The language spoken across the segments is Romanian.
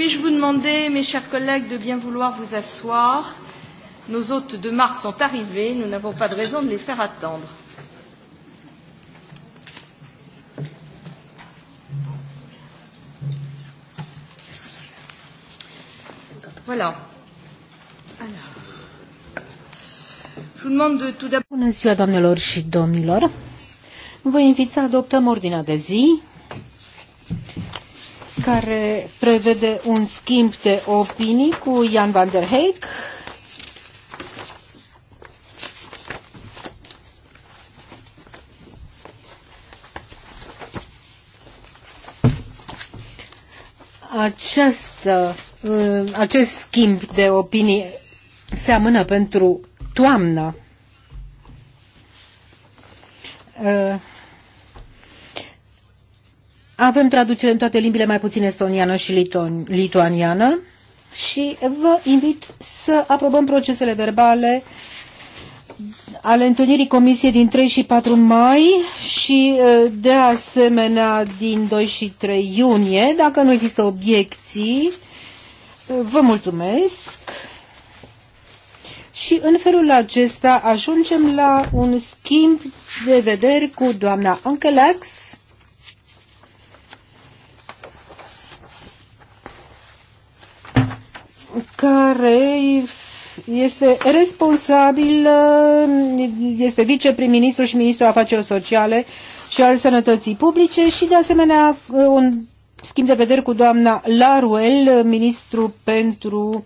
Puis-je vous demander, mes chers collègues, de bien vouloir vous asseoir Nos hôtes de marque sont arrivés, nous n'avons pas de raison de les faire attendre. Voilà. Alors. Je vous demande de tout d'abord. Bună ziua, doamnelor și domnilor. Vă invit să adoptăm ordinea de zi care prevede un schimb de opinii cu Jan van der Heek. Acest uh, acest schimb de opinii seamănă pentru toamnă uh, avem traducere în toate limbile, mai puțin estoniană și liton, lituaniană. Și vă invit să aprobăm procesele verbale ale întâlnirii comisiei din 3 și 4 mai și de asemenea din 2 și 3 iunie. Dacă nu există obiecții, vă mulțumesc. Și în felul acesta ajungem la un schimb de vederi cu doamna Ankelax care este responsabil, uh, este viceprim-ministru și ministru afacerilor sociale și al sănătății publice și de asemenea uh, un schimb de vedere cu doamna Laruel, uh, ministru pentru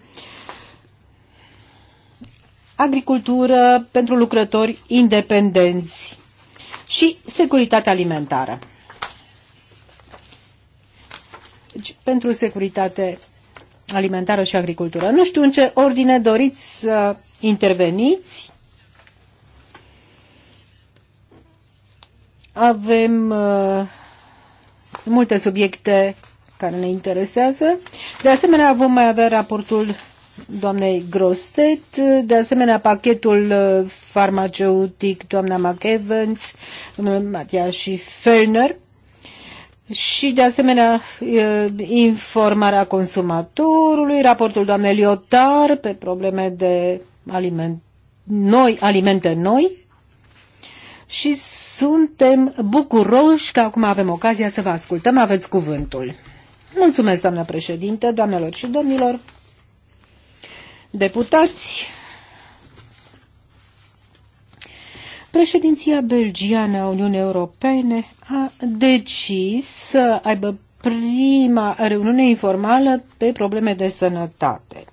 agricultură, pentru lucrători independenți și securitatea alimentară. Deci, pentru securitate alimentară și agricultură. Nu știu în ce ordine doriți să interveniți. Avem uh, multe subiecte care ne interesează. De asemenea, vom mai avea raportul doamnei Grostet, de asemenea pachetul uh, farmaceutic doamna McEvans, Matia și Fellner și, de asemenea, informarea consumatorului, raportul doamnei Liotar pe probleme de aliment, noi, alimente noi. Și suntem bucuroși că acum avem ocazia să vă ascultăm. Aveți cuvântul. Mulțumesc, doamna președinte, doamnelor și domnilor, deputați, Președinția belgiană a Uniunii Europene a decis să aibă prima reuniune informală pe probleme de sănătate.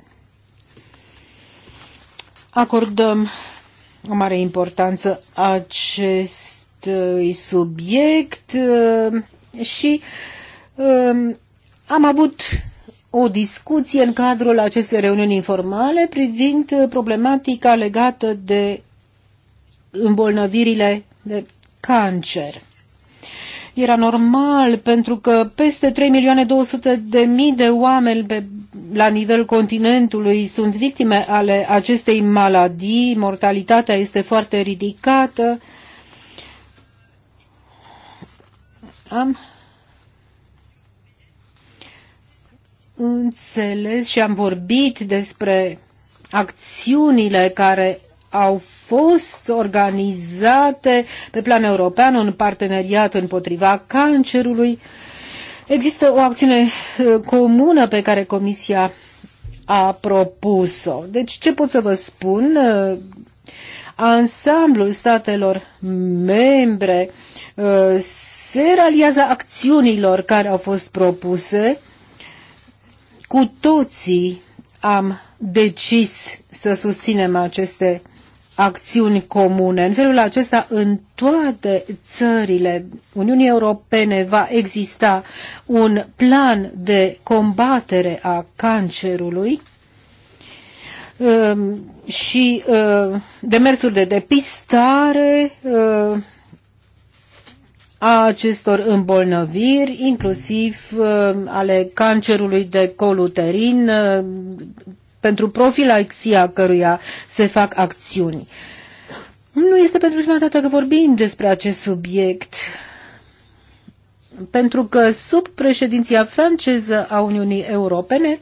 Acordăm o mare importanță acestui subiect uh, și um, am avut o discuție în cadrul acestei reuniuni informale privind uh, problematica legată de îmbolnăvirile de cancer. Era normal pentru că peste 3 milioane 200 de mii de oameni pe, la nivel continentului sunt victime ale acestei maladii, mortalitatea este foarte ridicată. Am înțeles și am vorbit despre acțiunile care au fost organizate pe plan european un parteneriat împotriva cancerului. Există o acțiune uh, comună pe care Comisia a propus-o. Deci ce pot să vă spun? Uh, ansamblul statelor membre uh, se realiază acțiunilor care au fost propuse. Cu toții am decis să susținem aceste acțiuni comune. În felul acesta, în toate țările Uniunii Europene va exista un plan de combatere a cancerului um, și uh, demersuri de depistare uh, a acestor îmbolnăviri, inclusiv uh, ale cancerului de coluterin, pentru profilaxia căruia se fac acțiuni. Nu este pentru prima dată că vorbim despre acest subiect, pentru că sub președinția franceză a Uniunii Europene,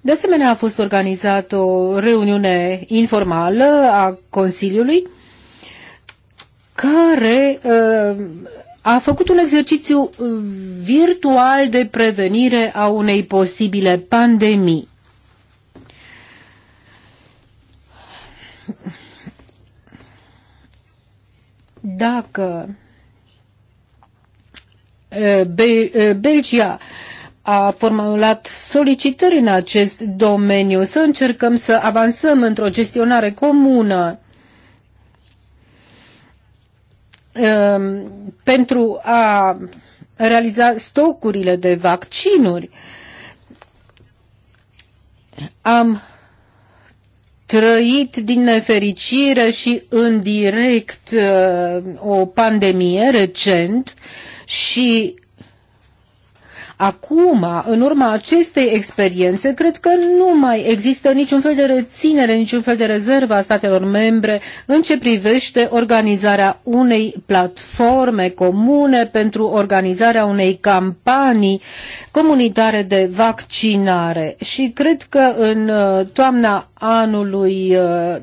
de asemenea a fost organizată o reuniune informală a Consiliului, care uh, a făcut un exercițiu uh, virtual de prevenire a unei posibile pandemii. Dacă Belgia a formulat solicitări în acest domeniu, să încercăm să avansăm într-o gestionare comună pentru a realiza stocurile de vaccinuri. Am trăit din nefericire și indirect uh, o pandemie recent și Acum, în urma acestei experiențe, cred că nu mai există niciun fel de reținere, niciun fel de rezervă a statelor membre în ce privește organizarea unei platforme comune pentru organizarea unei campanii comunitare de vaccinare. Și cred că în uh, toamna anului uh,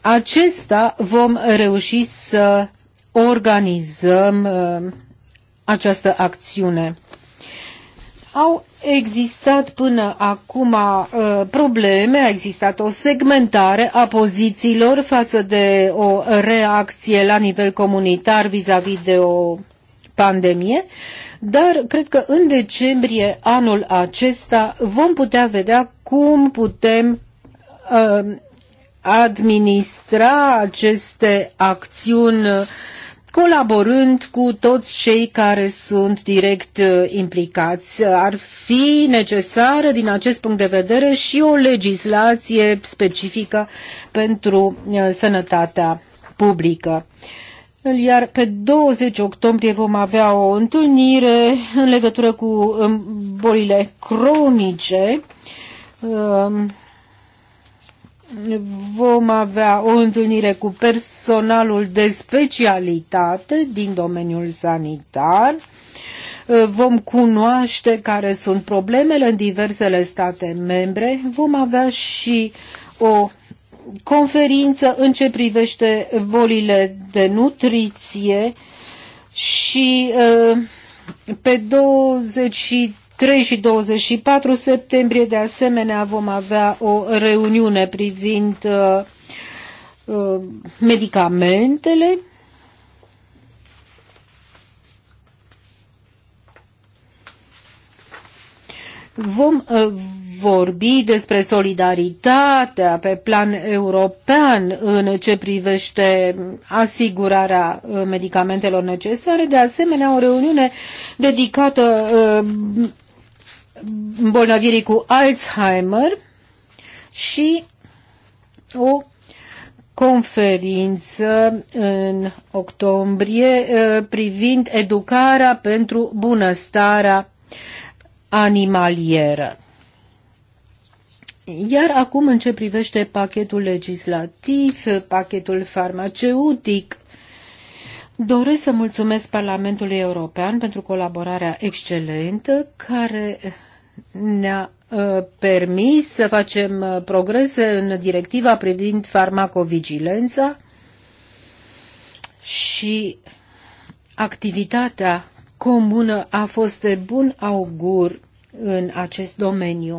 acesta vom reuși să organizăm uh, această acțiune. Au existat până acum uh, probleme, a existat o segmentare a pozițiilor față de o reacție la nivel comunitar vis-a-vis -vis de o pandemie, dar cred că în decembrie anul acesta vom putea vedea cum putem uh, administra aceste acțiuni uh, colaborând cu toți cei care sunt direct uh, implicați. Ar fi necesară, din acest punct de vedere, și o legislație specifică pentru uh, sănătatea publică. Iar pe 20 octombrie vom avea o întâlnire în legătură cu um, bolile cronice. Um, vom avea o întâlnire cu personalul de specialitate din domeniul sanitar. Vom cunoaște care sunt problemele în diversele state membre. Vom avea și o conferință în ce privește bolile de nutriție și uh, pe 23 3 și 24 septembrie, de asemenea, vom avea o reuniune privind uh, uh, medicamentele. Vom uh, vorbi despre solidaritatea pe plan european în ce privește asigurarea uh, medicamentelor necesare, de asemenea o reuniune dedicată uh, îmbolnăvirii cu Alzheimer și o conferință în octombrie uh, privind educarea pentru bunăstarea animalieră. Iar acum în ce privește pachetul legislativ, pachetul farmaceutic, doresc să mulțumesc Parlamentului European pentru colaborarea excelentă care ne-a uh, permis să facem uh, progrese în directiva privind farmacovigilența și activitatea comună a fost de bun augur în acest domeniu.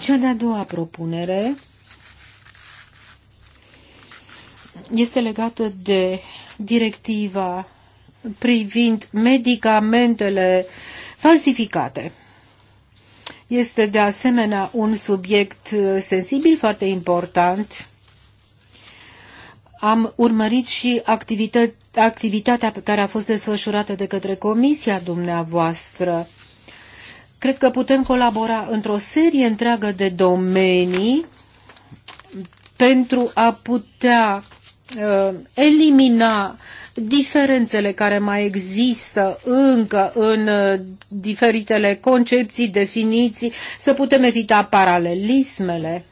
Cea de-a doua propunere este legată de directiva privind medicamentele falsificate. Este de asemenea un subiect uh, sensibil foarte important. Am urmărit și activită- activitatea pe care a fost desfășurată de către comisia dumneavoastră. Cred că putem colabora într-o serie întreagă de domenii pentru a putea uh, elimina diferențele care mai există încă în uh, diferitele concepții, definiții, să putem evita paralelismele.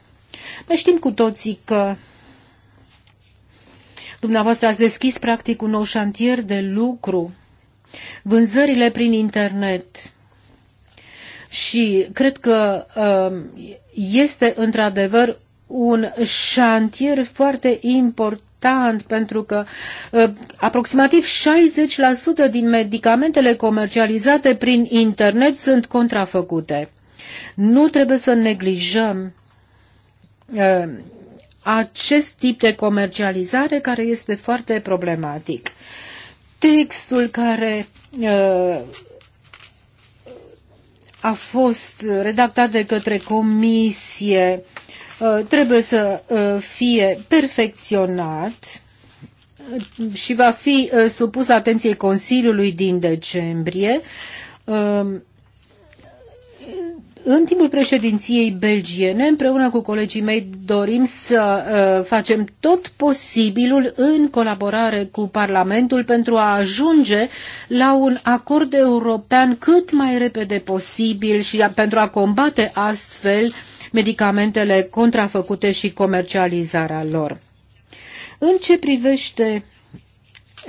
Ne știm cu toții că dumneavoastră ați deschis practic un nou șantier de lucru, vânzările prin internet, și cred că uh, este într-adevăr un șantier foarte important important pentru că uh, aproximativ 60% din medicamentele comercializate prin internet sunt contrafăcute. Nu trebuie să neglijăm uh, acest tip de comercializare care este foarte problematic. Textul care uh, a fost redactat de către comisie uh, Uh, trebuie să uh, fie perfecționat și va fi uh, supus atenției Consiliului din decembrie. În timpul președinției belgiene, împreună cu colegii mei, dorim să uh, facem tot posibilul în colaborare cu Parlamentul pentru a ajunge la un acord european cât mai repede posibil și a, pentru a combate astfel uh, medicamentele contrafăcute și comercializarea lor. În ce privește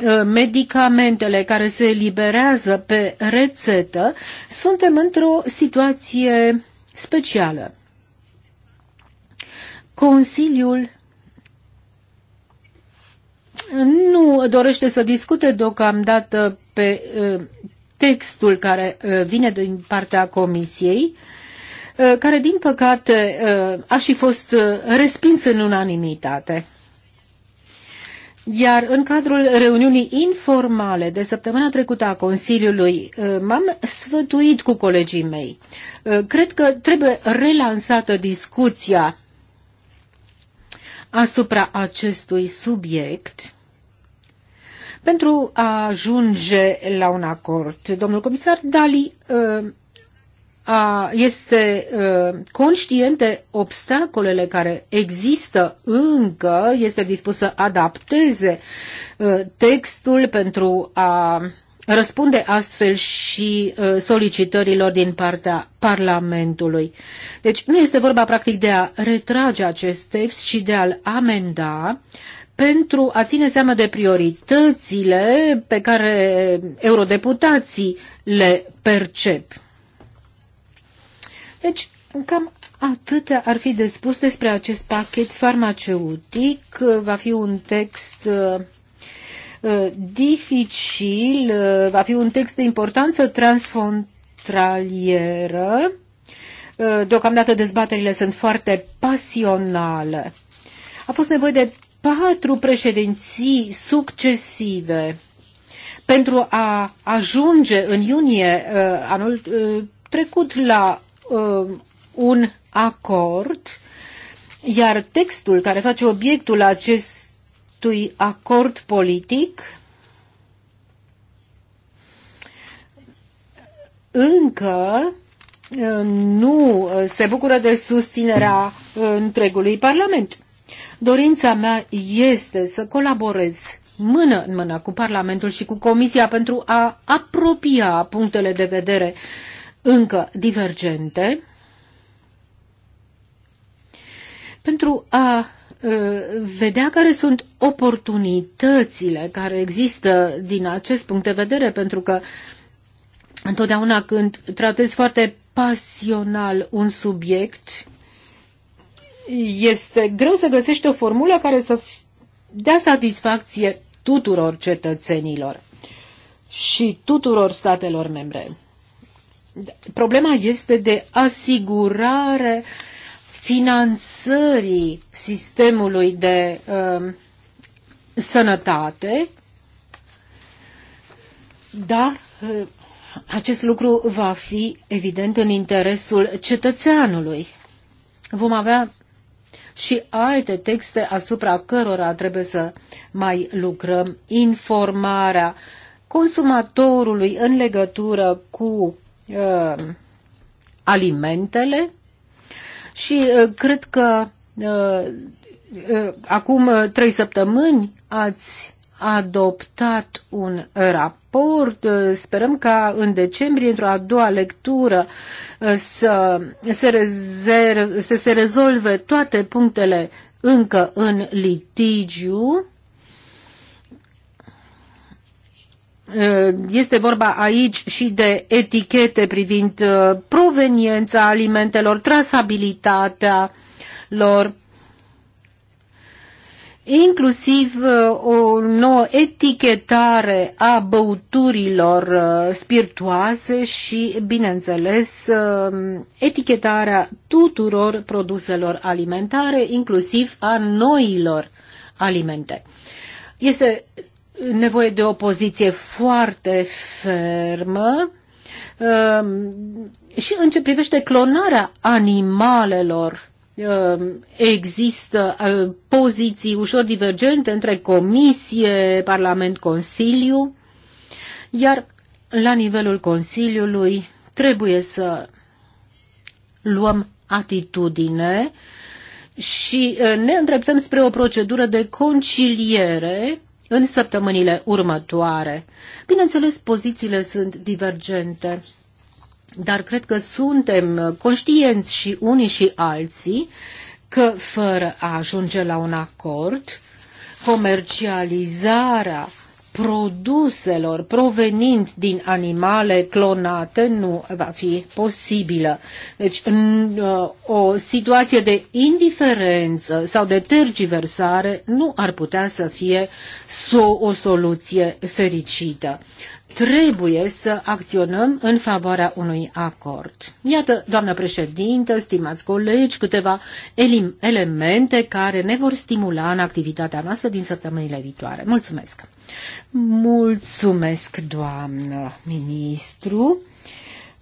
ă, medicamentele care se eliberează pe rețetă, suntem într-o situație specială. Consiliul nu dorește să discute deocamdată pe ă, textul care ă, vine din partea Comisiei, Uh, care, din păcate, uh, a și fost uh, respins în unanimitate. Iar în cadrul reuniunii informale de săptămâna trecută a Consiliului, m-am sfătuit cu colegii mei. Cred că trebuie relansată discuția asupra acestui subiect pentru a ajunge la un acord. Domnul comisar Dali este conștient de obstacolele care există încă, este dispus să adapteze textul pentru a răspunde astfel și solicitărilor din partea Parlamentului. Deci nu este vorba practic de a retrage acest text, ci de a-l amenda pentru a ține seama de prioritățile pe care eurodeputații le percep. Deci, cam atâtea ar fi de spus despre acest pachet farmaceutic. Va fi un text uh, uh, dificil, uh, va fi un text de importanță transfrontalieră. Deocamdată dezbaterile sunt foarte pasionale. A fost nevoie de patru președinții succesive pentru a ajunge în iunie anul trecut la Uh, un acord, iar textul care face obiectul acestui acord politic încă uh, nu uh, se bucură de susținerea întregului Parlament. Dorința mea este să colaborez mână în mână cu Parlamentul și cu Comisia pentru a apropia punctele de vedere încă divergente pentru a vedea care sunt oportunitățile care există din acest punct de vedere, pentru că întotdeauna când tratezi foarte pasional un subiect, este greu să găsești o formulă care să dea satisfacție tuturor cetățenilor și tuturor statelor membre. Problema este de asigurare finanțării sistemului de uh, sănătate, dar uh, acest lucru va fi evident în interesul cetățeanului. Vom avea și alte texte asupra cărora trebuie să mai lucrăm. Informarea consumatorului în legătură cu uh, alimentele și uh, cred că uh, uh, acum uh, trei săptămâni ați adoptat un raport. Uh, sperăm ca în decembrie, într-o a doua lectură, uh, să se, rezerv, să se rezolve toate punctele încă în litigiu Eh, este vorba aici și de etichete privind eh, proveniența alimentelor, trasabilitatea lor, inclusiv eh, o nouă etichetare a băuturilor spiritoase și, bineînțeles, etichetarea tuturor produselor alimentare, inclusiv a noilor alimente. Este nevoie de o poziție foarte fermă um, și în ce privește clonarea animalelor um, există uh, poziții ușor divergente între Comisie, Parlament, Consiliu, iar la nivelul Consiliului trebuie să luăm atitudine și uh, ne îndreptăm spre o procedură de conciliere în săptămânile următoare. Bineînțeles, pozițiile sunt divergente, dar cred că suntem conștienți și unii și alții că fără a ajunge la un acord, comercializarea produselor provenind din animale clonate nu va fi posibilă. Deci uh, o situație de indiferență sau de tergiversare nu ar putea să fie o soluție fericită trebuie să acționăm în favoarea unui acord. Iată, doamnă președintă, stimați colegi, câteva elemente care ne vor stimula în activitatea noastră din săptămânile viitoare. Mulțumesc! Mulțumesc, doamnă ministru!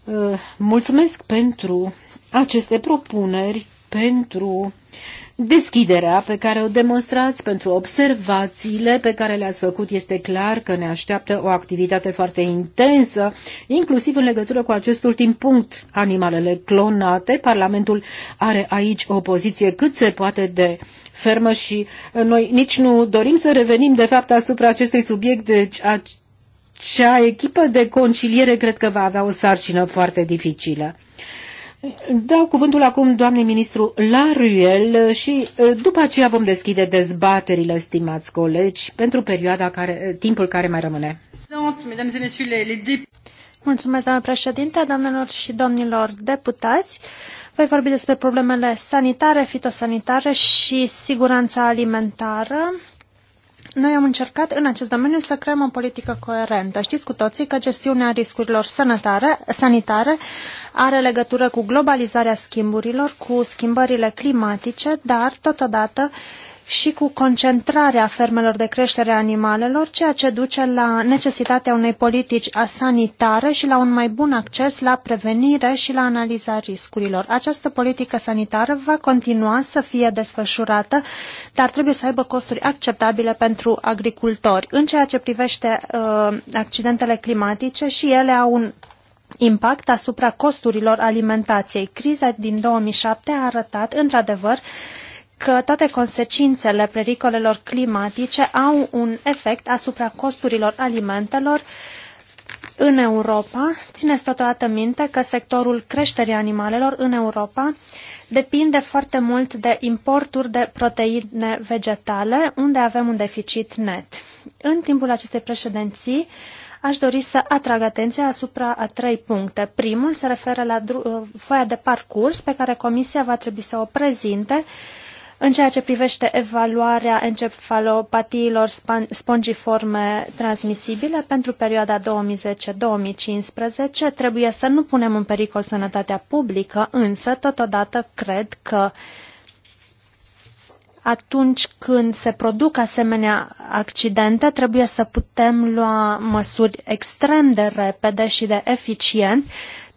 Uh, mulțumesc pentru aceste propuneri, pentru deschiderea pe care o demonstrați, pentru observațiile pe care le-ați făcut. Este clar că ne așteaptă o activitate foarte intensă, inclusiv în legătură cu acest ultim punct, animalele clonate. Parlamentul are aici o poziție cât se poate de fermă și noi nici nu dorim să revenim, de fapt, asupra acestui subiect, deci acea echipă de conciliere cred că va avea o sarcină foarte dificilă. Dau cuvântul acum doamne ministru Ruel și după aceea vom deschide dezbaterile, stimați colegi, pentru perioada care, timpul care mai rămâne. Mulțumesc, doamnă președinte, doamnelor și domnilor deputați. Voi vorbi despre problemele sanitare, fitosanitare și siguranța alimentară noi am încercat în acest domeniu să creăm o politică coerentă. Știți cu toții că gestiunea riscurilor sanitare, sanitare are legătură cu globalizarea schimburilor, cu schimbările climatice, dar totodată uh, și cu concentrarea fermelor de creștere a animalelor, ceea ce duce la necesitatea unei politici a sanitare și la un mai bun acces la prevenire și la analiza riscurilor. Această politică sanitară va continua să fie desfășurată, dar trebuie să aibă costuri acceptabile pentru agricultori. În ceea ce privește uh, accidentele climatice și ele au un impact asupra costurilor alimentației. Criza din 2007 a arătat, într-adevăr, că toate consecințele pericolelor climatice au un efect asupra costurilor alimentelor în Europa. Țineți totodată minte că sectorul creșterii animalelor în Europa depinde foarte mult de importuri de proteine vegetale, unde avem un deficit net. În timpul acestei președinții, aș dori să atrag atenția asupra a trei puncte. Primul se referă la foaia de parcurs pe care Comisia va trebui să o prezinte în ceea ce privește evaluarea encefalopatiilor spongiforme transmisibile pentru perioada 2010-2015, trebuie să nu punem în pericol sănătatea publică, însă totodată cred că atunci când se produc asemenea accidente, trebuie să putem lua măsuri extrem de repede și de eficient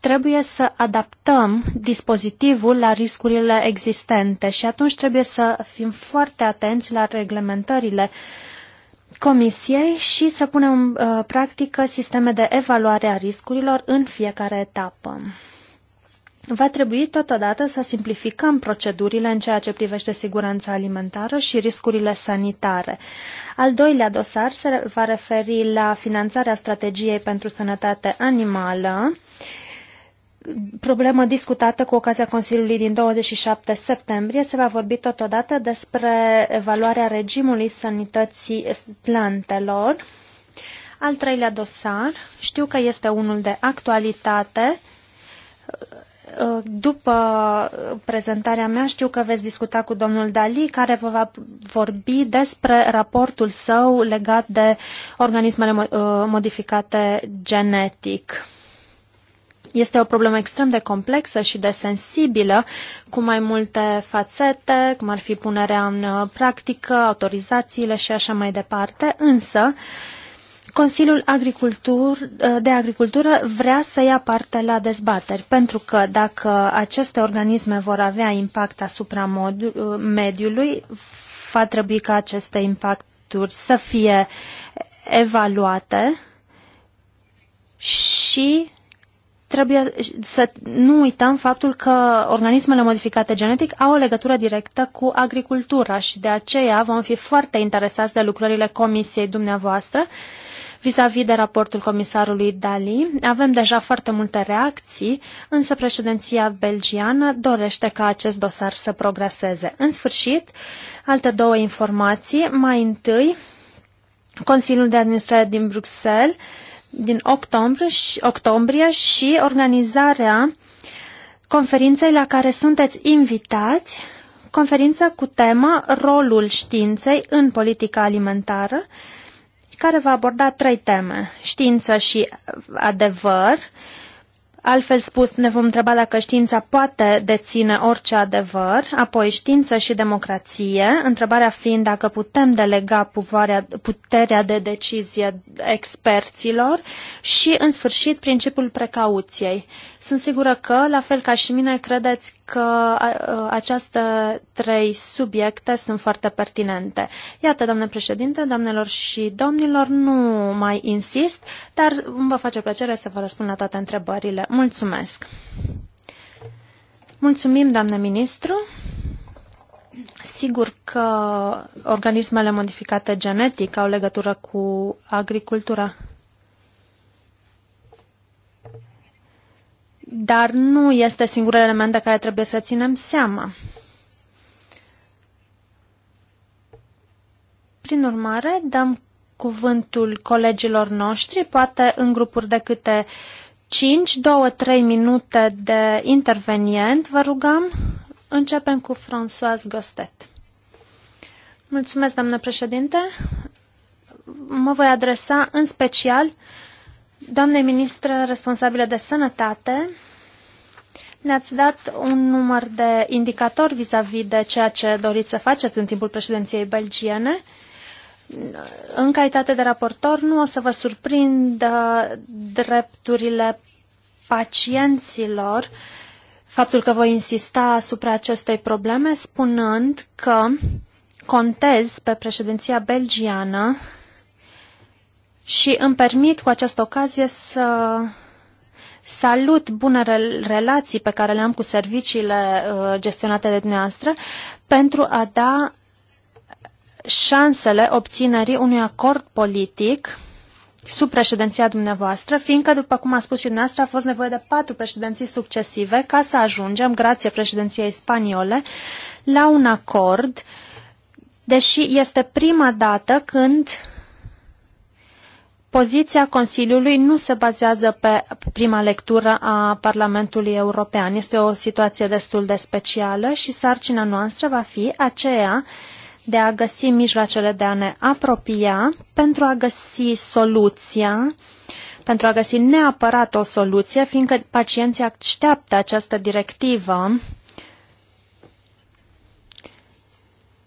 trebuie să adaptăm dispozitivul la riscurile existente și atunci trebuie să fim foarte atenți la reglementările Comisiei și să punem în uh, practică sisteme de evaluare a riscurilor în fiecare etapă. Va trebui totodată să simplificăm procedurile în ceea ce privește siguranța alimentară și riscurile sanitare. Al doilea dosar se va referi la finanțarea strategiei pentru sănătate animală problemă discutată cu ocazia Consiliului din 27 septembrie. Se va vorbi totodată despre evaluarea regimului sanității plantelor. Al treilea dosar, știu că este unul de actualitate. După prezentarea mea știu că veți discuta cu domnul Dali, care vă va vorbi despre raportul său legat de organismele modificate genetic. Este o problemă extrem de complexă și de sensibilă, cu mai multe fațete, cum ar fi punerea în uh, practică, autorizațiile și așa mai departe, însă Consiliul Agricultur, uh, de Agricultură vrea să ia parte la dezbateri, pentru că dacă aceste organisme vor avea impact asupra mod, uh, mediului, va trebui ca aceste impacturi să fie evaluate și trebuie să nu uităm faptul că organismele modificate genetic au o legătură directă cu agricultura și de aceea vom fi foarte interesați de lucrările comisiei dumneavoastră vis-a-vis -vis de raportul comisarului Dali. Avem deja foarte multe reacții, însă președinția belgiană dorește ca acest dosar să progreseze. În sfârșit, alte două informații. Mai întâi, Consiliul de Administrare din Bruxelles din octombrie și, octombrie și organizarea conferinței la care sunteți invitați, conferința cu tema Rolul științei în politica alimentară, care va aborda trei teme, știință și adevăr, uh, Altfel spus, ne vom întreba dacă știința poate deține orice adevăr, apoi știință și democrație, întrebarea fiind dacă putem delega puterea de decizie experților și, în sfârșit, principiul precauției. Sunt sigură că, la fel ca și mine, credeți că aceste trei subiecte sunt foarte pertinente. Iată, doamne președinte, doamnelor și domnilor, nu mai insist, dar îmi va face plăcere să vă răspund la toate întrebările Mulțumesc! Mulțumim, doamnă ministru! Sigur că organismele modificate genetic au legătură cu agricultura. Dar nu este singurul element de care trebuie să ținem seama. Prin urmare, dăm cuvântul colegilor noștri, poate în grupuri de câte 5, 2-3 minute de intervenient, vă rugăm. Începem cu François Gostet. Mulțumesc, doamnă președinte. Mă voi adresa în special doamnei ministră responsabilă de sănătate. Ne-ați dat un număr de indicatori vis-a-vis -vis de ceea ce doriți să faceți în timpul președinției belgiene. Uh, în calitate de raportor nu o să vă surprind drepturile pacienților faptul că voi insista asupra acestei probleme spunând că contez pe președinția belgiană și îmi permit cu această ocazie să salut bunele relații pe care le am cu serviciile uh, gestionate de dumneavoastră pentru a da șansele obținerii unui acord politic sub președinția dumneavoastră, fiindcă, după cum a spus și dumneavoastră, a fost nevoie de patru președinții succesive ca să ajungem, grație președinției spaniole, la un acord, deși este prima dată când poziția Consiliului nu se bazează pe prima lectură a Parlamentului European. Este o situație destul de specială și sarcina noastră va fi aceea de a găsi mijloacele de a ne apropia pentru a găsi soluția, pentru a găsi neapărat o soluție, fiindcă pacienții așteaptă această directivă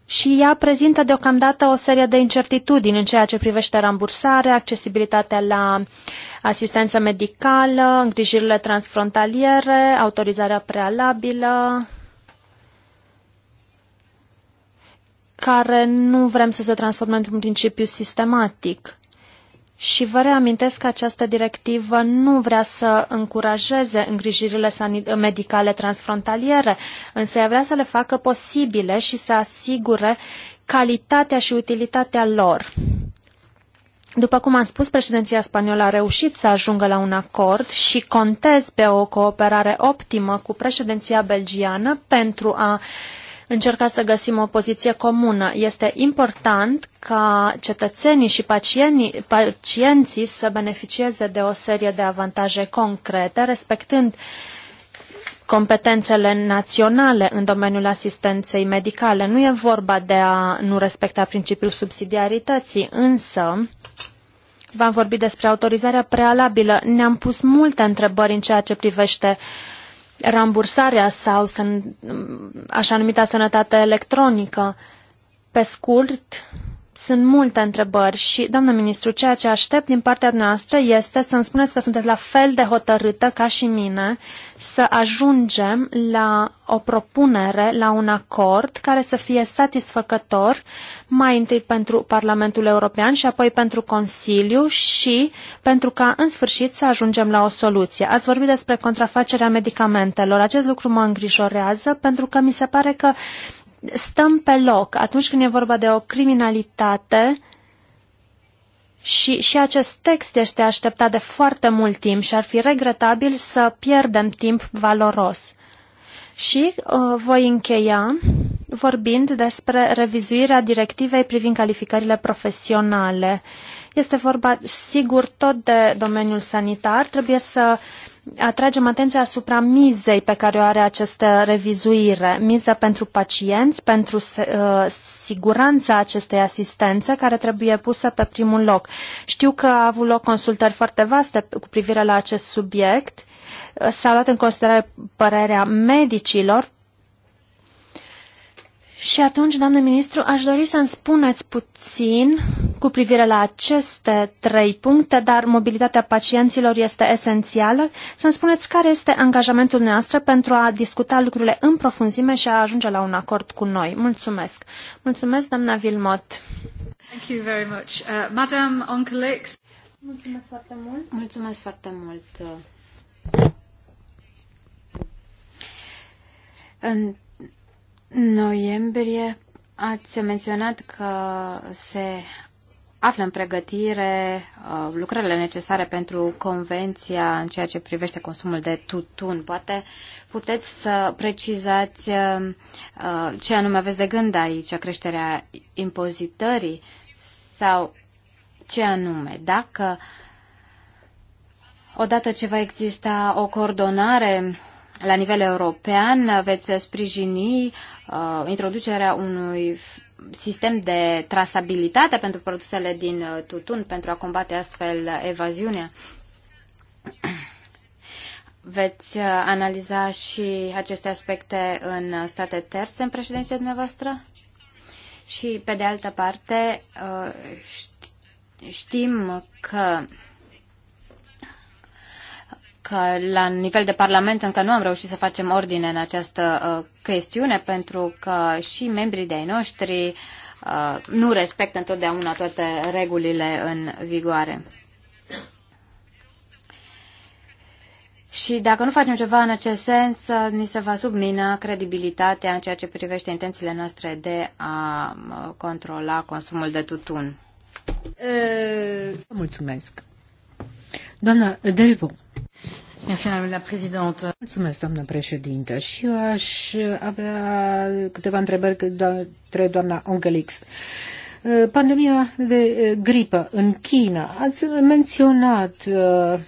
și ea prezintă deocamdată o serie de incertitudini în ceea ce privește rambursarea, accesibilitatea la asistență medicală, îngrijirile transfrontaliere, autorizarea prealabilă, care nu vrem să se transforme într-un principiu sistematic. Și vă reamintesc că această directivă nu vrea să încurajeze îngrijirile medicale transfrontaliere, însă ea vrea să le facă posibile și să asigure calitatea și utilitatea lor. După cum am spus, președinția spaniolă a reușit să ajungă la un acord și contez pe o cooperare optimă cu președinția belgiană pentru a uh, încerca să găsim o poziție comună. Este important ca cetățenii și pacienii, pacienții să beneficieze de o serie de avantaje concrete, respectând competențele naționale în domeniul asistenței medicale. Nu e vorba de a nu respecta principiul subsidiarității, însă v-am vorbit despre autorizarea prealabilă. Ne-am pus multe întrebări în ceea ce privește uh, rambursarea sau așa numita sănătate electronică. Pe scurt, sunt multe întrebări și, doamnă ministru, ceea ce aștept din partea noastră este să îmi spuneți că sunteți la fel de hotărâtă ca și mine să ajungem la o propunere, la un acord care să fie satisfăcător mai întâi pentru Parlamentul European și apoi pentru Consiliu și pentru ca în sfârșit să ajungem la o soluție. Ați vorbit despre contrafacerea medicamentelor. Acest lucru mă îngrijorează pentru că mi se pare că stăm pe loc atunci când e vorba de o criminalitate și, și acest text este așteptat de foarte mult timp și ar fi regretabil să pierdem timp valoros. Și uh, voi încheia vorbind despre revizuirea directivei privind calificările profesionale. Este vorba, sigur, tot de domeniul sanitar. Trebuie să uh, atragem atenția asupra mizei pe care o are această revizuire. Miză pentru pacienți, pentru uh, siguranța acestei asistențe care trebuie pusă pe primul loc. Știu că a avut loc consultări foarte vaste cu privire la acest subiect. S-a luat în considerare părerea medicilor, și atunci, doamne ministru, aș dori să-mi spuneți puțin cu privire la aceste trei puncte, dar mobilitatea pacienților este esențială. Să-mi spuneți care este angajamentul noastră pentru a discuta lucrurile în profunzime și a ajunge la un acord cu noi. Mulțumesc. Mulțumesc, doamna Vilmot. Thank you very much. Uh, Madam Onkelix. Mulțumesc foarte mult. Mulțumesc foarte mult. În noiembrie ați menționat că se află în pregătire uh, lucrările necesare pentru convenția în ceea ce privește consumul de tutun. Poate puteți să precizați uh, uh, ce anume aveți de gând aici, creșterea impozitării sau ce anume. Dacă odată ce va exista o coordonare la nivel european, veți sprijini uh, introducerea unui sistem de trasabilitate pentru produsele din uh, tutun pentru a combate astfel evaziunea? Veți uh, analiza și aceste aspecte în uh, state terțe în președinția dumneavoastră? Și, pe de altă parte, știm că că la nivel de Parlament încă nu am reușit să facem ordine în această uh, chestiune, pentru că și membrii de-ai noștri uh, nu respectă întotdeauna toate regulile în vigoare. Și dacă nu facem ceva în acest sens, uh, ni se va submina credibilitatea în ceea ce privește intențiile noastre de a uh, controla consumul de tutun. Mulțumesc. Doamna Delvo. Mulțumesc, doamnă președintă. Și eu aș avea câteva întrebări către doamna Ongelix. Uh, pandemia de uh, gripă în China. Ați menționat uh,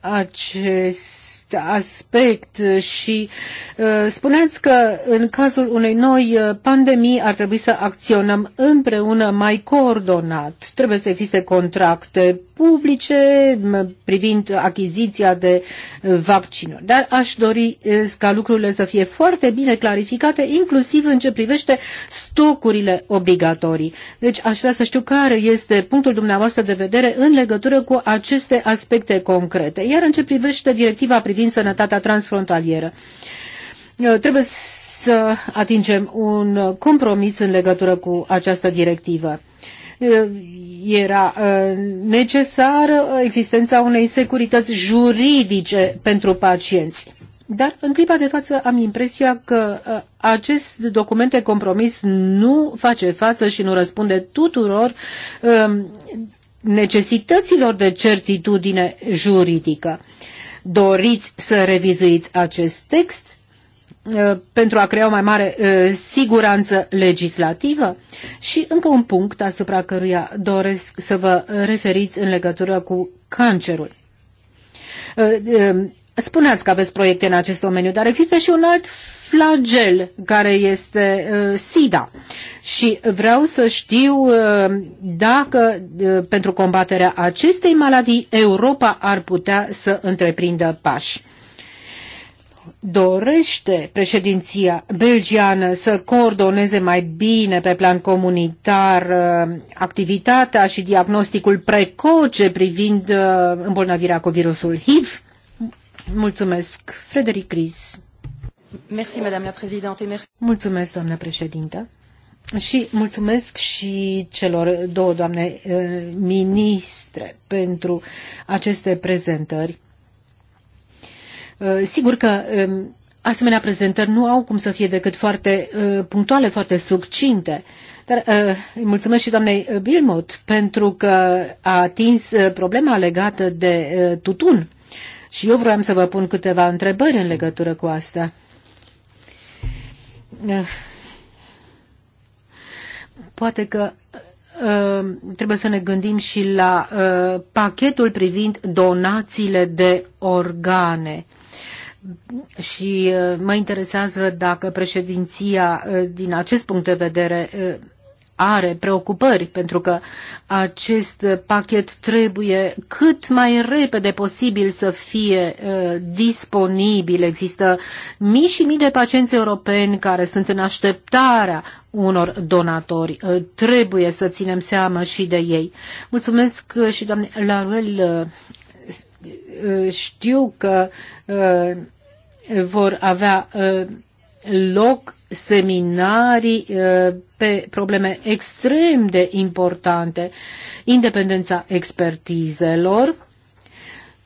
acest aspect și uh, spuneați că în cazul unei noi uh, pandemii ar trebui să acționăm împreună mai coordonat. Trebuie să existe contracte publice privind achiziția de uh, vaccinuri. Dar aș dori ca lucrurile să fie foarte bine clarificate, inclusiv în ce privește stocurile obligatorii. Deci aș vrea să știu care este punctul dumneavoastră de vedere în legătură cu aceste aspecte concrete. Iar în ce privește directiva privind privind sănătatea transfrontalieră. Uh, trebuie să atingem un compromis în legătură cu această directivă uh, era uh, necesară existența unei securități juridice pentru pacienți. Dar în clipa de față am impresia că acest document de compromis nu face față și nu răspunde tuturor necesităților de certitudine juridică. Uh, doriți să revizuiți acest text uh, pentru a crea o mai mare uh, siguranță legislativă? Și încă un punct asupra căruia doresc să vă referiți în legătură cu cancerul. Uh, spuneați că aveți proiecte în acest domeniu, dar există și un alt flagel care este uh, SIDA. Și vreau să știu uh, dacă uh, pentru combaterea acestei maladii Europa ar putea să întreprindă pași dorește președinția belgiană să coordoneze mai bine pe plan comunitar uh, activitatea și diagnosticul precoce privind uh, îmbolnăvirea cu virusul HIV? Mulțumesc, Frederic Ries. Mulțumesc, doamnă președintă. Și mulțumesc și celor două doamne eh, ministre pentru aceste prezentări. Eh, sigur că eh, asemenea prezentări nu au cum să fie decât foarte punctuale, foarte succinte. Dar îi mulțumesc și doamnei Bilmot pentru că a atins problema legată de tutun. Și eu vreau să vă pun câteva întrebări în legătură cu asta poate că uh, trebuie să ne gândim și la uh, pachetul privind donațiile de organe. Și uh, mă interesează dacă președinția, din acest punct de vedere, are preocupări, pentru că acest pachet trebuie cât mai repede posibil să fie uh, disponibil. Există mii și mii de pacienți europeni care sunt în așteptarea unor donatori. Uh, trebuie să ținem seama și de ei. Mulțumesc uh, și doamne Laruel. Uh, uh știu că uh, vor avea uh, loc seminarii uh, pe probleme extrem de importante, independența expertizelor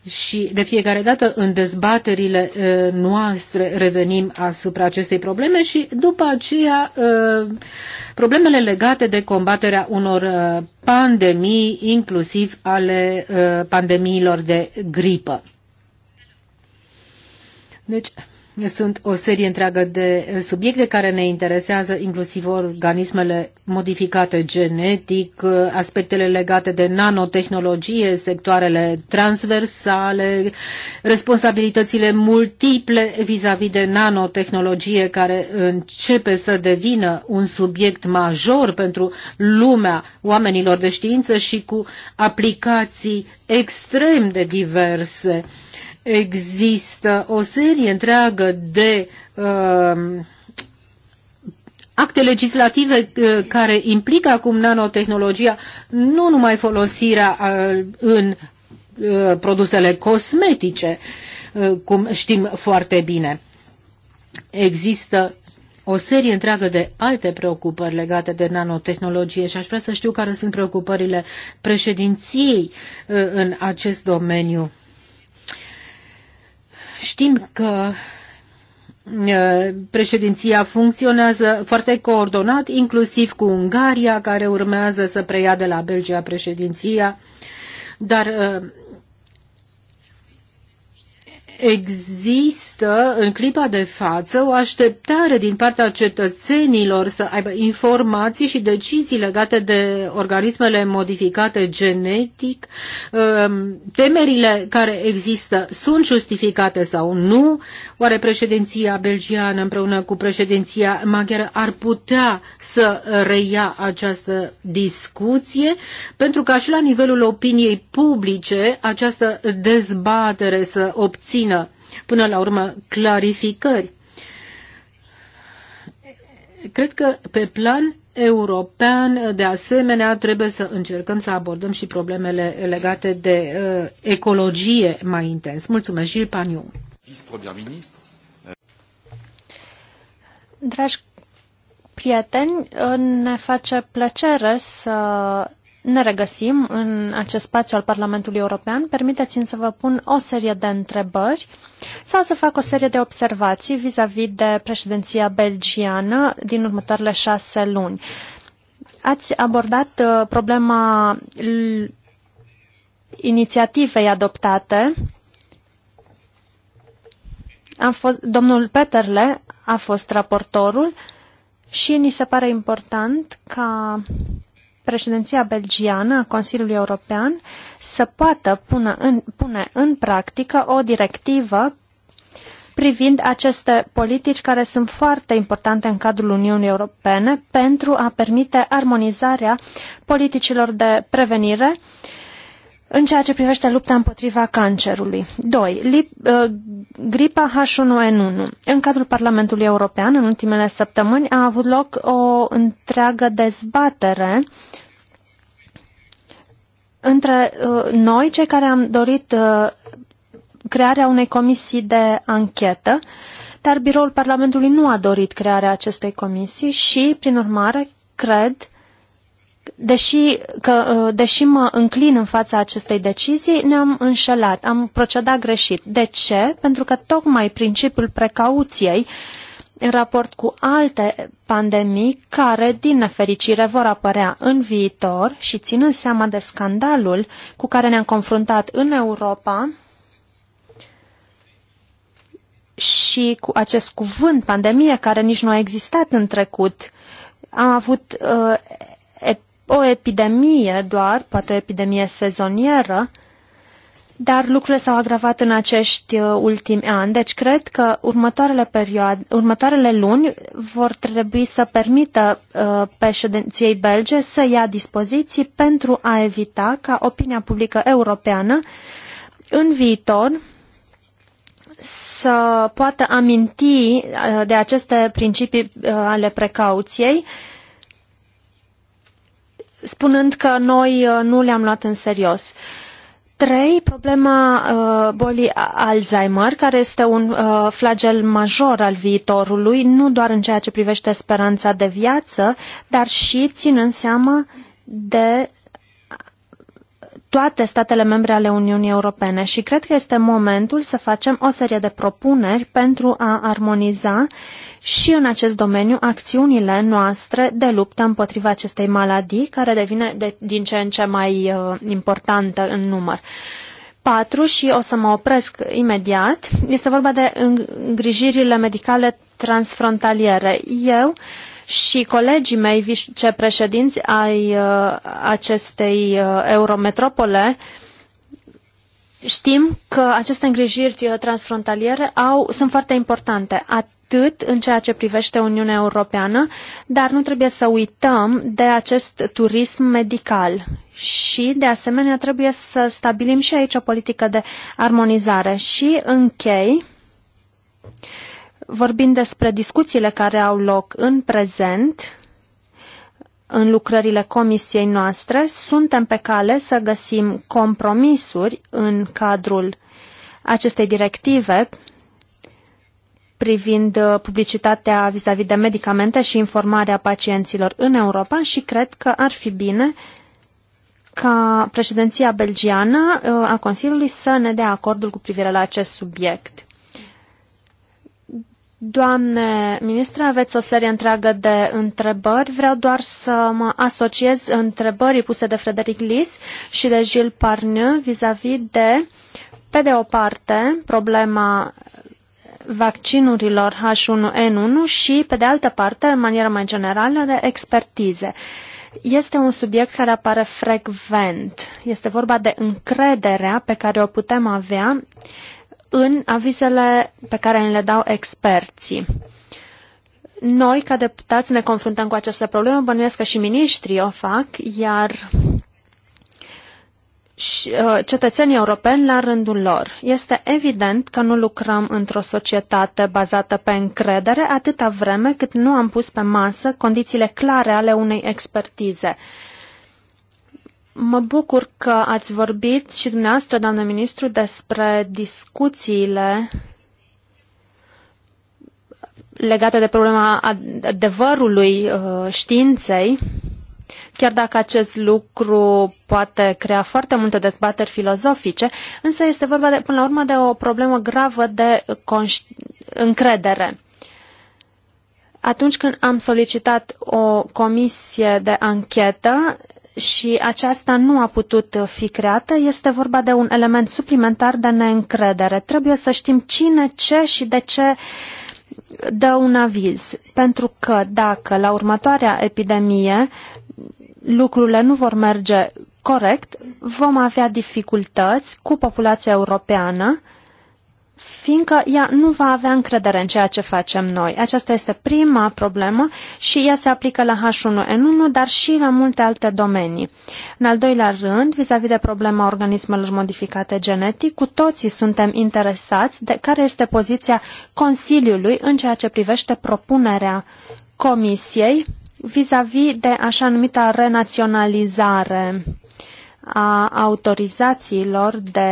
și de fiecare dată în dezbaterile uh, noastre revenim asupra acestei probleme și după aceea uh, problemele legate de combaterea unor pandemii, inclusiv ale pandemiilor de gripă. Deci, sunt o serie întreagă de eh, subiecte care ne interesează, inclusiv organismele modificate genetic, eh, aspectele legate de nanotehnologie, sectoarele transversale, responsabilitățile multiple vis-a-vis -vis de nanotehnologie care începe să devină un subiect major pentru lumea oamenilor de știință și cu aplicații extrem de diverse Există o serie întreagă de uh, acte legislative uh, care implică acum nanotehnologia, nu numai folosirea uh, în uh, produsele cosmetice, cum știm foarte bine. Există o serie întreagă de alte preocupări legate de nanotehnologie și aș vrea să știu care sunt preocupările președinției în acest domeniu. Știm că uh, președinția funcționează foarte coordonat, inclusiv cu Ungaria, care urmează să preia de la Belgia președinția, dar uh, există în clipa de față o așteptare din partea cetățenilor să aibă informații și decizii legate de organismele modificate genetic. Ehm, temerile care există sunt justificate sau nu? Oare președinția belgiană împreună cu președinția maghiară ar putea să reia această discuție pentru ca și la nivelul opiniei publice această dezbatere să obțină vină, până la urmă clarificări. Cred că pe plan european, de asemenea, trebuie să încercăm să abordăm și problemele legate de uh, ecologie mai intens. Mulțumesc, Gilles Paniu. Dragi prieteni, ne face plăcere să ne regăsim în acest spațiu al Parlamentului European, permiteți-mi să vă pun o serie de întrebări sau să fac o serie de observații vis-a-vis -vis de președinția belgiană din următoarele șase luni. Ați abordat uh, problema inițiativei adoptate. Am fost, domnul Peterle a fost raportorul și ni se pare important ca președinția belgiană a Consiliului European să poată pune în, pune în practică o directivă privind aceste politici care sunt foarte importante în cadrul Uniunii Europene pentru a permite armonizarea politicilor de prevenire uh, în ceea ce privește lupta împotriva cancerului. 2. Lip, uh, gripa H1N1. În cadrul Parlamentului European, în ultimele săptămâni, a avut loc o întreagă dezbatere între uh, noi, cei care am dorit uh, crearea unei comisii de anchetă, dar biroul Parlamentului nu a dorit crearea acestei comisii și, prin urmare, cred deși, că, uh, deși mă înclin în fața acestei decizii, ne-am înșelat, am procedat greșit. De ce? Pentru că tocmai principiul precauției în raport cu alte pandemii care, din nefericire, vor apărea în viitor și ținând seama de scandalul cu care ne-am confruntat în Europa și cu acest cuvânt, pandemie, care nici nu a existat în trecut, am avut uh, o epidemie doar, poate o epidemie sezonieră, dar lucrurile s-au agravat în acești uh, ultimi ani, deci cred că următoarele, perioade, următoarele luni vor trebui să permită uh, președinției belge să ia dispoziții pentru a evita ca opinia publică europeană în viitor să poată aminti uh, de aceste principii uh, ale precauției uh, spunând că noi uh, nu le-am luat în serios. 3. Problema uh, bolii Alzheimer, care este un uh, flagel major al viitorului, nu doar în ceea ce privește speranța de viață, dar și ținând seama de toate statele membre ale Uniunii Europene și cred că este momentul să facem o serie de propuneri pentru a armoniza și în acest domeniu acțiunile noastre de luptă împotriva acestei maladii, care devine de, din ce în ce mai uh, importantă în număr. 4 și o să mă opresc imediat. Este vorba de îngrijirile medicale transfrontaliere. Eu uh, și colegii mei vicepreședinți ai uh, acestei uh, eurometropole știm că aceste îngrijiri uh, transfrontaliere au, sunt foarte importante, atât în ceea ce privește Uniunea Europeană, dar nu trebuie să uităm de acest turism medical. Și, de asemenea, trebuie să stabilim și aici o politică de armonizare. Și închei vorbind despre discuțiile care au loc în prezent, în lucrările comisiei noastre, suntem pe cale să găsim compromisuri în cadrul acestei directive privind uh, publicitatea vis-a-vis -vis de medicamente și informarea pacienților în Europa și cred că ar fi bine ca președinția belgiană uh, a Consiliului să ne dea acordul cu privire la acest subiect. Doamne ministră, aveți o serie întreagă de întrebări. Vreau doar să mă asociez întrebării puse de Frederic Lis și de Gilles Parneu vis-a-vis -vis de, pe de o parte, problema vaccinurilor H1N1 și, pe de altă parte, în manieră mai generală, de expertize. Este un subiect care apare frecvent. Este vorba de încrederea pe care o putem avea în avizele pe care le dau experții. Noi, ca deputați, ne confruntăm cu aceste probleme, bănuiesc că și miniștrii o fac, iar uh, cetățenii europeni la rândul lor. Este evident că nu lucrăm într-o societate bazată pe încredere atâta vreme cât nu am pus pe masă condițiile clare ale unei expertize. Mă bucur că ați vorbit și dumneavoastră, doamnă ministru, despre discuțiile legate de problema adevărului uh, științei, chiar dacă acest lucru poate crea foarte multe dezbateri filozofice, însă este vorba de, până la urmă de o problemă gravă de încredere. Atunci când am solicitat o comisie de anchetă, și aceasta nu a putut fi creată. Este vorba de un element suplimentar de neîncredere. Trebuie să știm cine, ce și de ce dă un aviz. Pentru că dacă la următoarea epidemie lucrurile nu vor merge corect, vom avea dificultăți cu populația europeană fiindcă ea nu va avea încredere în ceea ce facem noi. Aceasta este prima problemă și ea se aplică la H1N1, dar și la multe alte domenii. În al doilea rând, vis-a-vis -vis de problema organismelor modificate genetic, cu toții suntem interesați de care este poziția Consiliului în ceea ce privește propunerea Comisiei vis-a-vis -vis de așa numita renaționalizare a autorizațiilor de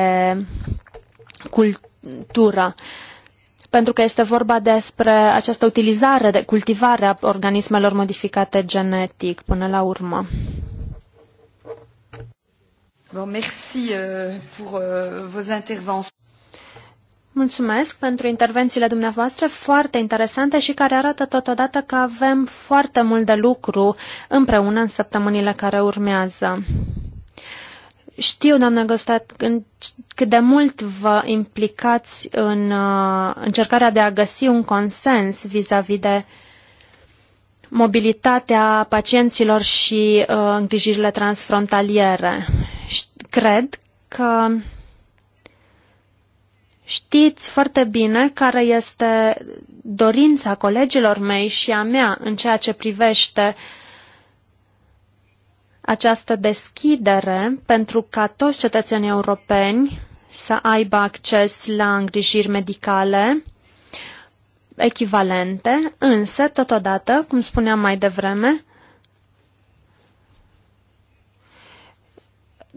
cultură agricultură pentru că este vorba despre această utilizare de cultivare a organismelor modificate genetic până la urmă. Bon, merci euh, pour euh, vos Mulțumesc pentru intervențiile dumneavoastră foarte interesante și care arată totodată că avem foarte mult de lucru împreună în săptămânile care urmează. Știu, doamnă Gostat, cât de mult vă implicați în uh, încercarea de a găsi un consens vis-a-vis -vis de mobilitatea pacienților și uh, îngrijirile transfrontaliere. Cred că știți foarte bine care este dorința colegilor mei și a mea în ceea ce privește această deschidere pentru ca toți cetățenii europeni să aibă acces la îngrijiri medicale echivalente, însă, totodată, cum spuneam mai devreme,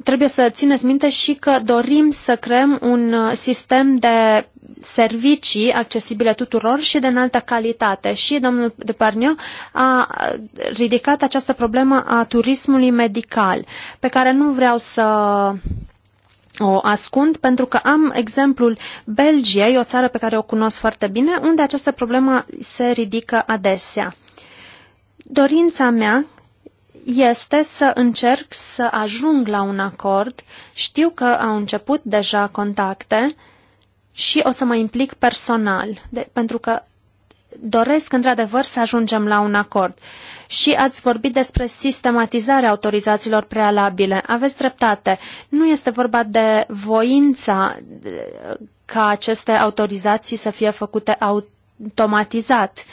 trebuie să țineți minte și că dorim să creăm un sistem de servicii accesibile tuturor și de înaltă calitate. Și domnul Depărniu a ridicat această problemă a turismului medical, pe care nu vreau să o ascund pentru că am exemplul Belgiei, o țară pe care o cunosc foarte bine, unde această problemă se ridică adesea. Dorința mea este să încerc să ajung la un acord. Știu că au început deja contacte și o să mă implic personal, de, pentru că doresc într-adevăr să ajungem la un acord. Și ați vorbit despre sistematizarea autorizațiilor prealabile. Aveți dreptate. Nu este vorba de voința ca aceste autorizații să fie făcute automatizat.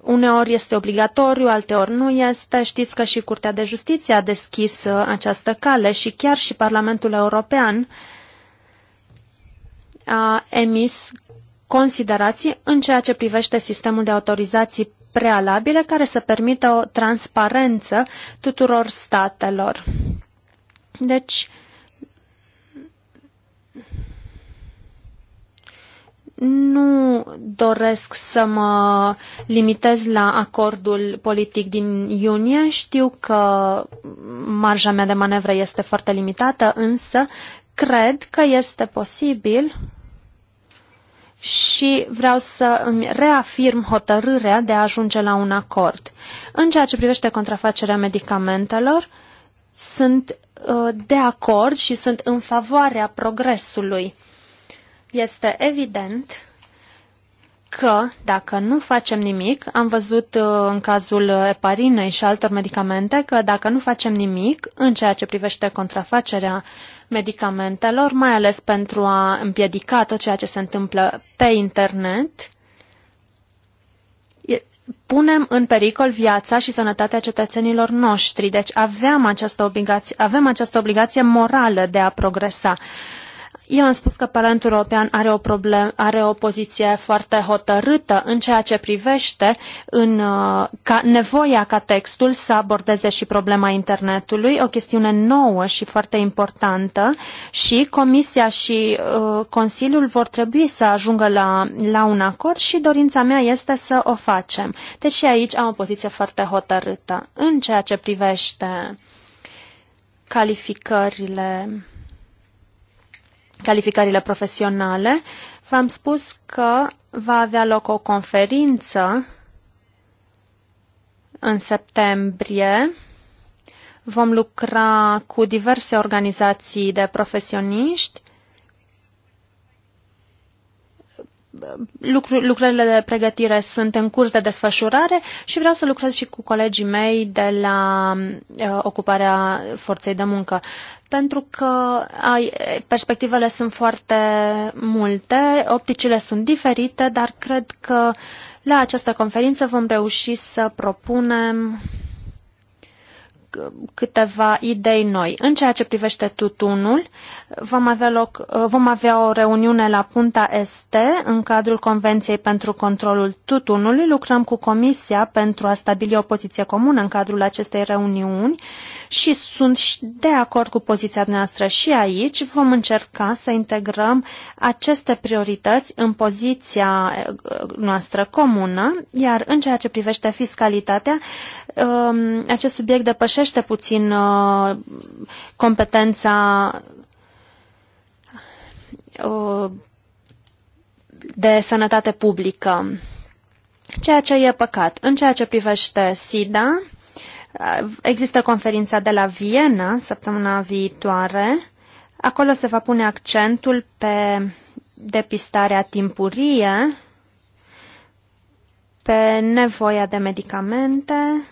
Uneori este obligatoriu, alteori nu este. Știți că și Curtea de Justiție a deschis uh, această cale și chiar și Parlamentul European uh, a emis considerații în ceea ce privește sistemul de autorizații prealabile care să permită o transparență tuturor statelor. Deci, nu doresc să mă limitez la acordul politic din iunie. Știu că marja mea de manevră este foarte limitată, însă cred că este posibil și vreau să îmi reafirm hotărârea de a ajunge la un acord. În ceea ce privește contrafacerea medicamentelor, sunt uh, de acord și sunt în favoarea progresului. Este evident că dacă nu facem nimic, am văzut uh, în cazul eparinei și altor medicamente că dacă nu facem nimic în ceea ce privește contrafacerea medicamentelor, mai ales pentru a împiedica tot ceea ce se întâmplă pe internet, punem în pericol viața și sănătatea cetățenilor noștri. Deci avem această obligație, avem această obligație morală de a progresa. Uh, eu am spus că Parlamentul European are o, problem, are o poziție foarte hotărâtă în ceea ce privește în, uh, ca, nevoia ca textul să abordeze și problema internetului, o chestiune nouă și foarte importantă și Comisia și uh, Consiliul vor trebui să ajungă la, la un acord și dorința mea este să o facem. Deși deci aici am o poziție foarte hotărâtă. În ceea ce privește calificările calificările profesionale, v-am spus că va avea loc o conferință în septembrie. Vom lucra cu diverse organizații de profesioniști lucru, lucrările de pregătire sunt în curs de desfășurare și vreau să lucrez și cu colegii mei de la uh, ocuparea forței de muncă. Pentru că ai, perspectivele sunt foarte multe, opticile sunt diferite, dar cred că la această conferință vom reuși să propunem uh, câteva idei noi. În ceea ce privește tutunul, vom avea, loc, uh, vom avea o reuniune la Punta Este în cadrul Convenției pentru Controlul Tutunului. Lucrăm cu Comisia pentru a stabili o poziție comună în cadrul acestei reuniuni și sunt de acord cu poziția noastră și aici. Vom încerca să integrăm aceste priorități în poziția uh, noastră comună, iar în ceea ce privește fiscalitatea, um, acest subiect depășește puțin uh, competența uh, de sănătate publică. Ceea ce e păcat. În ceea ce privește SIDA, Există conferința de la Viena săptămâna viitoare. Acolo se va pune accentul pe depistarea timpurie, pe nevoia de medicamente.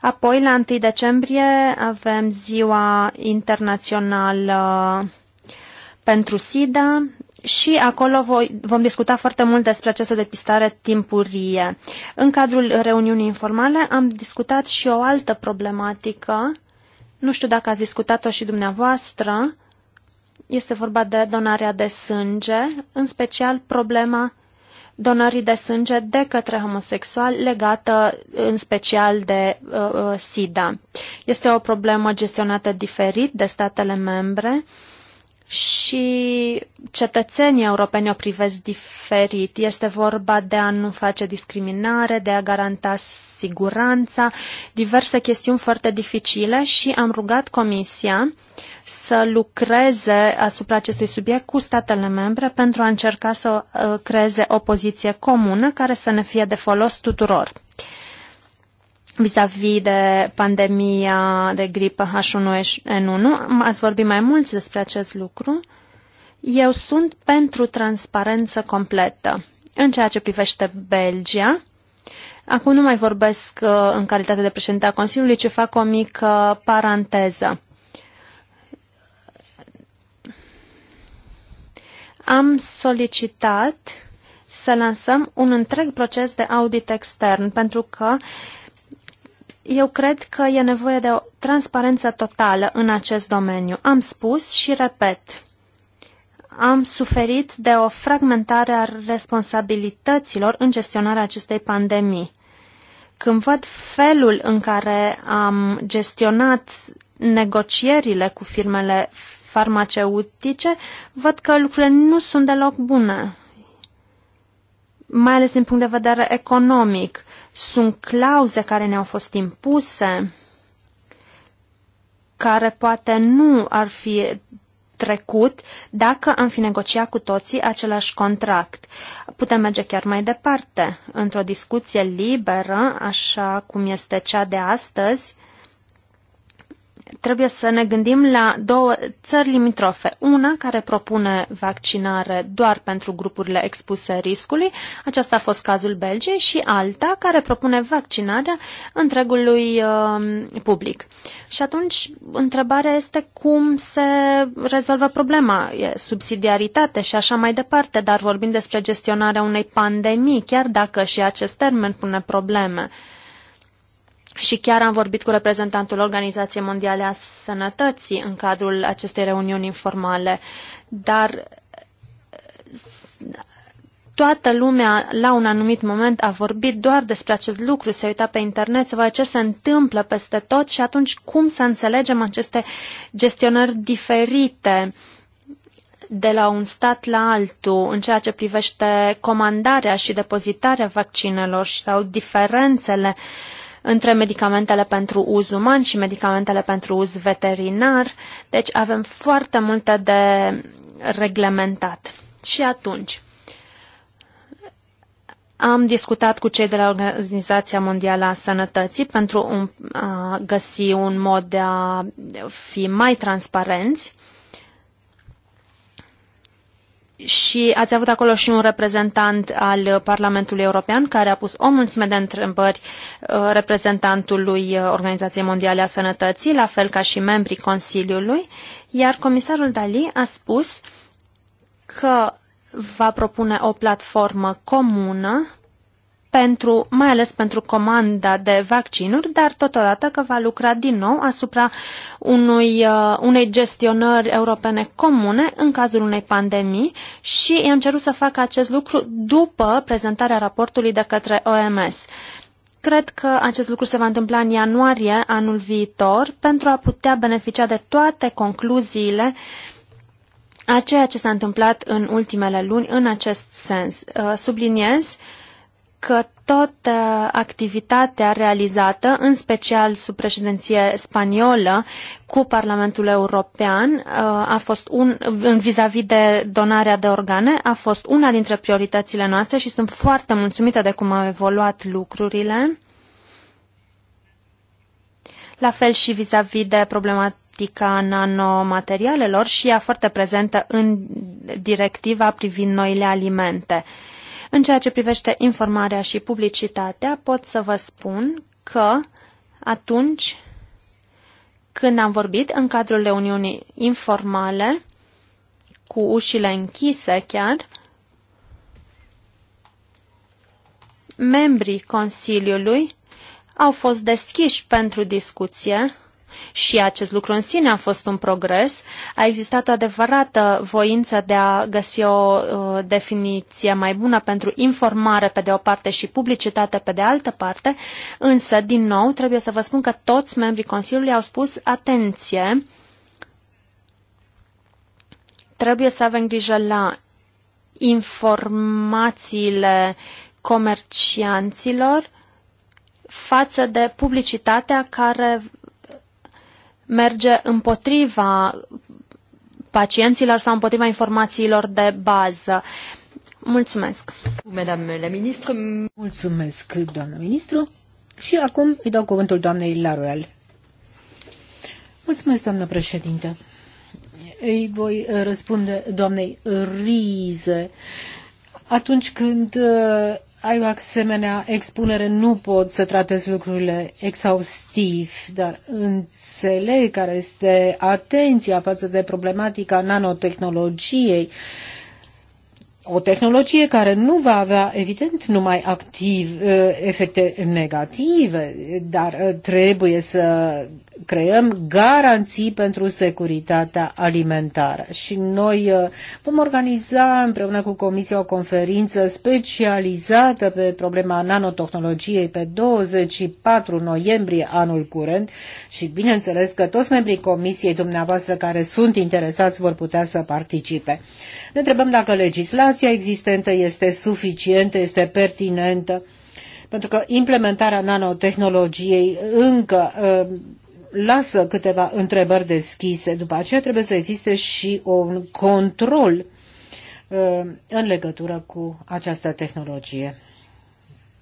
Apoi, la 1 decembrie, avem Ziua Internațională pentru SIDA și acolo voi, vom discuta foarte mult despre această depistare timpurie. În cadrul reuniunii informale am discutat și o altă problematică, nu știu dacă ați discutat-o și dumneavoastră, este vorba de donarea de sânge, în special problema donării de sânge de către homosexual legată în special de uh, uh, SIDA. Este o problemă gestionată diferit de statele membre și cetățenii europeni o privesc diferit. Este vorba de a nu face discriminare, de a garanta siguranța, diverse chestiuni foarte dificile și am rugat Comisia să lucreze asupra acestui subiect cu statele membre pentru a încerca să uh, creeze o poziție comună care să ne fie de folos tuturor vis-a-vis de pandemia de gripă H1N1. Ați vorbit mai mult despre acest lucru. Eu sunt pentru transparență completă. În ceea ce privește Belgia, acum nu mai vorbesc uh, în calitate de președinte a Consiliului, ci fac o mică paranteză. Am solicitat să lansăm un întreg proces de audit extern, pentru că uh, eu cred că e nevoie de o transparență totală în acest domeniu. Am spus și repet, am suferit de o fragmentare a responsabilităților în gestionarea acestei pandemii. Când văd felul în care am gestionat negocierile cu firmele farmaceutice, văd că lucrurile nu sunt deloc bune mai ales din punct de vedere economic. Sunt clauze care ne-au fost impuse, care poate nu ar fi trecut dacă am fi negociat cu toții același contract. Putem merge chiar mai departe. Într-o discuție liberă, așa cum este cea de astăzi, trebuie să ne gândim la două țări limitrofe. Una care propune vaccinare doar pentru grupurile expuse riscului, aceasta a fost cazul Belgiei, și alta care propune vaccinarea întregului uh, public. Și atunci, întrebarea este cum se rezolvă problema. E subsidiaritate și așa mai departe, dar vorbim despre gestionarea unei pandemii, chiar dacă și acest termen pune probleme. Și chiar am vorbit cu reprezentantul Organizației Mondiale a Sănătății în cadrul acestei reuniuni informale, dar toată lumea la un anumit moment a vorbit doar despre acest lucru, se uita pe internet, să vadă ce se întâmplă peste tot și atunci cum să înțelegem aceste gestionări diferite de la un stat la altul în ceea ce privește comandarea și depozitarea vaccinelor sau diferențele uh, între medicamentele pentru uz uman și medicamentele pentru uz veterinar, deci avem foarte multe de reglementat. Și atunci, am discutat cu cei de la Organizația Mondială a Sănătății pentru a găsi un mod de a fi mai transparenți și ați avut acolo și un reprezentant al Parlamentului European care a pus o mulțime de întrebări uh, reprezentantului uh, Organizației Mondiale a Sănătății, la fel ca și membrii Consiliului, iar comisarul Dali a spus că va propune o platformă comună pentru, mai ales pentru comanda de vaccinuri, dar totodată că va lucra din nou asupra unui, uh, unei gestionări europene comune în cazul unei pandemii și i-am cerut să facă acest lucru după prezentarea raportului de către OMS. Cred că acest lucru se va întâmpla în ianuarie anul viitor pentru a putea beneficia de toate concluziile a ceea ce s-a întâmplat în ultimele luni în acest sens. Uh, subliniez uh, că toată activitatea realizată, în special sub președinție spaniolă, cu Parlamentul European, ă, a fost un, vis-a-vis -vis de donarea de organe, a fost una dintre prioritățile noastre și sunt foarte mulțumită de cum au evoluat lucrurile. La fel și vis-a-vis -vis de problematica nanomaterialelor și ea foarte prezentă în directiva privind noile alimente. Uh, în ceea ce privește informarea și publicitatea, pot să vă spun că atunci când am vorbit în cadrul reuniunii informale, cu ușile închise chiar, membrii Consiliului au fost deschiși pentru discuție și acest lucru în sine a fost un progres. A existat o adevărată voință de a găsi o uh, definiție mai bună pentru informare pe de o parte și publicitate pe de altă parte, însă, din nou, trebuie să vă spun că toți membrii Consiliului au spus atenție, trebuie să avem grijă la informațiile comercianților față de publicitatea care merge împotriva pacienților sau împotriva informațiilor de bază. Mulțumesc. ministru. Mulțumesc, doamnă ministru. Și acum îi dau cuvântul doamnei Laruel. Mulțumesc, doamnă președinte. Îi voi uh, răspunde doamnei Rize atunci când uh, ai o asemenea expunere, nu pot să tratez lucrurile exhaustiv, dar înțeleg care este atenția față de problematica nanotehnologiei. O tehnologie care nu va avea, evident, numai activ eh, efecte negative, dar eh, trebuie să creăm garanții pentru securitatea alimentară. Și noi uh, vom organiza împreună cu Comisia o conferință specializată pe problema nanotehnologiei pe 24 noiembrie anul curent și bineînțeles că toți membrii Comisiei dumneavoastră care sunt interesați vor putea să participe. Ne întrebăm dacă legislația existentă este suficientă, este pertinentă pentru că implementarea nanotehnologiei încă uh, lasă câteva întrebări deschise. După aceea trebuie să existe și un control uh, în legătură cu această tehnologie.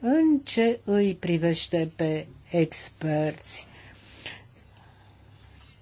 În ce îi privește pe experți?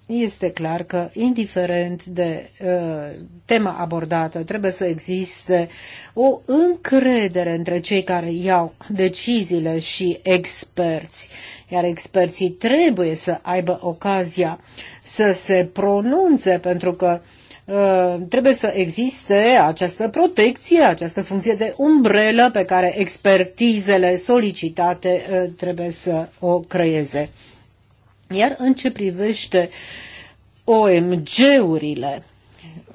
Este clar că, indiferent de uh, tema abordată, trebuie să existe o încredere între cei care iau deciziile și experți iar experții trebuie să aibă ocazia să se pronunțe pentru că uh, trebuie să existe această protecție, această funcție de umbrelă pe care expertizele solicitate uh, trebuie să o creeze. Iar în ce privește OMG-urile,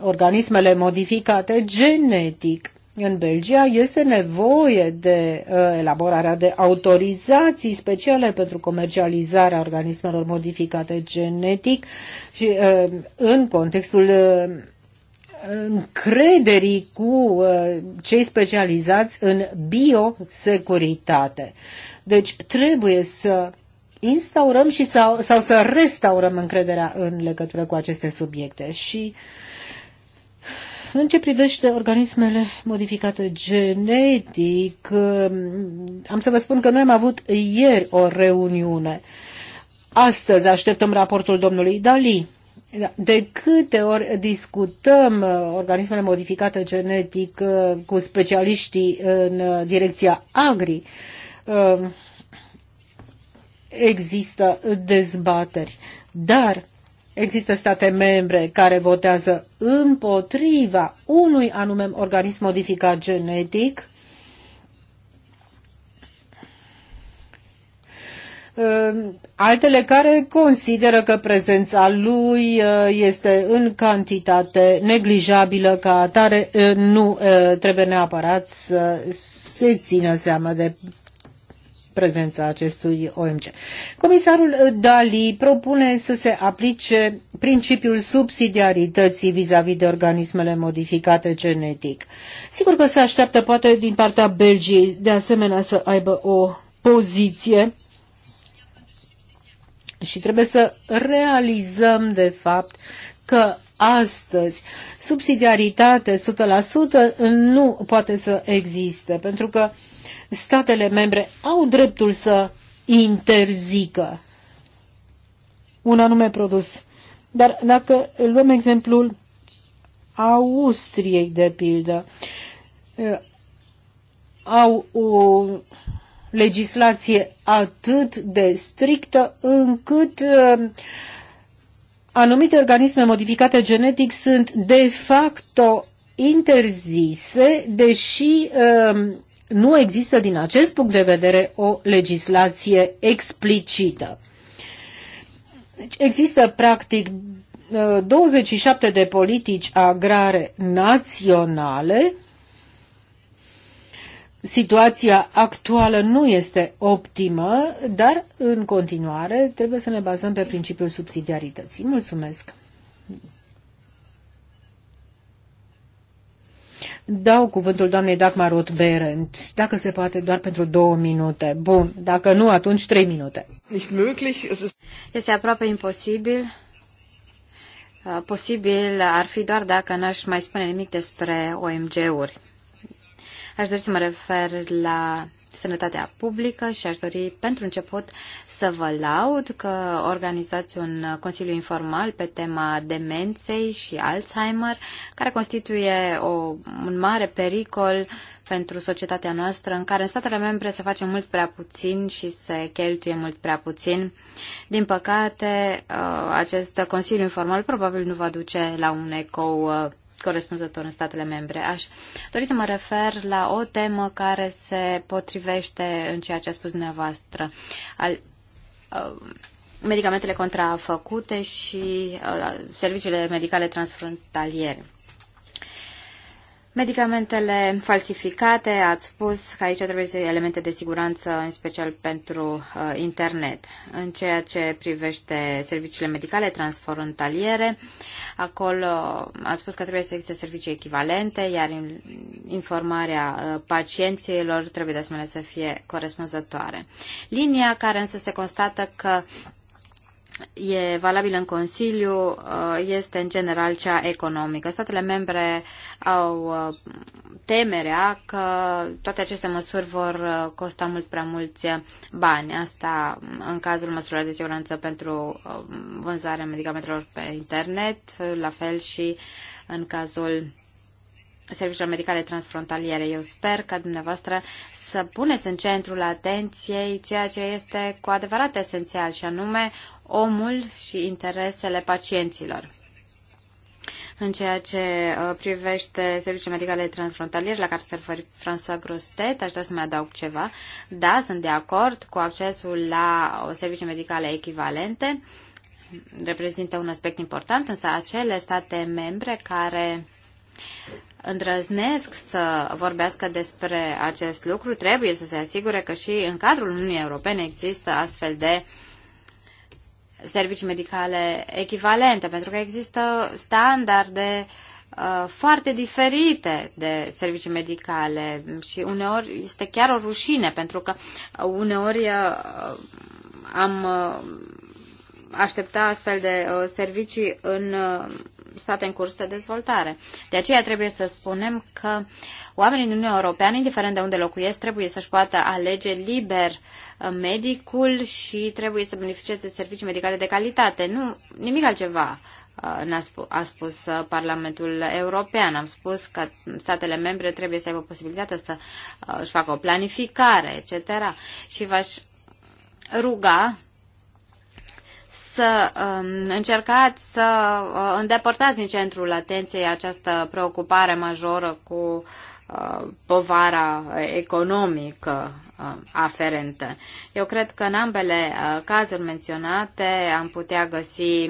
organismele modificate genetic, în Belgia este nevoie de uh, elaborarea de autorizații speciale pentru comercializarea organismelor modificate genetic și uh, în contextul uh, încrederii cu uh, cei specializați în biosecuritate. Deci trebuie să instaurăm și sau, sau să restaurăm încrederea în legătură cu aceste subiecte și uh, în ce privește organismele modificate genetic, um, am să vă spun că noi am avut ieri o reuniune. Astăzi așteptăm raportul domnului Dali. De câte ori discutăm uh, organismele modificate genetic uh, cu specialiștii în uh, direcția agri, există dezbateri. Dar Există state membre care votează împotriva unui anume organism modificat genetic. Altele care consideră că prezența lui uh, este în cantitate neglijabilă ca atare, uh, nu uh, trebuie neapărat să se țină seama de prezența acestui OMC. Comisarul Dali propune să se aplice principiul subsidiarității vis-a-vis -vis de organismele modificate genetic. Sigur că se așteaptă poate din partea Belgiei de asemenea să aibă o poziție și trebuie să realizăm, de fapt, că astăzi subsidiaritate 100% nu poate să existe, pentru că statele membre au dreptul să interzică un anume produs. Dar dacă luăm exemplul Austriei, de pildă, au o legislație atât de strictă încât anumite organisme modificate genetic sunt de facto interzise, deși um, nu există din acest punct de vedere o legislație explicită. Deci există practic 27 uh, de politici agrare naționale situația actuală nu este optimă, dar în continuare trebuie să ne bazăm pe principiul subsidiarității. Mulțumesc! Dau cuvântul doamnei Dagmar Roth-Berend, dacă se poate, doar pentru două minute. Bun, dacă nu, atunci trei minute. Este aproape imposibil. Uh, posibil ar fi doar dacă n-aș mai spune nimic despre OMG-uri. Aș dori să mă refer la sănătatea publică și aș dori pentru început să vă laud că organizați un consiliu informal pe tema demenței și Alzheimer, care constituie o, un mare pericol pentru societatea noastră, în care în statele membre se face mult prea puțin și se cheltuie mult prea puțin. Din păcate, ă, acest consiliu informal probabil nu va duce la un ecou ă, corespunzător în statele membre. Aș dori să mă refer la o temă care se potrivește în ceea ce a spus dumneavoastră. Al, uh, medicamentele contrafăcute și uh, serviciile medicale transfrontaliere. Uh, Medicamentele falsificate, ați spus că aici trebuie să elemente de siguranță, în special pentru uh, internet. În ceea ce privește serviciile medicale transfrontaliere, acolo ați spus că trebuie să existe servicii echivalente, iar informarea uh, pacienților trebuie de asemenea să fie corespunzătoare. Linia care însă se constată că e valabilă în Consiliu uh, este în general cea economică. Statele membre au uh, temerea că toate aceste măsuri vor uh, costa mult prea mulți bani. Asta în cazul măsurilor de siguranță pentru vânzarea medicamentelor pe internet, la fel și în cazul serviciilor medicale transfrontaliere. Eu sper ca dumneavoastră să puneți în centrul atenției ceea ce este cu adevărat esențial și anume omul și interesele pacienților. În ceea ce uh, privește serviciile medicale transfrontaliere, la care se referi François Grostet, aș vrea să mai adaug ceva. Da, sunt de acord cu accesul la uh, servicii medicale echivalente. Reprezintă un aspect important, însă acele state membre care îndrăznesc să vorbească despre acest lucru, trebuie să se asigure că și în cadrul Uniunii Europene există astfel de uh, servicii medicale echivalente, pentru că există standarde uh, foarte diferite de servicii medicale și uneori este chiar o rușine, pentru că uneori uh, am uh, aștepta astfel de servicii în state în curs de dezvoltare. De aceea trebuie să spunem că oamenii din Uniunea Europeană, indiferent de unde locuiesc, trebuie să-și poată alege liber uh, medicul și trebuie să beneficieze de servicii medicale de calitate. Nu, nimic altceva uh, a spus, a uh, spus Parlamentul European. Am spus că statele membre trebuie să aibă posibilitatea să își facă o planificare, etc. Și v-aș ruga să um, încercați să uh, îndepărtați din centrul atenției această preocupare majoră cu uh, povara economică uh, aferentă. Eu cred că în ambele uh, cazuri menționate am putea găsi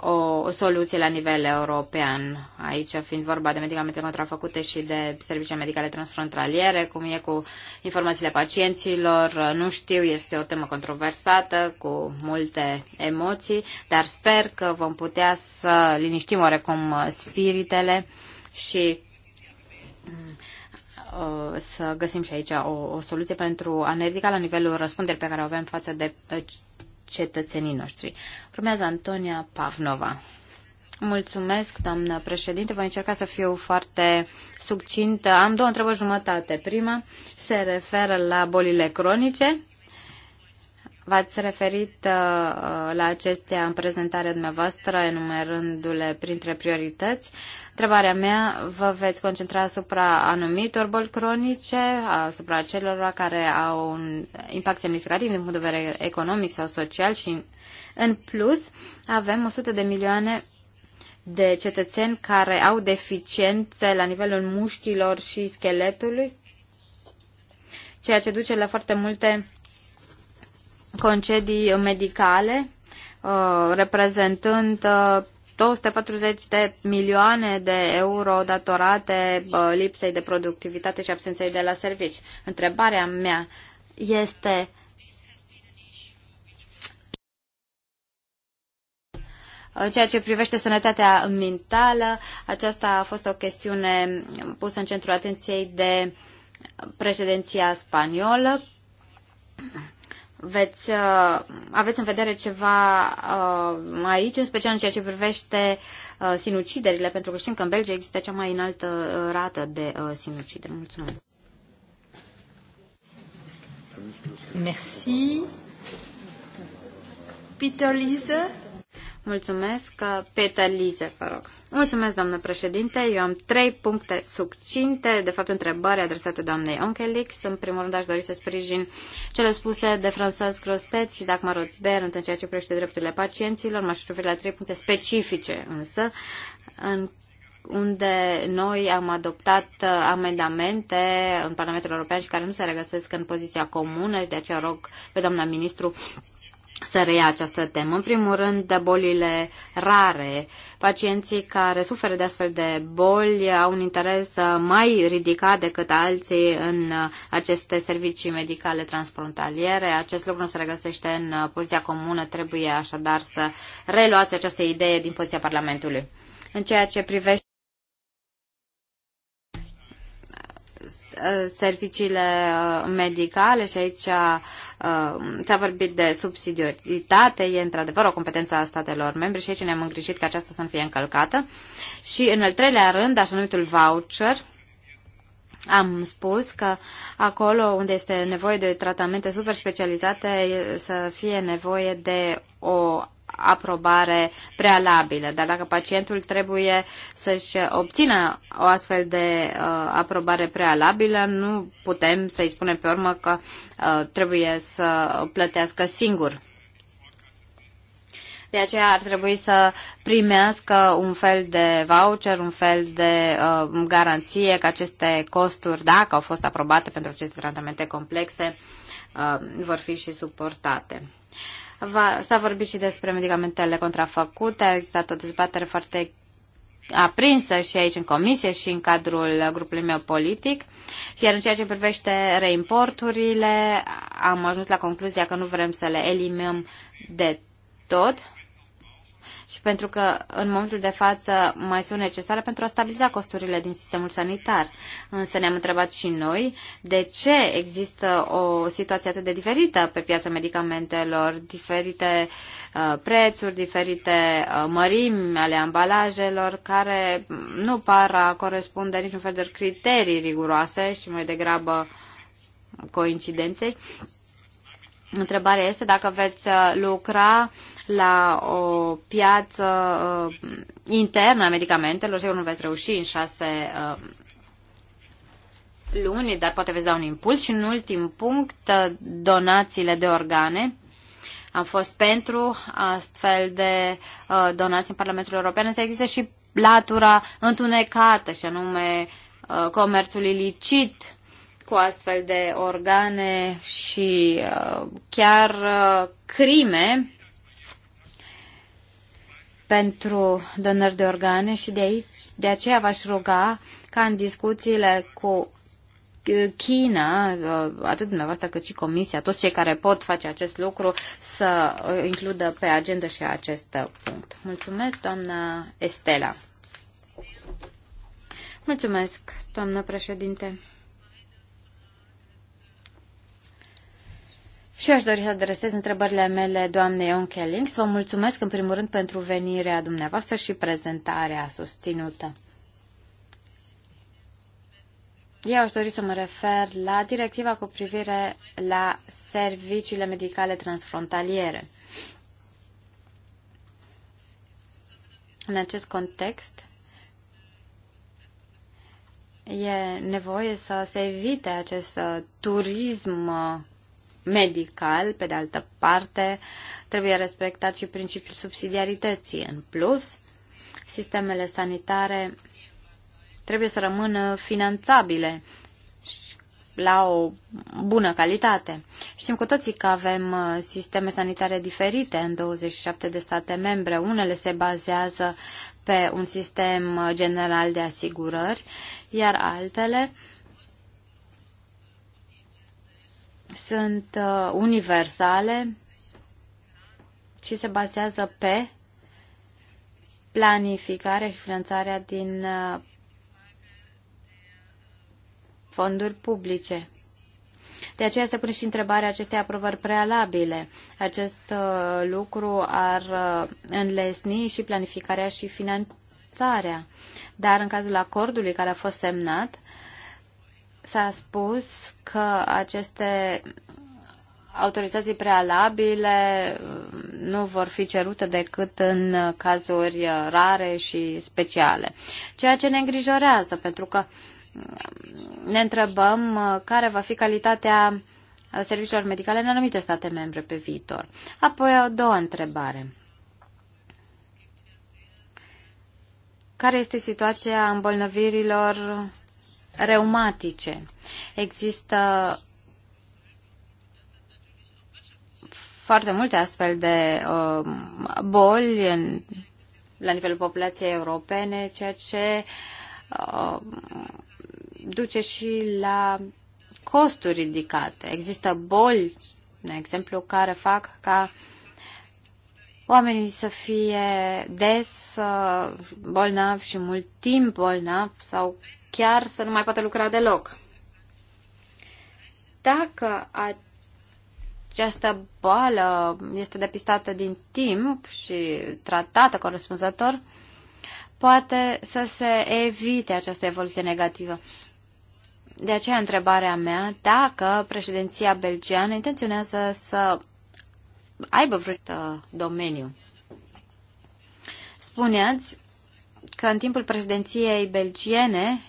o soluție la nivel european, aici fiind vorba de medicamente contrafăcute și de servicii medicale transfrontaliere, cum e cu informațiile pacienților, nu știu, este o temă controversată, cu multe emoții, dar sper că vom putea să liniștim oarecum spiritele și uh, să găsim și aici o, o soluție pentru a ne ridica la nivelul răspunderi pe care o avem față de cetățenii noștri. Urmează Antonia Pavnova. Mulțumesc, doamnă președinte. Voi încerca să fiu foarte succintă. Am două întrebări jumătate. Prima se referă la bolile cronice V-ați referit uh, uh, la acestea în prezentarea dumneavoastră, enumerându-le printre priorități. Întrebarea mea, vă veți concentra asupra anumitor boli cronice, asupra celor care au un impact semnificativ din punct de vedere economic sau social și, în plus, avem 100 de milioane de cetățeni care au deficiențe la nivelul mușchilor și scheletului, ceea ce duce la foarte multe concedii medicale, uh, reprezentând 240 uh, de milioane de euro datorate uh, lipsei de productivitate și absenței de la servici. Întrebarea mea este În ceea ce privește sănătatea mentală, aceasta a fost o chestiune pusă în centrul atenției de președinția spaniolă veți, uh, aveți în vedere ceva uh, aici, în special în ceea ce privește uh, sinuciderile, pentru că știm că în Belgia există cea mai înaltă rată de sinucideri. Mulțumesc! Merci. Peter Lise. Mulțumesc, uh, Peter vă rog. Mulțumesc, doamnă președinte. Eu am trei puncte succinte, de fapt întrebare adresată doamnei Onkelix. În primul rând aș dori să sprijin cele spuse de François Grostet și Dagmar Rotberent în ceea ce privește drepturile pacienților. M-aș referi la trei puncte specifice, însă, în unde noi am adoptat uh, amendamente în Parlamentul European și care nu se regăsesc în poziția comună și de aceea rog pe doamna ministru să reia această temă. În primul rând, de bolile rare. Pacienții care suferă de astfel de boli au un interes mai ridicat decât alții în aceste servicii medicale transfrontaliere. Acest lucru nu se regăsește în poziția comună. Trebuie așadar să reluați această idee din poziția Parlamentului. În ceea ce privește serviciile uh, medicale și aici uh, s-a vorbit de subsidiaritate, e într-adevăr o competență a statelor membre și aici ne-am îngrijit că aceasta să nu fie încălcată. Și în al treilea rând, așa numitul voucher, am spus că acolo unde este nevoie de tratamente super specialitate să fie nevoie de o aprobare prealabilă. Dar dacă pacientul trebuie să-și obțină o astfel de uh, aprobare prealabilă, nu putem să-i spunem pe urmă că uh, trebuie să plătească singur. De aceea ar trebui să primească un fel de voucher, un fel de uh, garanție că aceste costuri, dacă au fost aprobate pentru aceste tratamente complexe, uh, vor fi și suportate. S-a vorbit și despre medicamentele contrafăcute, a existat o dezbatere foarte aprinsă și aici în comisie și în cadrul grupului meu politic. Iar în ceea ce privește reimporturile, am ajuns la concluzia că nu vrem să le eliminăm de tot, și pentru că în momentul de față mai sunt necesare pentru a stabiliza costurile din sistemul sanitar. Însă ne-am întrebat și noi de ce există o situație atât de diferită pe piața medicamentelor, diferite uh, prețuri, diferite uh, mărimi ale ambalajelor care nu par a corespunde niciun fel de criterii riguroase și mai degrabă coincidenței. Întrebarea este dacă veți uh, lucra la o piață uh, internă a medicamentelor, sigur nu veți reuși în șase uh, luni, dar poate veți da un impuls. Și în ultim punct, donațiile de organe. Am fost pentru astfel de donații în Parlamentul European, însă există și latura întunecată, și anume comerțul ilicit cu astfel de organe și uh, chiar uh, crime pentru donări de organe și de aici, de aceea v-aș ruga ca în discuțiile cu uh, China, atât dumneavoastră cât și Comisia, toți cei care pot face acest lucru, să includă pe agenda și acest punct. Mulțumesc, doamna Estela. Mulțumesc, doamnă președinte. Și eu aș dori să adresez întrebările mele doamnei Onkeling. Să vă mulțumesc în primul rând pentru venirea dumneavoastră și prezentarea susținută. Eu aș dori să mă refer la directiva cu privire la serviciile medicale transfrontaliere. În acest context, e nevoie să se evite acest uh, turism uh, medical, pe de altă parte, trebuie respectat și principiul subsidiarității. În plus, sistemele sanitare trebuie să rămână finanțabile la o bună calitate. Știm cu toții că avem uh, sisteme sanitare diferite în 27 de state membre. Unele se bazează pe un sistem uh, general de asigurări, iar altele sunt uh, universale și se bazează pe planificarea și finanțarea din uh, fonduri publice. De aceea se pune și întrebarea acestei aprobări prealabile. Acest uh, lucru ar înlesni și planificarea și finanțarea. Dar în cazul acordului care a fost semnat, S-a spus că aceste autorizații prealabile uh, nu vor fi cerute decât în cazuri uh, rare și speciale. Ceea ce ne îngrijorează, pentru că uh, ne întrebăm care va fi calitatea serviciilor medicale în anumite state membre pe viitor. Apoi o doua întrebare. Care este situația îmbolnăvirilor reumatice. Există foarte multe astfel de uh, boli în, la nivelul populației europene, ceea ce uh, duce și la costuri ridicate. Există boli, de exemplu, care fac ca uh, oamenii să fie des uh, bolnavi și mult timp bolnavi sau chiar să nu mai poată lucra deloc. Dacă această boală este depistată din timp și tratată corespunzător, poate să se evite această evoluție negativă. De aceea întrebarea mea, dacă președinția belgiană intenționează să aibă vreun uh, domeniu. Spuneați că în timpul președinției belgiene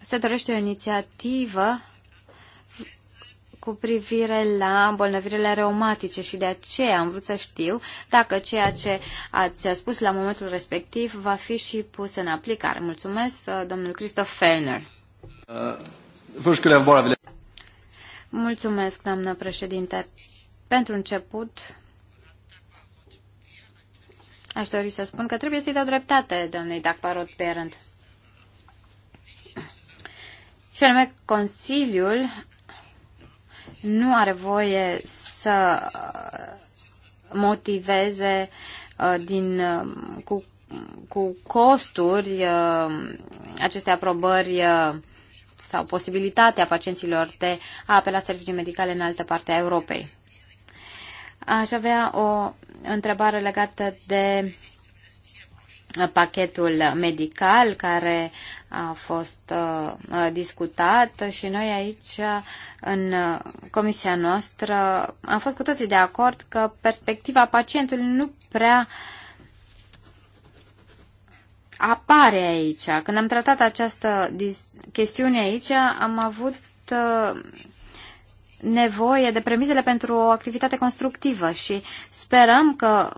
se dorește o inițiativă cu privire la îmbolnăvirile reumatice și de aceea am vrut să știu dacă ceea ce ați spus la momentul respectiv va fi și pus în aplicare. Mulțumesc, uh, domnul Christoph Fellner. Uh, Mulțumesc, doamnă președinte. Pentru început, aș dori să spun că trebuie să-i dau dreptate domnului Dacparot Parent. Și anume, Consiliul nu are voie să uh, motiveze uh, din, uh, cu, cu costuri aceste aprobări sau posibilitatea pacienților de a apela servicii medicale în altă parte a Europei. Aș avea o întrebare legată de pachetul medical care a fost uh, discutat și noi aici în comisia noastră am fost cu toții de acord că perspectiva pacientului nu prea apare aici. Când am tratat această chestiune aici, am avut uh, nevoie de premizele pentru o activitate constructivă și sperăm că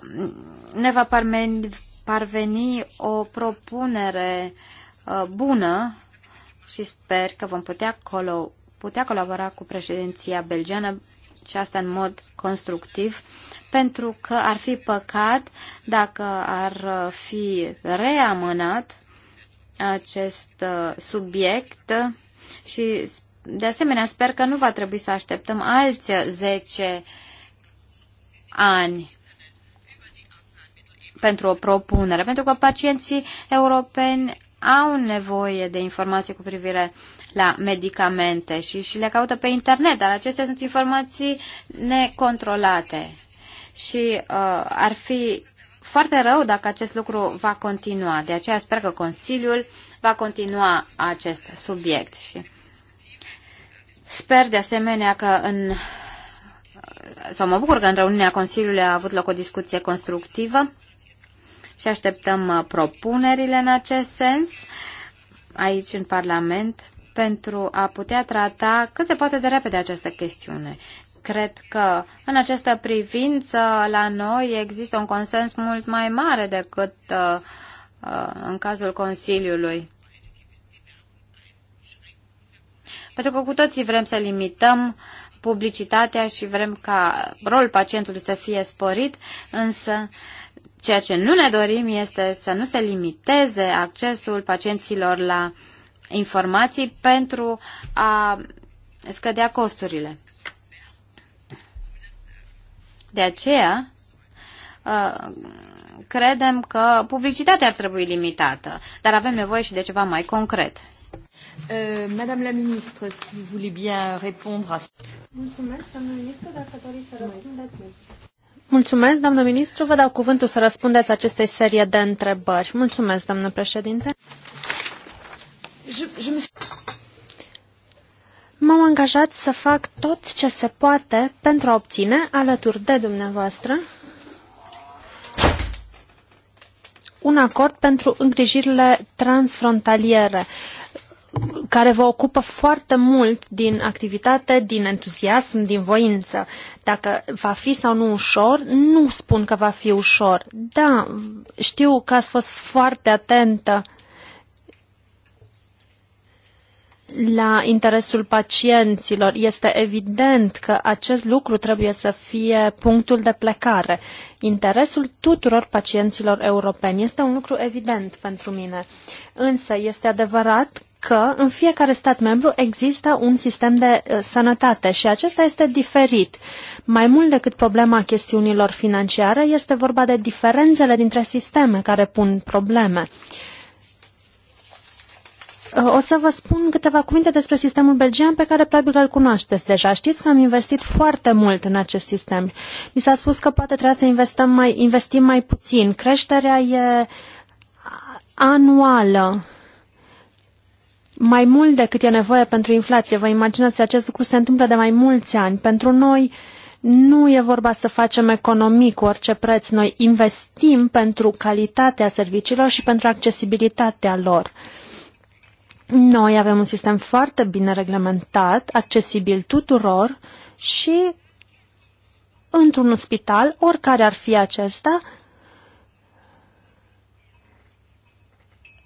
ne va parveni o propunere uh, bună și sper că vom putea, colo- putea colabora cu președinția belgiană și asta în mod constructiv, pentru că ar fi păcat dacă ar fi reamânat acest uh, subiect și sper de asemenea, sper că nu va trebui să așteptăm alți 10 ani pentru o propunere, pentru că pacienții europeni au nevoie de informații cu privire la medicamente și, și le caută pe internet, dar acestea sunt informații necontrolate și uh, ar fi foarte rău dacă acest lucru va continua. De aceea sper că Consiliul va continua acest subiect și Sper de asemenea că în sau mă bucur că în reuniunea Consiliului a avut loc o discuție constructivă și așteptăm uh, propunerile în acest sens aici în Parlament pentru a putea trata cât se poate de repede această chestiune. Cred că în această privință la noi există un consens mult mai mare decât uh, uh, în cazul Consiliului. Pentru că cu toții vrem să limităm publicitatea și vrem ca rolul pacientului să fie sporit, însă ceea ce nu ne dorim este să nu se limiteze accesul pacienților la informații pentru a scădea costurile. De aceea, ă, credem că publicitatea ar trebui limitată, dar avem nevoie și de ceva mai concret. Euh, Madame la ministre, si vous voulez bien répondre à... ce. doriți să răspundeți. Mulțumesc, doamnă ministru. Vă dau cuvântul să răspundeți acestei serie de întrebări. Mulțumesc, doamnă președinte. M-am angajat să fac tot ce se poate pentru a obține, alături de dumneavoastră, un acord pentru îngrijirile transfrontaliere. Uh, care vă ocupă foarte mult din activitate, din entuziasm, din voință. Dacă va fi sau nu ușor, nu spun că va fi ușor. Da, știu că ați fost foarte atentă la interesul pacienților. Este evident că acest lucru trebuie să fie punctul de plecare. Interesul tuturor pacienților europeni este un lucru evident pentru mine. Însă este adevărat că în fiecare stat membru există un sistem de uh, sănătate și acesta este diferit. Mai mult decât problema chestiunilor financiare, este vorba de diferențele dintre sisteme care pun probleme. Uh, o să vă spun câteva cuvinte despre sistemul belgian pe care probabil îl cunoașteți deja. Știți că am investit foarte mult în acest sistem. Mi s-a spus că poate trebuie să mai, investim mai puțin. Creșterea e anuală mai mult decât e nevoie pentru inflație. Vă imaginați, acest lucru se întâmplă de mai mulți ani. Pentru noi nu e vorba să facem economii cu orice preț. Noi investim pentru calitatea serviciilor și pentru accesibilitatea lor. Noi avem un sistem foarte bine reglementat, accesibil tuturor și într-un spital, oricare ar fi acesta,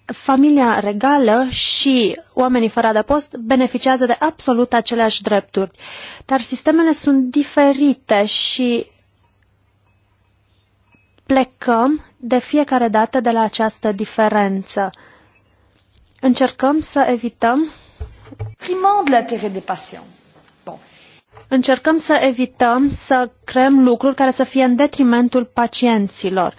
familia regală și oamenii fără adăpost beneficiază de absolut aceleași drepturi. Dar sistemele sunt diferite și plecăm de fiecare dată de la această diferență. Încercăm să evităm de la de patient. Bon. Încercăm să evităm să creăm lucruri care să fie în detrimentul pacienților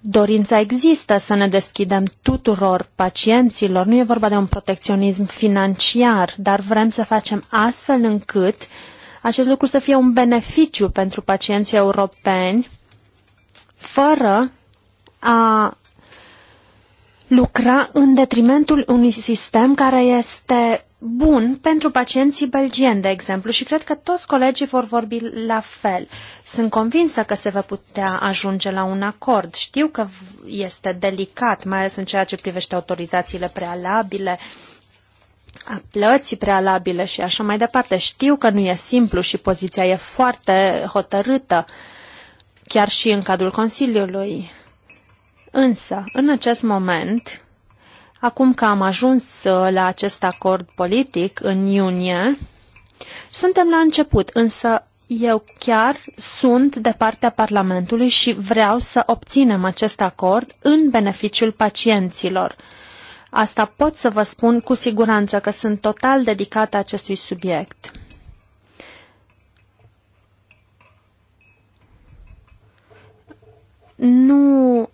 dorința există să ne deschidem tuturor pacienților. Nu e vorba de un protecționism financiar, dar vrem să facem astfel încât acest lucru să fie un beneficiu pentru pacienții europeni, fără a lucra în detrimentul unui sistem care este bun pentru pacienții belgieni, de exemplu, și cred că toți colegii vor vorbi la fel. Sunt convinsă că se va putea ajunge la un acord. Știu că este delicat, mai ales în ceea ce privește autorizațiile prealabile, a plății prealabile și așa mai departe. Știu că nu e simplu și poziția e foarte hotărâtă, chiar și în cadrul Consiliului. Însă, în acest moment, Acum că am ajuns uh, la acest acord politic în iunie, suntem la început, însă eu chiar sunt de partea Parlamentului și vreau să obținem acest acord în beneficiul pacienților. Asta pot să vă spun cu siguranță că sunt total dedicată acestui subiect. Nu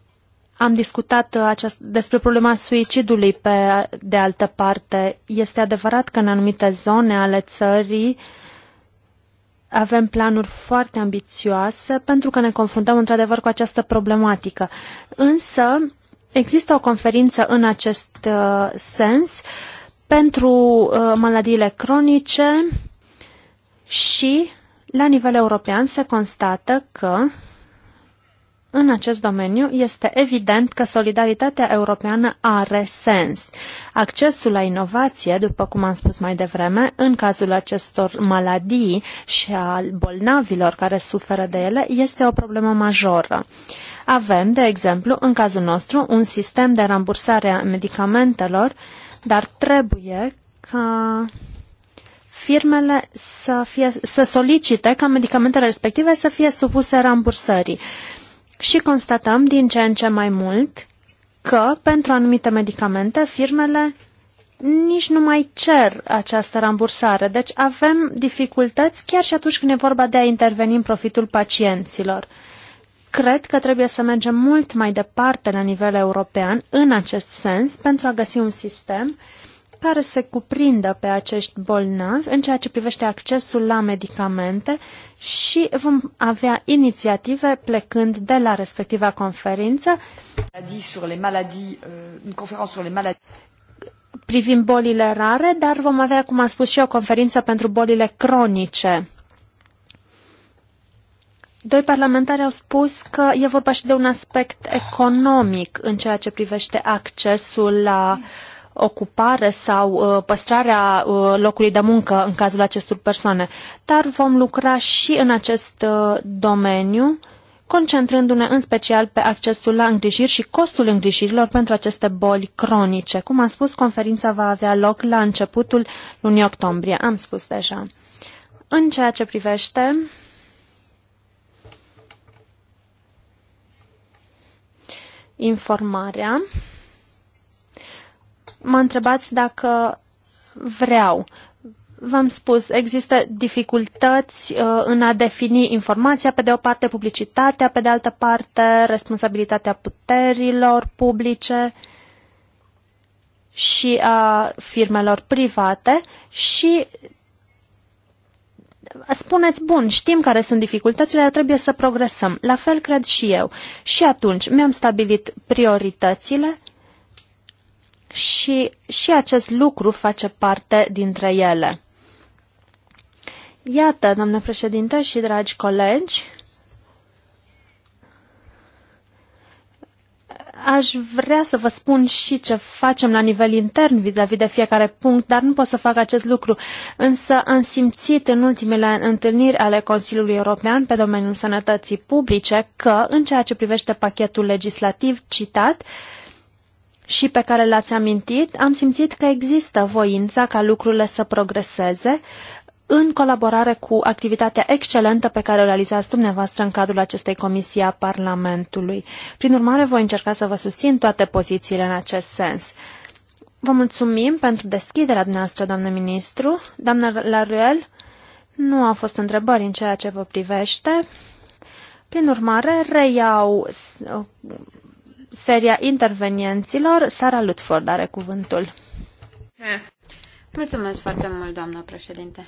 am discutat uh, aceast- despre problema suicidului pe de altă parte. Este adevărat că în anumite zone ale țării avem planuri foarte ambițioase pentru că ne confruntăm într-adevăr cu această problematică. Însă există o conferință în acest uh, sens pentru uh, maladiile cronice și la nivel european se constată că în acest domeniu, este evident că solidaritatea europeană are sens. Accesul la inovație, după cum am spus mai devreme, în cazul acestor maladii și al bolnavilor care suferă de ele, este o problemă majoră. Avem, de exemplu, în cazul nostru, un sistem de rambursare a medicamentelor, dar trebuie ca firmele să, fie, să solicite ca medicamentele respective să fie supuse rambursării și constatăm din ce în ce mai mult că pentru anumite medicamente firmele nici nu mai cer această rambursare. Deci avem dificultăți chiar și atunci când e vorba de a interveni în profitul pacienților. Cred că trebuie să mergem mult mai departe la nivel european în acest sens pentru a găsi un sistem care se cuprindă pe acești bolnavi în ceea ce privește accesul la medicamente și vom avea inițiative plecând de la respectiva conferință. Euh, Privim bolile rare, dar vom avea, cum am spus și o conferință pentru bolile cronice. Doi parlamentari au spus că e vorba și de un aspect economic în ceea ce privește accesul la uh, ocupare sau uh, păstrarea uh, locului de muncă în cazul acestor persoane, dar vom lucra și în acest uh, domeniu, concentrându-ne în special pe accesul la îngrijiri și costul îngrijirilor pentru aceste boli cronice. Cum am spus, conferința va avea loc la începutul lunii octombrie. Am spus deja. În ceea ce privește informarea, mă întrebați dacă vreau. V-am spus, există dificultăți uh, în a defini informația, pe de o parte publicitatea, pe de altă parte responsabilitatea puterilor publice și a firmelor private și spuneți, bun, știm care sunt dificultățile, dar trebuie să progresăm. La fel cred și eu. Și atunci mi-am stabilit prioritățile și, și acest lucru face parte dintre ele. Iată, domnule președinte și dragi colegi, aș vrea să vă spun și ce facem la nivel intern vis-a-vis -vis de fiecare punct, dar nu pot să fac acest lucru. Însă am simțit în ultimele întâlniri ale Consiliului European pe domeniul sănătății publice că, în ceea ce privește pachetul legislativ citat, uh, și pe care l-ați amintit, am simțit că există voința ca lucrurile să progreseze în colaborare cu activitatea excelentă pe care o realizați dumneavoastră în cadrul acestei comisii a Parlamentului. Prin urmare, voi încerca să vă susțin toate pozițiile în acest sens. Vă mulțumim pentru deschiderea dumneavoastră, doamnă ministru. Doamna Laruel, nu au fost întrebări în ceea ce vă privește. Prin urmare, reiau seria intervenienților. Sara Lutford are cuvântul. Mulțumesc foarte mult, doamnă președinte.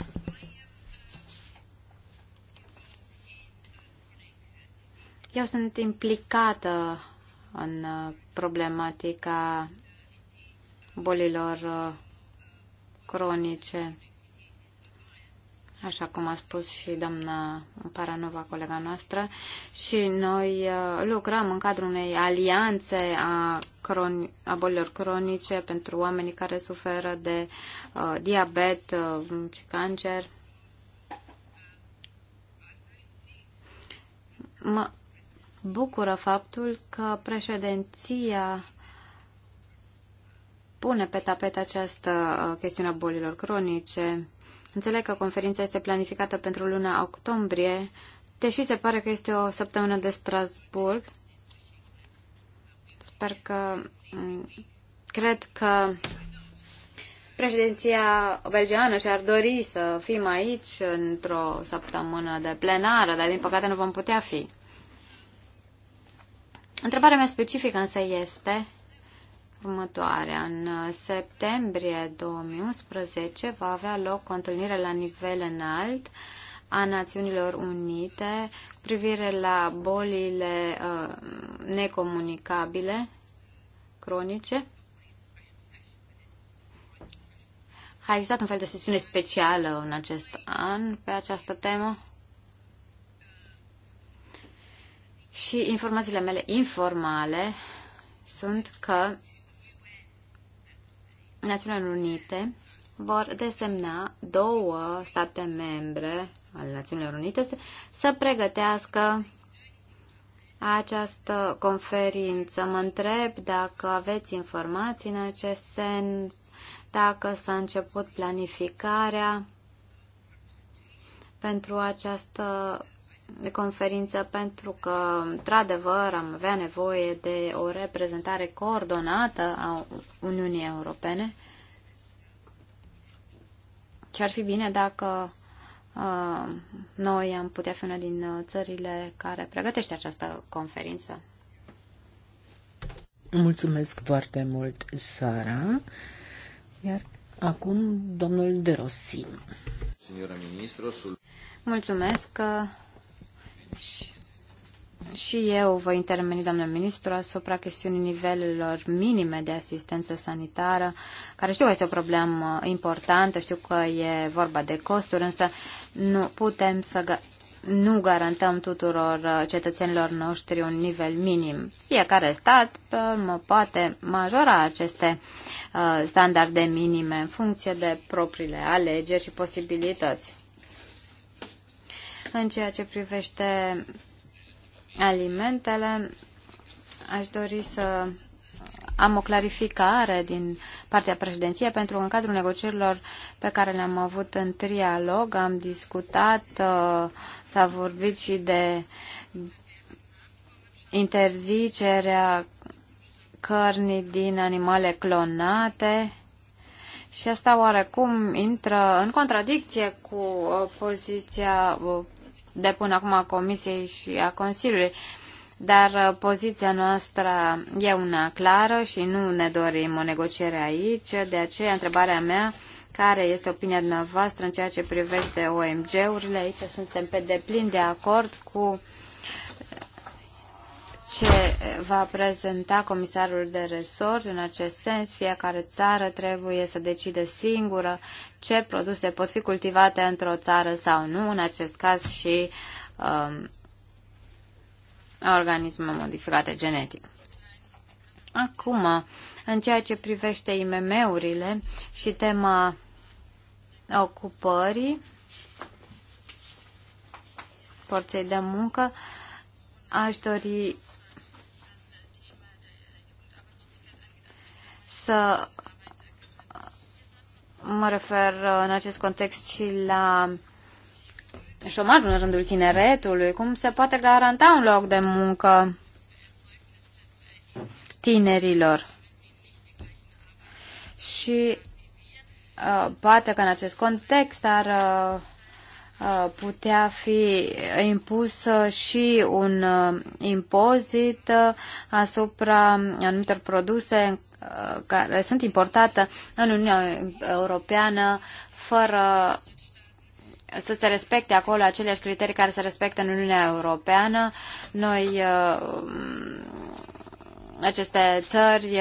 Eu sunt implicată în uh, problematica bolilor uh, cronice așa cum a spus și doamna Paranova, colega noastră, și noi uh, lucrăm în cadrul unei alianțe a, croni- a bolilor cronice pentru oamenii care suferă de uh, diabet uh, și cancer. Mă bucură faptul că președinția pune pe tapet această uh, chestiune a bolilor cronice Înțeleg că conferința este planificată pentru luna octombrie, deși se pare că este o săptămână de Strasburg. Sper că... Cred că președinția belgeană și-ar dori să fim aici într-o săptămână de plenară, dar din păcate nu vom putea fi. Întrebarea mea specifică însă este următoarea. În uh, septembrie 2011 va avea loc o întâlnire la nivel înalt a Națiunilor Unite cu privire la bolile uh, necomunicabile cronice. A existat un fel de sesiune specială în acest an pe această temă. Și informațiile mele informale sunt că Națiunile Unite vor desemna două state membre ale Națiunilor Unite să pregătească această conferință. Mă întreb dacă aveți informații în acest sens, dacă s-a început planificarea pentru această de conferință pentru că, într-adevăr, am avea nevoie de o reprezentare coordonată a Uniunii Europene și ar fi bine dacă uh, noi am putea fi una din uh, țările care pregătește această conferință. Mulțumesc foarte mult, Sara. Iar acum, domnul De Rossi. Mulțumesc. Uh, și, și eu voi interveni, doamnă ministru, asupra chestiunii nivelurilor minime de asistență sanitară, care știu că este o problemă importantă, știu că e vorba de costuri, însă nu putem să nu garantăm tuturor uh, cetățenilor noștri un nivel minim. Fiecare stat pe urmă, poate majora aceste uh, standarde minime în funcție de propriile alegeri și posibilități. În ceea ce privește alimentele, aș dori să am o clarificare din partea președinției, pentru că în cadrul negocierilor pe care le-am avut în trialog am discutat, uh, s-a vorbit și de interzicerea cărnii din animale clonate și asta oarecum intră în contradicție cu uh, poziția uh, depun acum a Comisiei și a Consiliului, dar uh, poziția noastră e una clară și nu ne dorim o negociere aici, de aceea întrebarea mea care este opinia dumneavoastră în ceea ce privește OMG-urile. Aici suntem pe deplin de acord cu ce va prezenta comisarul de resort. În acest sens, fiecare țară trebuie să decide singură ce produse pot fi cultivate într-o țară sau nu, în acest caz și um, organisme modificate genetic. Acum, în ceea ce privește IMM-urile și tema ocupării, forței de muncă, aș dori să mă refer uh, în acest context și la șomajul în rândul tineretului. Cum se poate garanta un loc de muncă tinerilor? Și uh, poate că în acest context ar uh, Uh, putea fi impus și un uh, impozit uh, asupra anumitor produse care sunt importate în Uniunea Europeană fără să se respecte acolo aceleași criterii care se respectă în Uniunea Europeană. Noi, aceste țări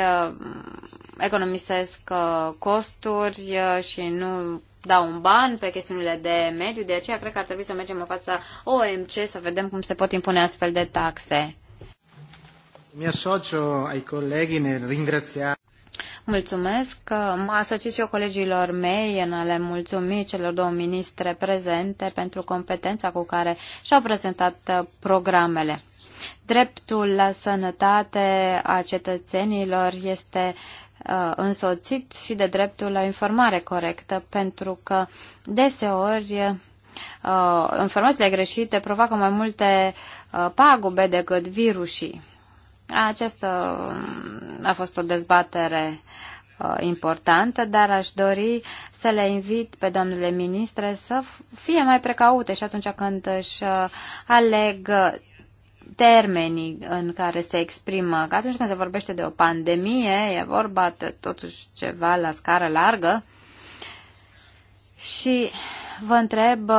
economisesc costuri și nu dau un ban pe chestiunile de mediu, de aceea cred că ar trebui să mergem în fața OMC să vedem cum se pot impune astfel de taxe. Mi asocio ai colegii ne ringrazia. Mulțumesc. Mă asociez și eu colegilor mei în a le mulțumi celor două ministre prezente pentru competența cu care și-au prezentat uh, programele. Dreptul la sănătate a cetățenilor este uh, însoțit și de dreptul la informare corectă, pentru că deseori uh, informațiile greșite provoacă mai multe uh, pagube decât virusii. Aceasta um, a fost o dezbatere importantă, dar aș dori să le invit pe doamnele ministre să fie mai precaute și atunci când își aleg termenii în care se exprimă. Că atunci când se vorbește de o pandemie, e vorba de totuși ceva la scară largă. Și vă întreb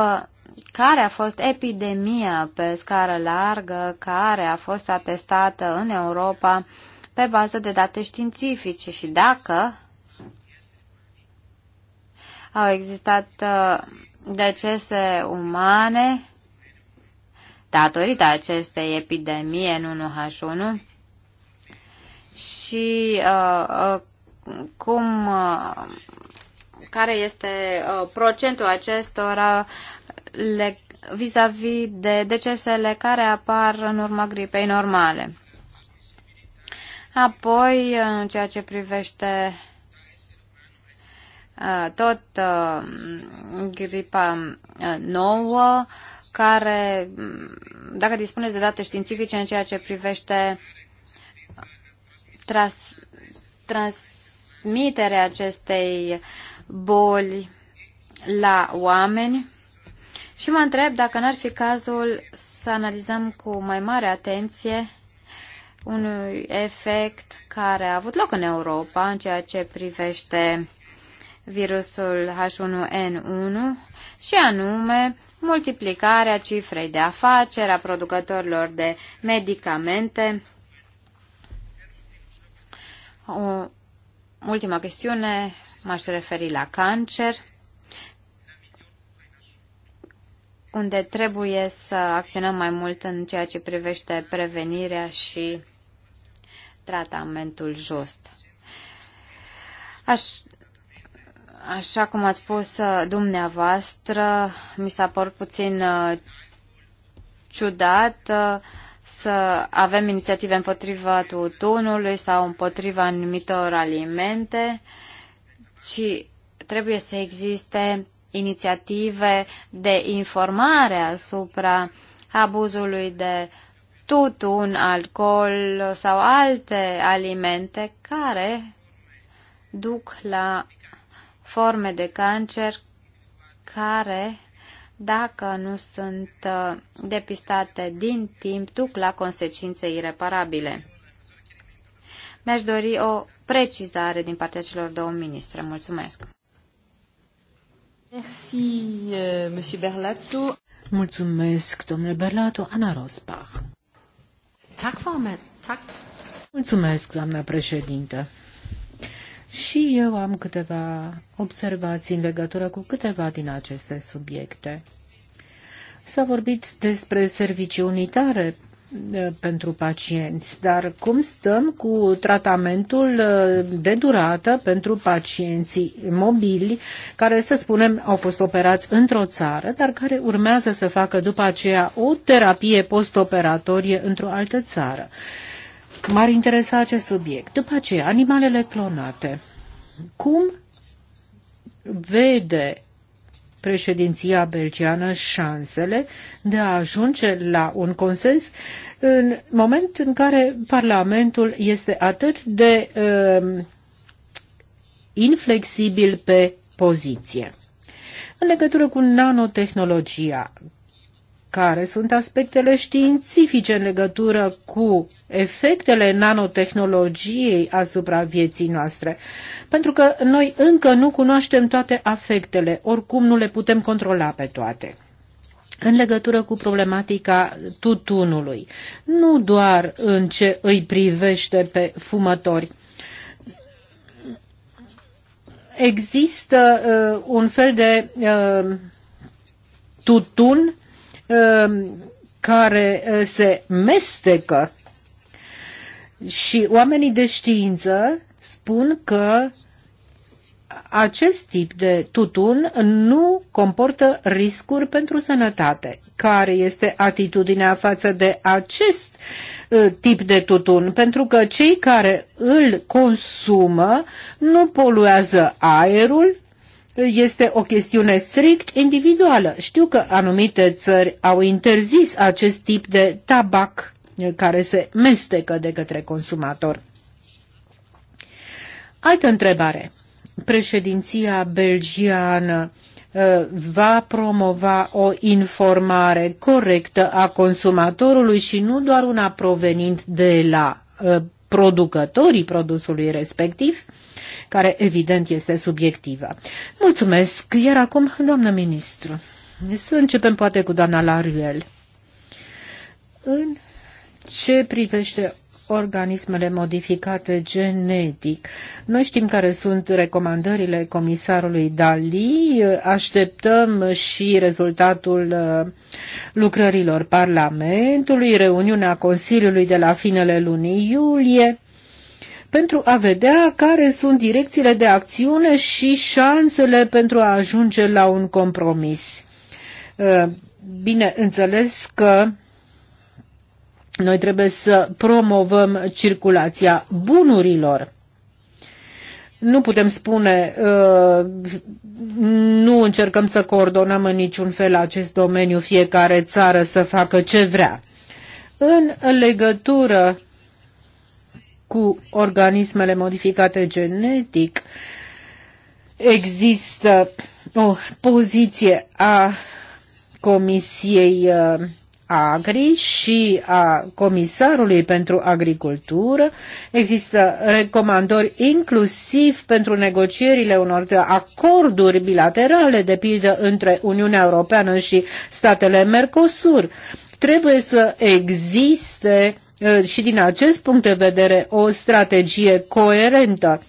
care a fost epidemia pe scară largă care a fost atestată în Europa pe bază de date științifice și dacă au existat uh, decese umane datorită acestei epidemii în 1 h 1 și uh, uh, cum, uh, care este uh, procentul acestora vis-a-vis -vis de decesele care apar în urma gripei normale. Apoi, în ceea ce privește uh, tot uh, gripa nouă, care, dacă dispuneți de date științifice în ceea ce privește tras, transmiterea acestei boli la oameni. Și mă întreb dacă n-ar fi cazul să analizăm cu mai mare atenție unui efect care a avut loc în Europa în ceea ce privește virusul H1N1 și anume multiplicarea cifrei de afaceri a producătorilor de medicamente. O ultima chestiune, m-aș referi la cancer, unde trebuie să acționăm mai mult în ceea ce privește prevenirea și tratamentul just. Aș Așa cum ați spus uh, dumneavoastră, mi s-a părut puțin uh, ciudat uh, să avem inițiative împotriva tutunului sau împotriva anumitor alimente, ci trebuie să existe inițiative de informare asupra abuzului de tutun, alcool sau alte alimente care duc la forme de cancer care, dacă nu sunt uh, depistate din timp, duc la consecințe ireparabile. Mi-aș dori o precizare din partea celor două ministre. Mulțumesc! Merci, euh, Monsieur Berlato. Mulțumesc, domnule Berlato. Ana Rosbach. Tak, Mulțumesc, doamna președintă. Și eu am câteva observații în legătură cu câteva din aceste subiecte. S-a vorbit despre servicii unitare eh, pentru pacienți, dar cum stăm cu tratamentul eh, de durată pentru pacienții mobili care, să spunem, au fost operați într-o țară, dar care urmează să facă după aceea o terapie postoperatorie într-o altă țară? M-ar interesa acest subiect. După aceea, animalele clonate. Cum vede președinția belgiană șansele de a ajunge la un consens în moment în care Parlamentul este atât de uh, inflexibil pe poziție. În legătură cu nanotehnologia, care sunt aspectele științifice în legătură cu efectele nanotehnologiei asupra vieții noastre. Pentru că noi încă nu cunoaștem toate afectele, oricum nu le putem controla pe toate în legătură cu problematica tutunului, nu doar în ce îi privește pe fumători. Există uh, un fel de uh, tutun uh, care uh, se mestecă și oamenii de știință spun că acest tip de tutun nu comportă riscuri pentru sănătate. Care este atitudinea față de acest uh, tip de tutun? Pentru că cei care îl consumă nu poluează aerul, este o chestiune strict individuală. Știu că anumite țări au interzis acest tip de tabac care se mestecă de către consumator. Altă întrebare. Președinția belgiană uh, va promova o informare corectă a consumatorului și nu doar una provenind de la uh, producătorii produsului respectiv, care evident este subiectivă. Mulțumesc, iar acum, doamnă ministru. Să începem poate cu doamna Laruel. În ce privește organismele modificate genetic. Noi știm care sunt recomandările comisarului Dali, așteptăm și rezultatul uh, lucrărilor Parlamentului, reuniunea Consiliului de la finele lunii iulie pentru a vedea care sunt direcțiile de acțiune și șansele pentru a ajunge la un compromis. Uh, Bineînțeles că noi trebuie să promovăm circulația bunurilor. Nu putem spune, uh, nu încercăm să coordonăm în niciun fel acest domeniu, fiecare țară să facă ce vrea. În legătură cu organismele modificate genetic, există o poziție a Comisiei uh, Agri și a Comisarului pentru Agricultură. Există recomandări inclusiv pentru negocierile unor acorduri bilaterale, de pildă între Uniunea Europeană și statele Mercosur trebuie să existe uh, și din acest punct de vedere o strategie coerentă.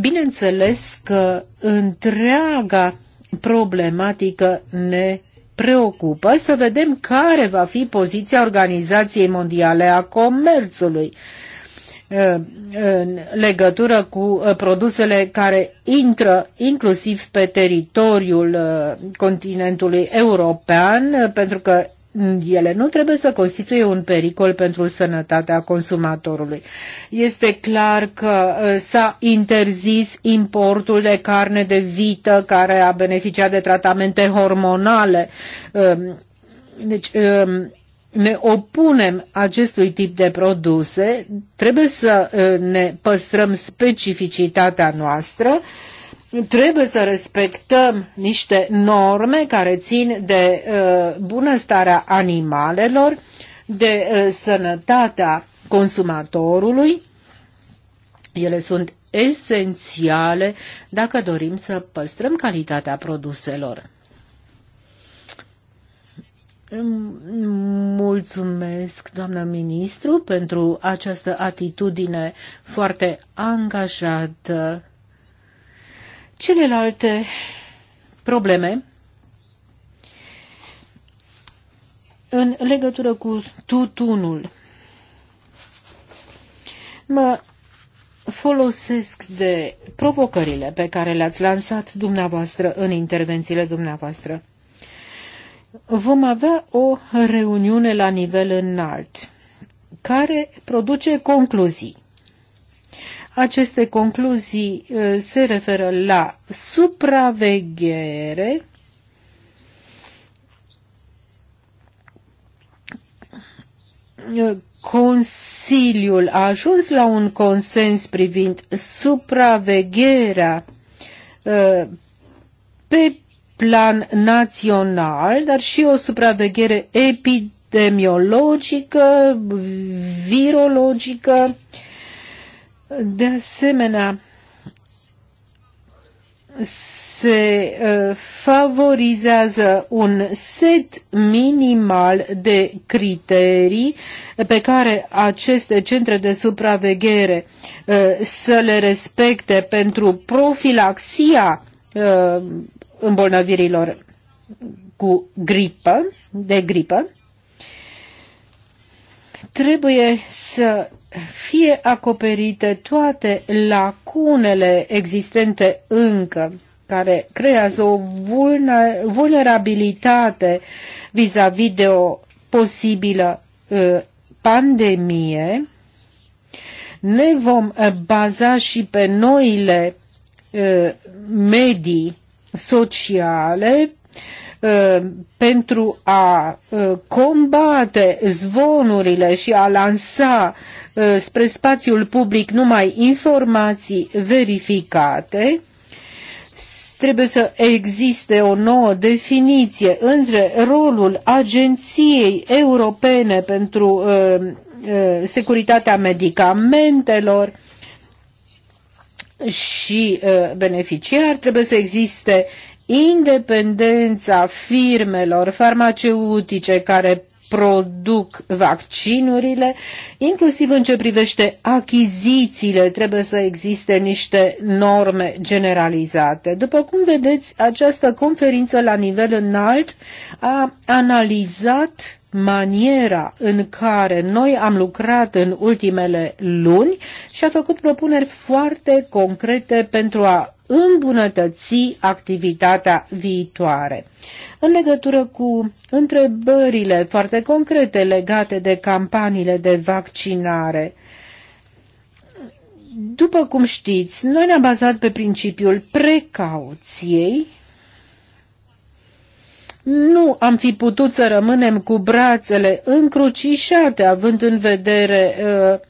Bineînțeles că întreaga problematică ne preocupă, să vedem care va fi poziția Organizației Mondiale a Comerțului uh, în legătură cu uh, produsele care intră inclusiv pe teritoriul uh, continentului european, pentru că ele nu trebuie să constituie un pericol pentru sănătatea consumatorului. Este clar că uh, s-a interzis importul de carne de vită care a beneficiat de tratamente hormonale. Um, deci, um, ne opunem acestui tip de produse, trebuie să uh, ne păstrăm specificitatea noastră trebuie să respectăm niște norme care țin de uh, bunăstarea animalelor, de uh, sănătatea consumatorului. Ele sunt esențiale dacă dorim să păstrăm calitatea produselor. Mulțumesc, doamnă ministru, pentru această atitudine foarte angajată Celelalte probleme în legătură cu tutunul. Mă folosesc de provocările pe care le-ați lansat dumneavoastră în intervențiile dumneavoastră. Vom avea o reuniune la nivel înalt care produce concluzii. Aceste concluzii uh, se referă la supraveghere, Consiliul a ajuns la un consens privind supravegherea uh, pe plan național, dar și o supraveghere epidemiologică, virologică de asemenea, se uh, favorizează un set minimal de criterii pe care aceste centre de supraveghere uh, să le respecte pentru profilaxia uh, îmbolnăvirilor cu gripă, de gripă. Trebuie să fie acoperite toate lacunele existente încă care creează o vulnerabilitate vis-a-vis -vis de o posibilă ă, pandemie, ne vom baza și pe noile ă, medii sociale ă, pentru a combate zvonurile și a lansa uh, Uh, spre spațiul public numai informații verificate, trebuie să existe o nouă definiție între rolul Agenției Europene pentru uh, uh, Securitatea Medicamentelor și uh, Trebuie să existe independența firmelor farmaceutice care produc vaccinurile, inclusiv în ce privește achizițiile, trebuie să existe niște norme generalizate. După cum vedeți, această conferință la nivel înalt a analizat maniera în care noi am lucrat în ultimele luni și a făcut propuneri foarte concrete pentru a îmbunătăți activitatea viitoare. În legătură cu întrebările foarte concrete legate de campaniile de vaccinare, după cum știți, noi ne-am bazat pe principiul precauției. Nu am fi putut să rămânem cu brațele încrucișate, având în vedere uh,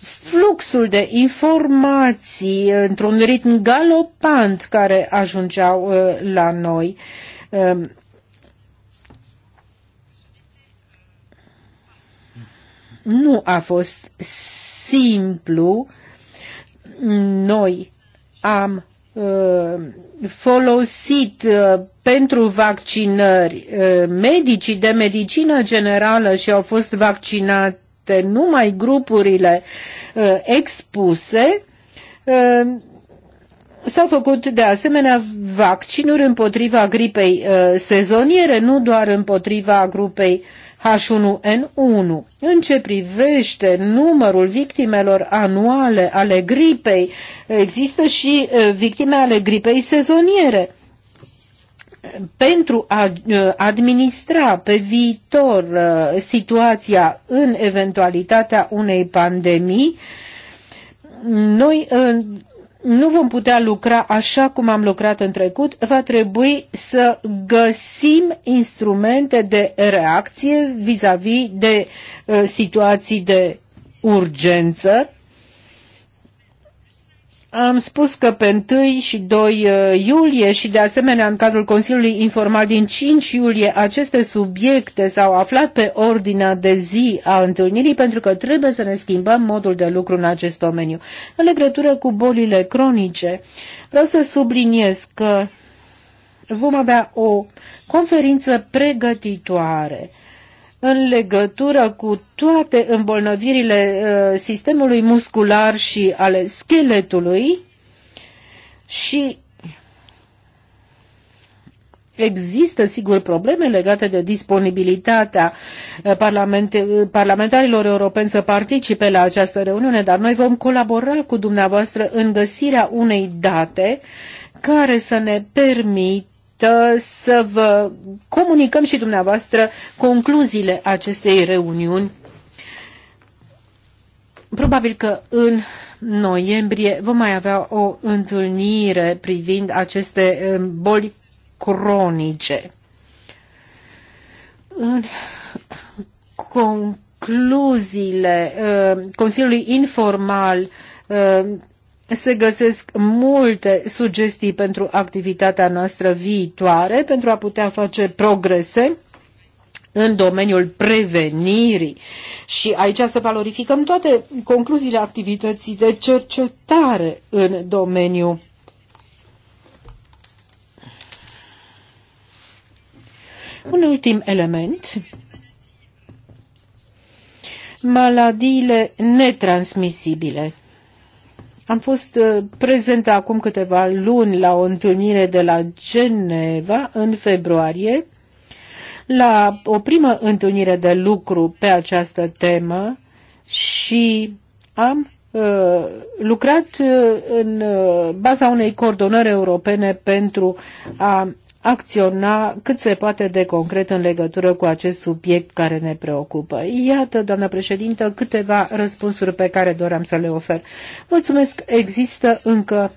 fluxul de informații într-un ritm galopant care ajungeau uh, la noi. Um, nu a fost simplu. Noi am uh, folosit uh, pentru vaccinări medicii de medicină generală și au fost vaccinați afectate numai grupurile uh, expuse, uh, S-au făcut de asemenea vaccinuri împotriva gripei uh, sezoniere, nu doar împotriva grupei H1N1. În ce privește numărul victimelor anuale ale gripei, există și victime ale gripei sezoniere pentru a ă, administra pe viitor ă, situația în eventualitatea unei pandemii, noi ă, nu vom putea lucra așa cum am lucrat în trecut, va trebui să găsim instrumente de reacție vis-a-vis -vis de situații de urgență am spus că pe 1 și 2 uh, iulie și de asemenea în cadrul Consiliului Informal din 5 iulie aceste subiecte s-au aflat pe ordinea de zi a întâlnirii pentru că trebuie să ne schimbăm modul de lucru în acest domeniu. În legătură cu bolile cronice, vreau să subliniez că vom avea o conferință pregătitoare în legătură cu toate îmbolnăvirile uh, sistemului muscular și ale scheletului și Există, sigur, probleme legate de disponibilitatea uh, uh, parlamentarilor europeni să participe la această reuniune, dar noi vom colabora cu dumneavoastră în găsirea unei date care să ne permită să vă comunicăm și dumneavoastră concluziile acestei reuniuni. Probabil că în noiembrie vom mai avea o întâlnire privind aceste eh, boli cronice. În concluziile eh, Consiliului Informal eh, se găsesc multe sugestii pentru activitatea noastră viitoare, pentru a putea face progrese în domeniul prevenirii. Și aici să valorificăm toate concluziile activității de cercetare în domeniu. Un ultim element. Maladiile netransmisibile. Am fost uh, prezentă acum câteva luni la o întâlnire de la Geneva în februarie, la o primă întâlnire de lucru pe această temă și am uh, lucrat uh, în uh, baza unei coordonări europene pentru a acționa cât se poate de concret în legătură cu acest subiect care ne preocupă. Iată, doamnă președintă, câteva răspunsuri pe care doream să le ofer. Mulțumesc, există încă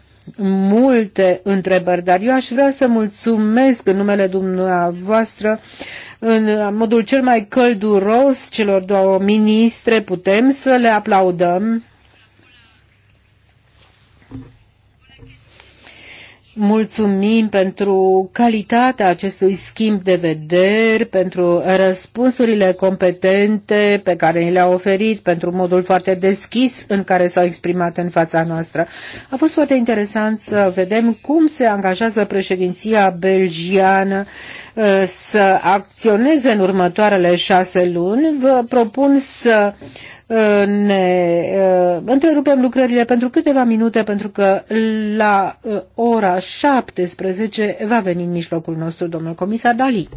multe întrebări, dar eu aș vrea să mulțumesc în numele dumneavoastră în modul cel mai călduros celor două ministre. Putem să le aplaudăm mulțumim pentru calitatea acestui schimb de vederi, pentru răspunsurile competente pe care ni le-a oferit, pentru modul foarte deschis în care s-au exprimat în fața noastră. A fost foarte interesant să vedem cum se angajează președinția belgiană uh, să acționeze în următoarele șase luni. Vă propun să ne uh, întrerupem lucrările pentru câteva minute pentru că la uh, ora 17 va veni în mijlocul nostru domnul comisar Dali.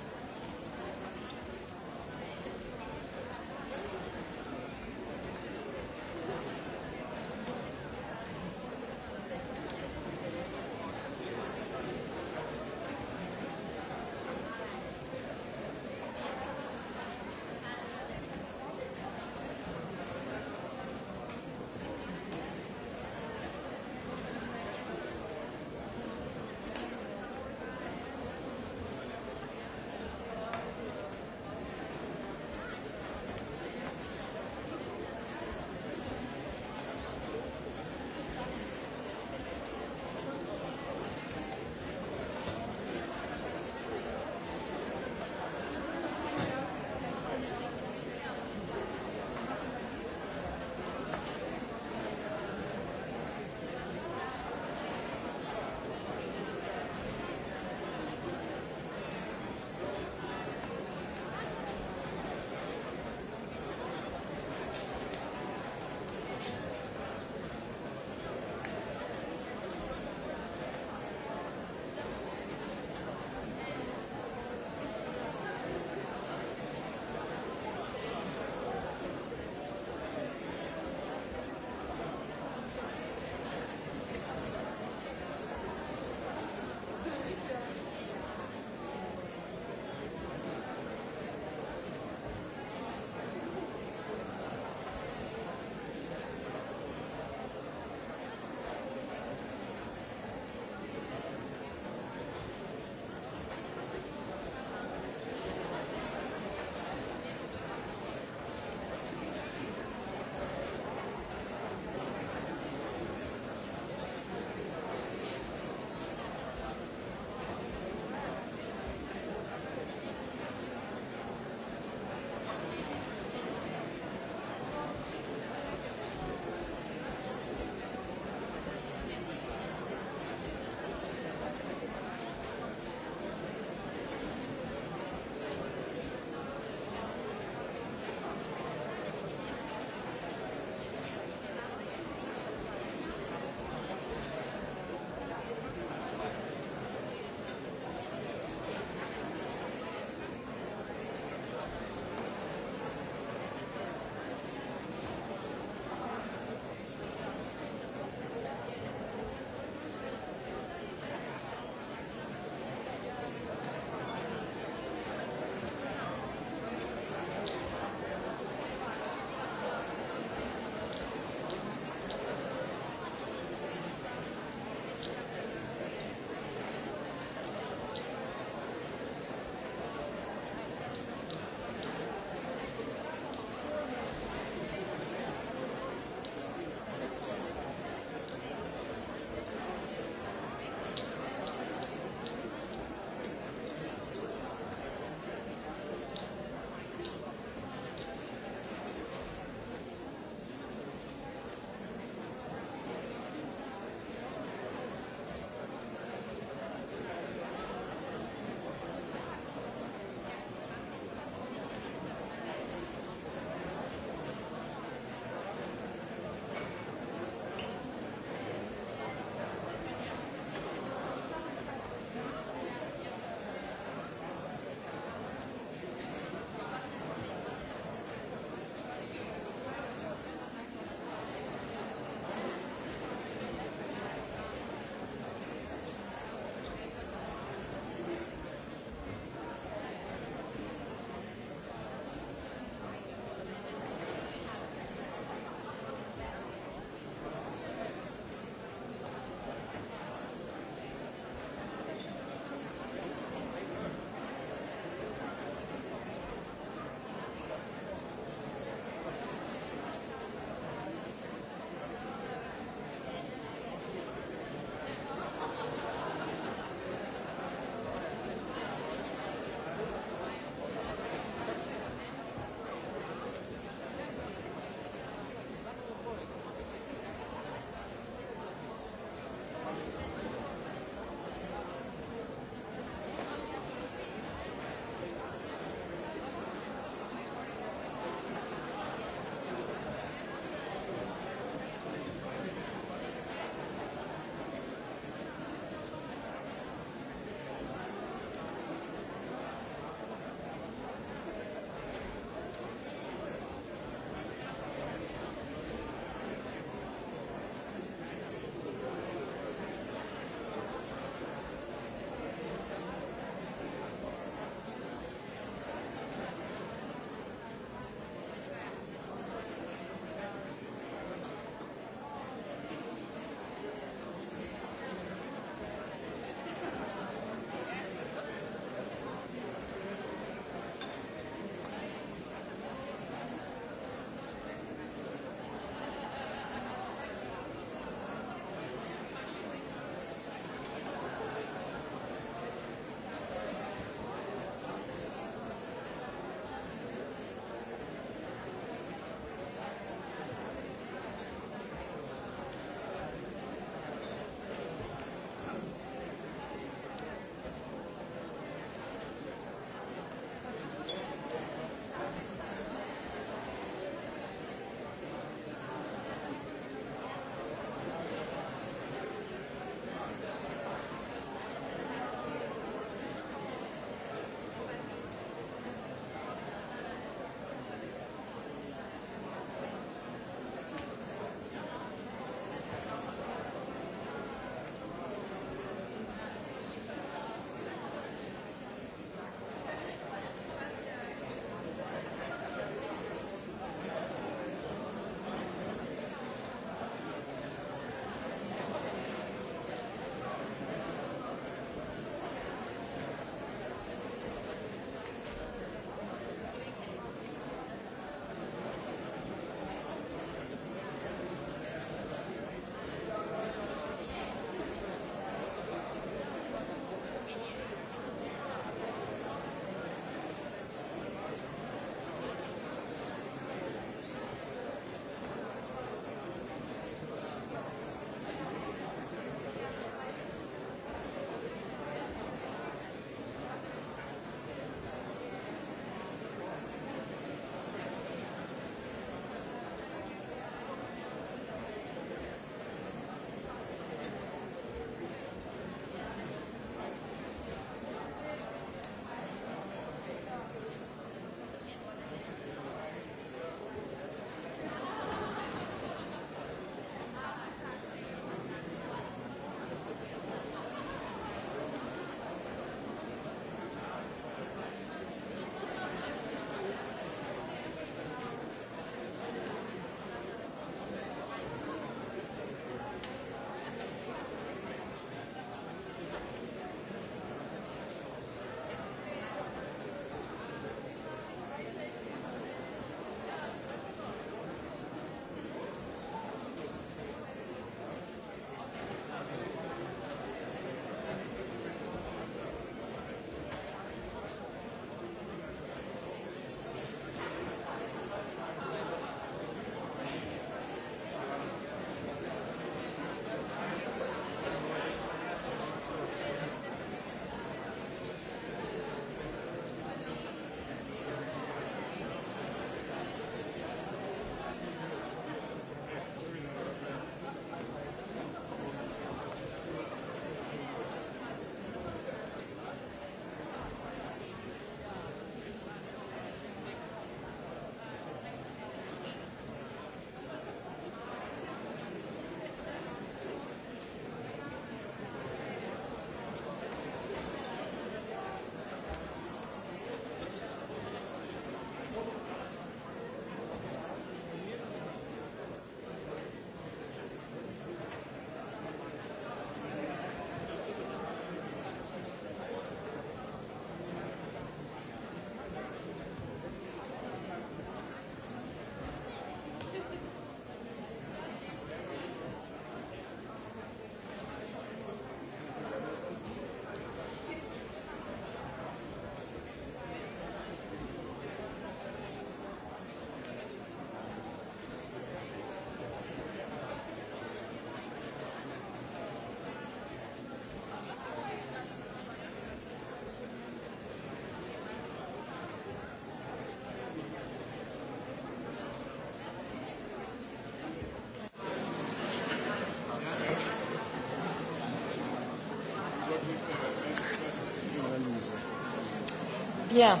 Yeah.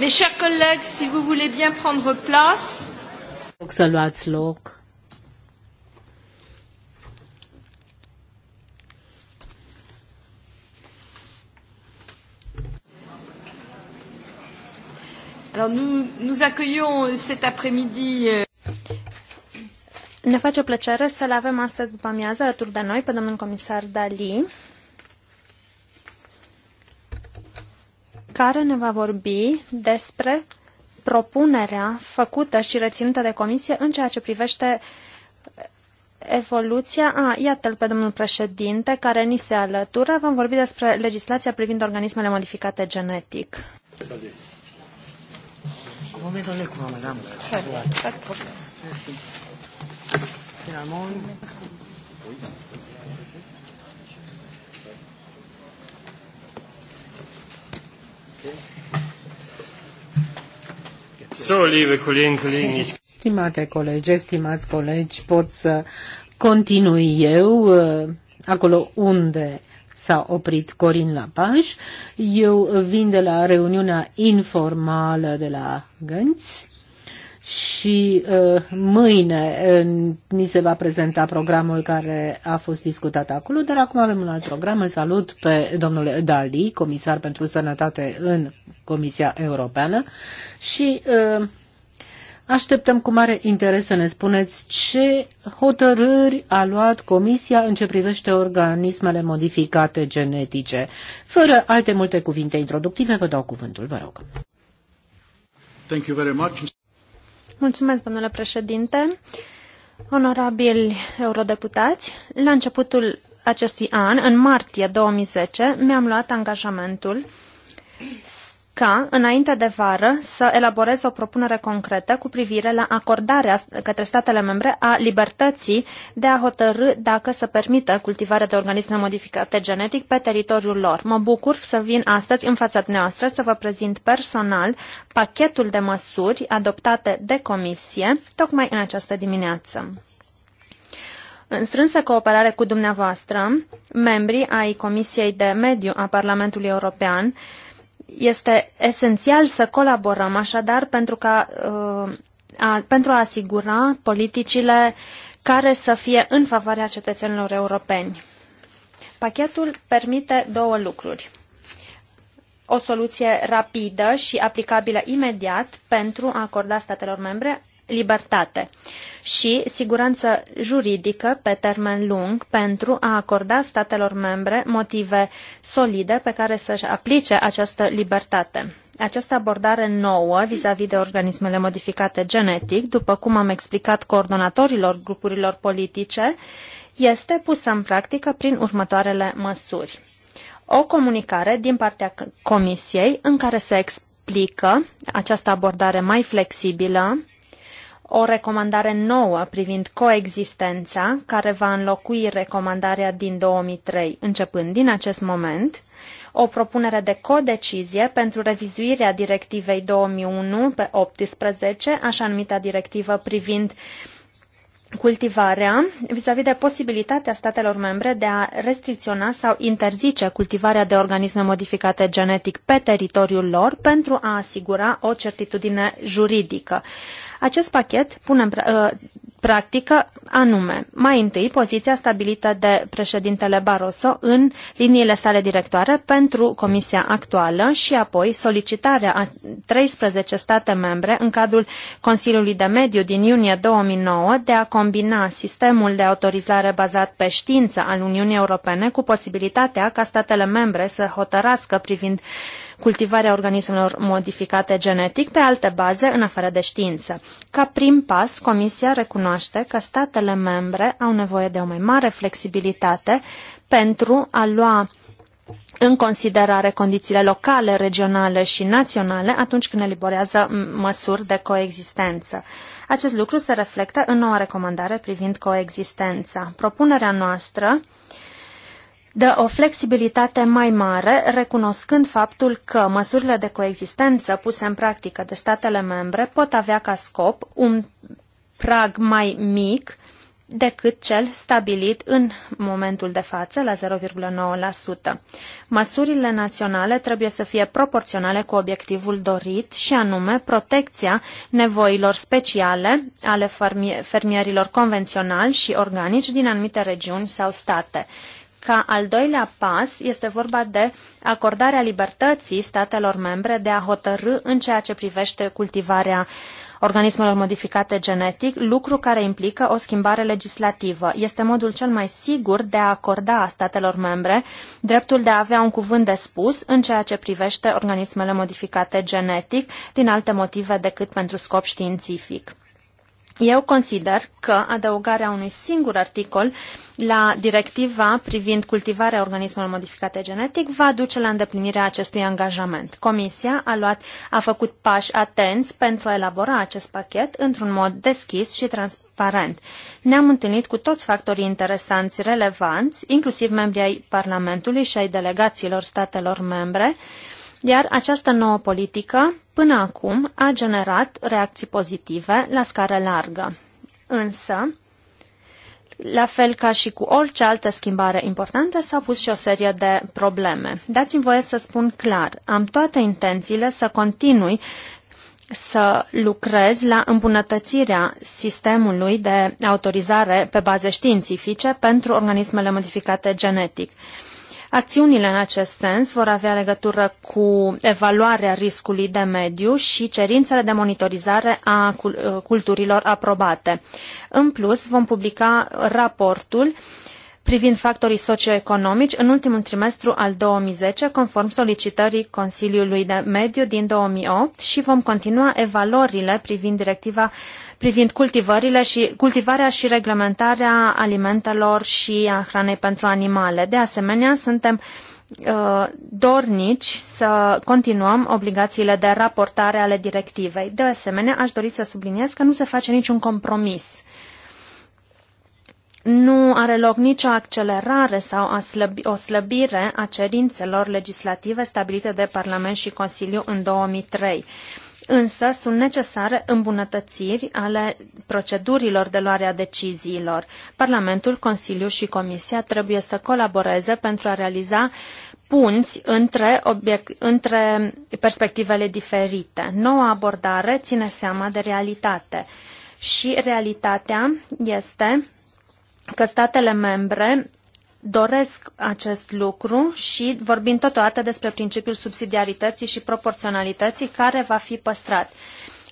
Mes chers collègues, si vous voulez bien prendre place. Să luați loc. Alors nous, nous accueillons euh, cet après-midi euh, ne face plăcere să-l avem astăzi după amiază alături de noi pe domnul comisar Dali. care ne va vorbi despre propunerea făcută și reținută de comisie în ceea ce privește evoluția. A, ah, iată-l pe domnul președinte care ni se alătură. Vom vorbi despre legislația privind organismele modificate genetic. Da, Salut. Stimate colegi, stimați colegi, pot să continui eu uh, acolo unde s-a oprit Corin Lapaș. Eu vin de la reuniunea informală de la Gânți și uh, mâine uh, ni se va prezenta programul care a fost discutat acolo, dar acum avem un alt program. Îl salut pe domnul Dali, comisar pentru sănătate în Comisia Europeană și uh, Așteptăm cu mare interes să ne spuneți ce hotărâri a luat Comisia în ce privește organismele modificate genetice. Fără alte multe cuvinte introductive, vă dau cuvântul, vă rog. Thank you very much. Mulțumesc, domnule președinte. Onorabili eurodeputați, la începutul acestui an, în martie 2010, mi-am luat angajamentul ca, înainte de vară, să elaboreze o propunere concretă cu privire la acordarea către statele membre a libertății de a hotărâ dacă să permită cultivarea de organisme modificate genetic pe teritoriul lor. Mă bucur să vin astăzi în fața dumneavoastră să vă prezint personal pachetul de măsuri adoptate de Comisie tocmai în această dimineață. În strânsă cooperare cu dumneavoastră, membrii ai Comisiei de Mediu a Parlamentului European, este esențial să colaborăm așadar pentru, ca, uh, a, pentru a asigura politicile care să fie în favoarea cetățenilor europeni. Pachetul permite două lucruri o soluție rapidă și aplicabilă imediat pentru a acorda statelor membre libertate și siguranță juridică pe termen lung pentru a acorda statelor membre motive solide pe care să-și aplice această libertate. Această abordare nouă vis-a-vis -vis de organismele modificate genetic, după cum am explicat coordonatorilor grupurilor politice, este pusă în practică prin următoarele măsuri. O comunicare din partea Comisiei în care se explică această abordare mai flexibilă o recomandare nouă privind coexistența, care va înlocui recomandarea din 2003. Începând din acest moment, o propunere de codecizie pentru revizuirea directivei 2001 pe 18, așa numita directivă privind cultivarea vis-a-vis -vis de posibilitatea statelor membre de a restricționa sau interzice cultivarea de organisme modificate genetic pe teritoriul lor pentru a asigura o certitudine juridică. Acest pachet pune în uh, practică anume, mai întâi, poziția stabilită de președintele Barroso în liniile sale directoare pentru Comisia actuală și apoi solicitarea a 13 state membre în cadrul Consiliului de Mediu din iunie 2009 de a combina sistemul de autorizare bazat pe știință al Uniunii Europene cu posibilitatea ca statele membre să hotărască privind uh, cultivarea organismelor modificate genetic pe alte baze în afară de știință. Ca prim pas, Comisia recunoaște că statele membre au nevoie de o mai mare flexibilitate pentru a lua în considerare condițiile locale, regionale și naționale atunci când eliborează măsuri de coexistență. Acest lucru se reflectă în noua recomandare privind coexistența. Propunerea noastră dă o flexibilitate mai mare, recunoscând faptul că măsurile de coexistență puse în practică de statele membre pot avea ca scop un prag mai mic decât cel stabilit în momentul de față la 0,9%. Măsurile naționale trebuie să fie proporționale cu obiectivul dorit și anume protecția nevoilor speciale ale fermierilor convenționali și organici din anumite regiuni sau state. Ca al doilea pas este vorba de acordarea libertății statelor membre de a hotărâ în ceea ce privește cultivarea organismelor modificate genetic, lucru care implică o schimbare legislativă. Este modul cel mai sigur de a acorda statelor membre dreptul de a avea un cuvânt de spus în ceea ce privește organismele modificate genetic din alte motive decât pentru scop științific. Eu consider că adăugarea unui singur articol la directiva privind cultivarea organismelor modificate genetic va duce la îndeplinirea acestui angajament. Comisia a, luat, a făcut pași atenți pentru a elabora acest pachet într-un mod deschis și transparent. Ne-am întâlnit cu toți factorii interesanți relevanți, inclusiv membrii ai Parlamentului și ai delegațiilor statelor membre, uh, iar această nouă politică, până acum, a generat reacții pozitive la scară largă. Însă, la fel ca și cu orice altă schimbare importantă, s-au pus și o serie de probleme. Dați-mi voie să spun clar, am toate intențiile să continui să lucrez la îmbunătățirea sistemului de autorizare pe baze științifice pentru organismele modificate genetic. Acțiunile în acest sens vor avea legătură cu evaluarea riscului de mediu și cerințele de monitorizare a uh, culturilor aprobate. În plus, vom publica raportul privind factorii socioeconomici în ultimul trimestru al 2010, conform solicitării Consiliului de Mediu din 2008 și vom continua evaluările privind directiva uh, privind cultivările și, cultivarea și reglementarea alimentelor și a hranei pentru animale. De asemenea, suntem uh, dornici să continuăm obligațiile de raportare ale directivei. De asemenea, aș dori să subliniez că nu se face niciun compromis. Nu are loc nicio accelerare sau o slăbire a cerințelor legislative stabilite de Parlament și Consiliu în 2003. Însă sunt necesare îmbunătățiri ale procedurilor de luare a deciziilor. Parlamentul, Consiliul și Comisia trebuie să colaboreze pentru a realiza punți între, obiect, între perspectivele diferite. Noua abordare ține seama de realitate și realitatea este că statele membre doresc acest lucru și vorbim totodată despre principiul subsidiarității și proporționalității care va fi păstrat.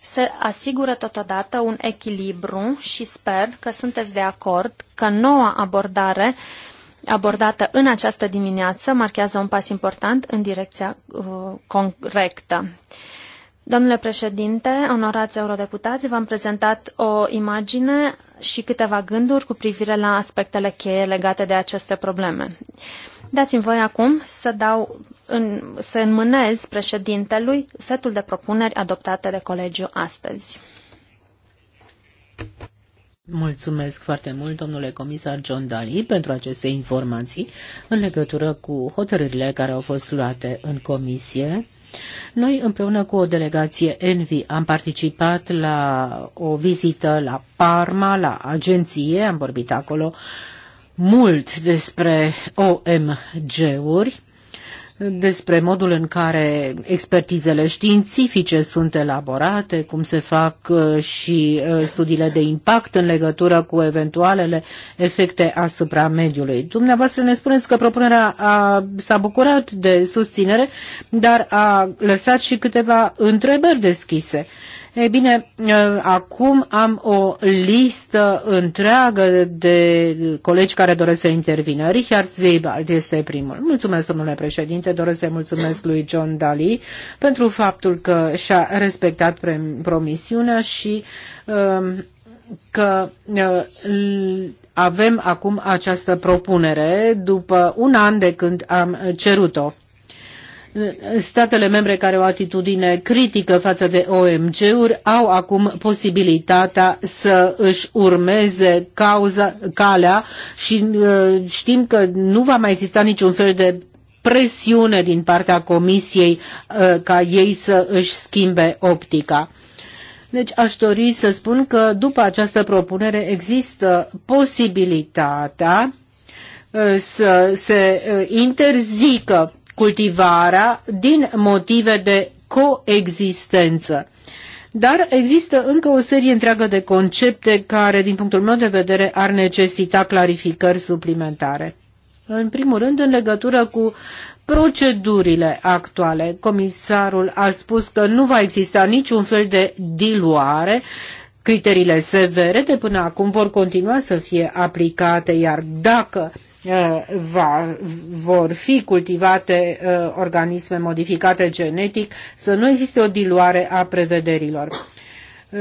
Se asigură totodată un echilibru și sper că sunteți de acord că noua abordare abordată în această dimineață marchează un pas important în direcția uh, corectă. Domnule președinte, onorați eurodeputați, v-am prezentat o imagine și câteva gânduri cu privire la aspectele cheie legate de aceste probleme. Dați-mi voi acum să dau în, să înmânez președintelui setul de propuneri adoptate de colegiu astăzi. Mulțumesc foarte mult, domnule comisar John Daly, pentru aceste informații în legătură cu hotărârile care au fost luate în comisie noi, împreună cu o delegație Envi, am participat la o vizită la Parma, la agenție, am vorbit acolo mult despre OMG-uri despre modul în care expertizele științifice sunt elaborate, cum se fac uh, și uh, studiile de impact în legătură cu eventualele efecte asupra mediului. Dumneavoastră ne spuneți că propunerea a, s-a bucurat de susținere, dar a lăsat și câteva întrebări deschise. Ei bine, acum am o listă întreagă de colegi care doresc să intervină. Richard Zeibald este primul. Mulțumesc, domnule președinte, doresc să mulțumesc lui John Daly pentru faptul că și-a respectat promisiunea și că avem acum această propunere după un an de când am cerut-o statele membre care au o atitudine critică față de OMG-uri au acum posibilitatea să își urmeze cauza, calea și uh, știm că nu va mai exista niciun fel de presiune din partea Comisiei uh, ca ei să își schimbe optica. Deci aș dori să spun că după această propunere există posibilitatea uh, să se interzică cultivarea din motive de coexistență. Dar există încă o serie întreagă de concepte care, din punctul meu de vedere, ar necesita clarificări suplimentare. În primul rând, în legătură cu procedurile actuale, comisarul a spus că nu va exista niciun fel de diluare, criteriile severe de până acum vor continua să fie aplicate, iar dacă Uh, va, vor fi cultivate uh, organisme modificate genetic, să nu existe o diluare a prevederilor. Uh,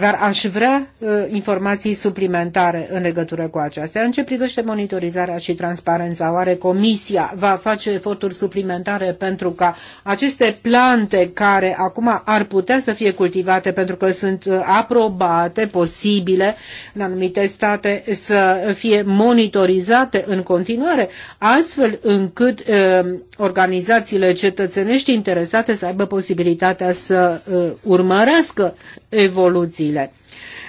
dar aș vrea uh, informații suplimentare în legătură cu aceasta. În ce privește monitorizarea și transparența, oare Comisia va face eforturi suplimentare pentru ca aceste plante care acum ar putea să fie cultivate pentru că sunt uh, aprobate, posibile în anumite state să fie monitorizate în continuare, astfel încât organizațiile cetățenești interesate să aibă posibilitatea să urmărească evoluțiile.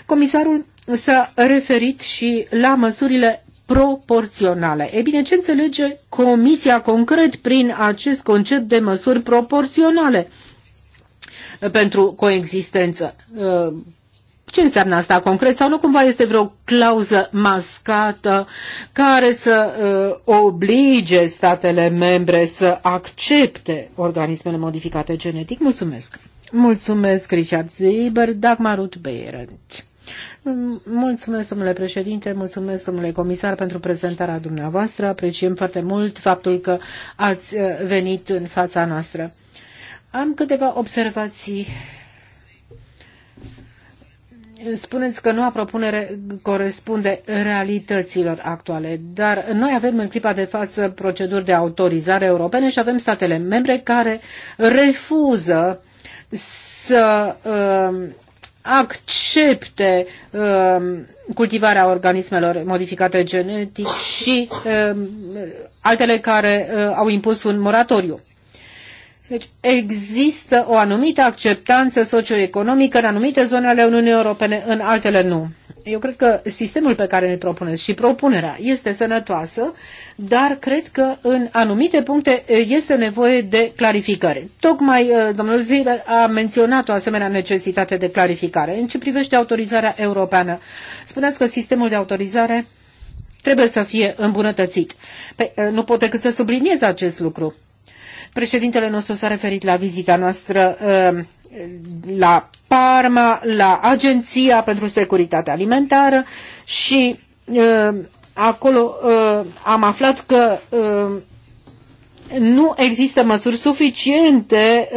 Comisarul s-a referit și la măsurile proporționale. E bine, ce înțelege Comisia concret prin acest concept de măsuri proporționale pentru coexistență? Uh, ce înseamnă asta concret? Sau nu cumva este vreo clauză mascată care să uh, oblige statele membre să accepte organismele modificate genetic? Mulțumesc! Mulțumesc, Richard Zeber, Dagmarut Ruth Beirent. Mulțumesc, domnule președinte, mulțumesc, domnule comisar, pentru prezentarea dumneavoastră. Apreciem foarte mult faptul că ați uh, venit în fața noastră. Am câteva observații. Spuneți că noua propunere corespunde realităților actuale, dar noi avem în clipa de față proceduri de autorizare europene și avem statele membre care refuză să um, accepte um, cultivarea organismelor modificate genetic și um, altele care uh, au impus un moratoriu. Deci există o anumită acceptanță socioeconomică în anumite zone ale Uniunii Europene, în altele nu. Eu cred că sistemul pe care îl propuneți și propunerea este sănătoasă, dar cred că în anumite puncte este nevoie de clarificare. Tocmai domnul Zidar a menționat o asemenea necesitate de clarificare. În ce privește autorizarea europeană, spuneați că sistemul de autorizare trebuie să fie îmbunătățit. Pe, nu pot decât să subliniez acest lucru. Președintele nostru s-a referit la vizita noastră la Parma, la Agenția pentru Securitate Alimentară și uh, acolo uh, am aflat că uh, nu există măsuri suficiente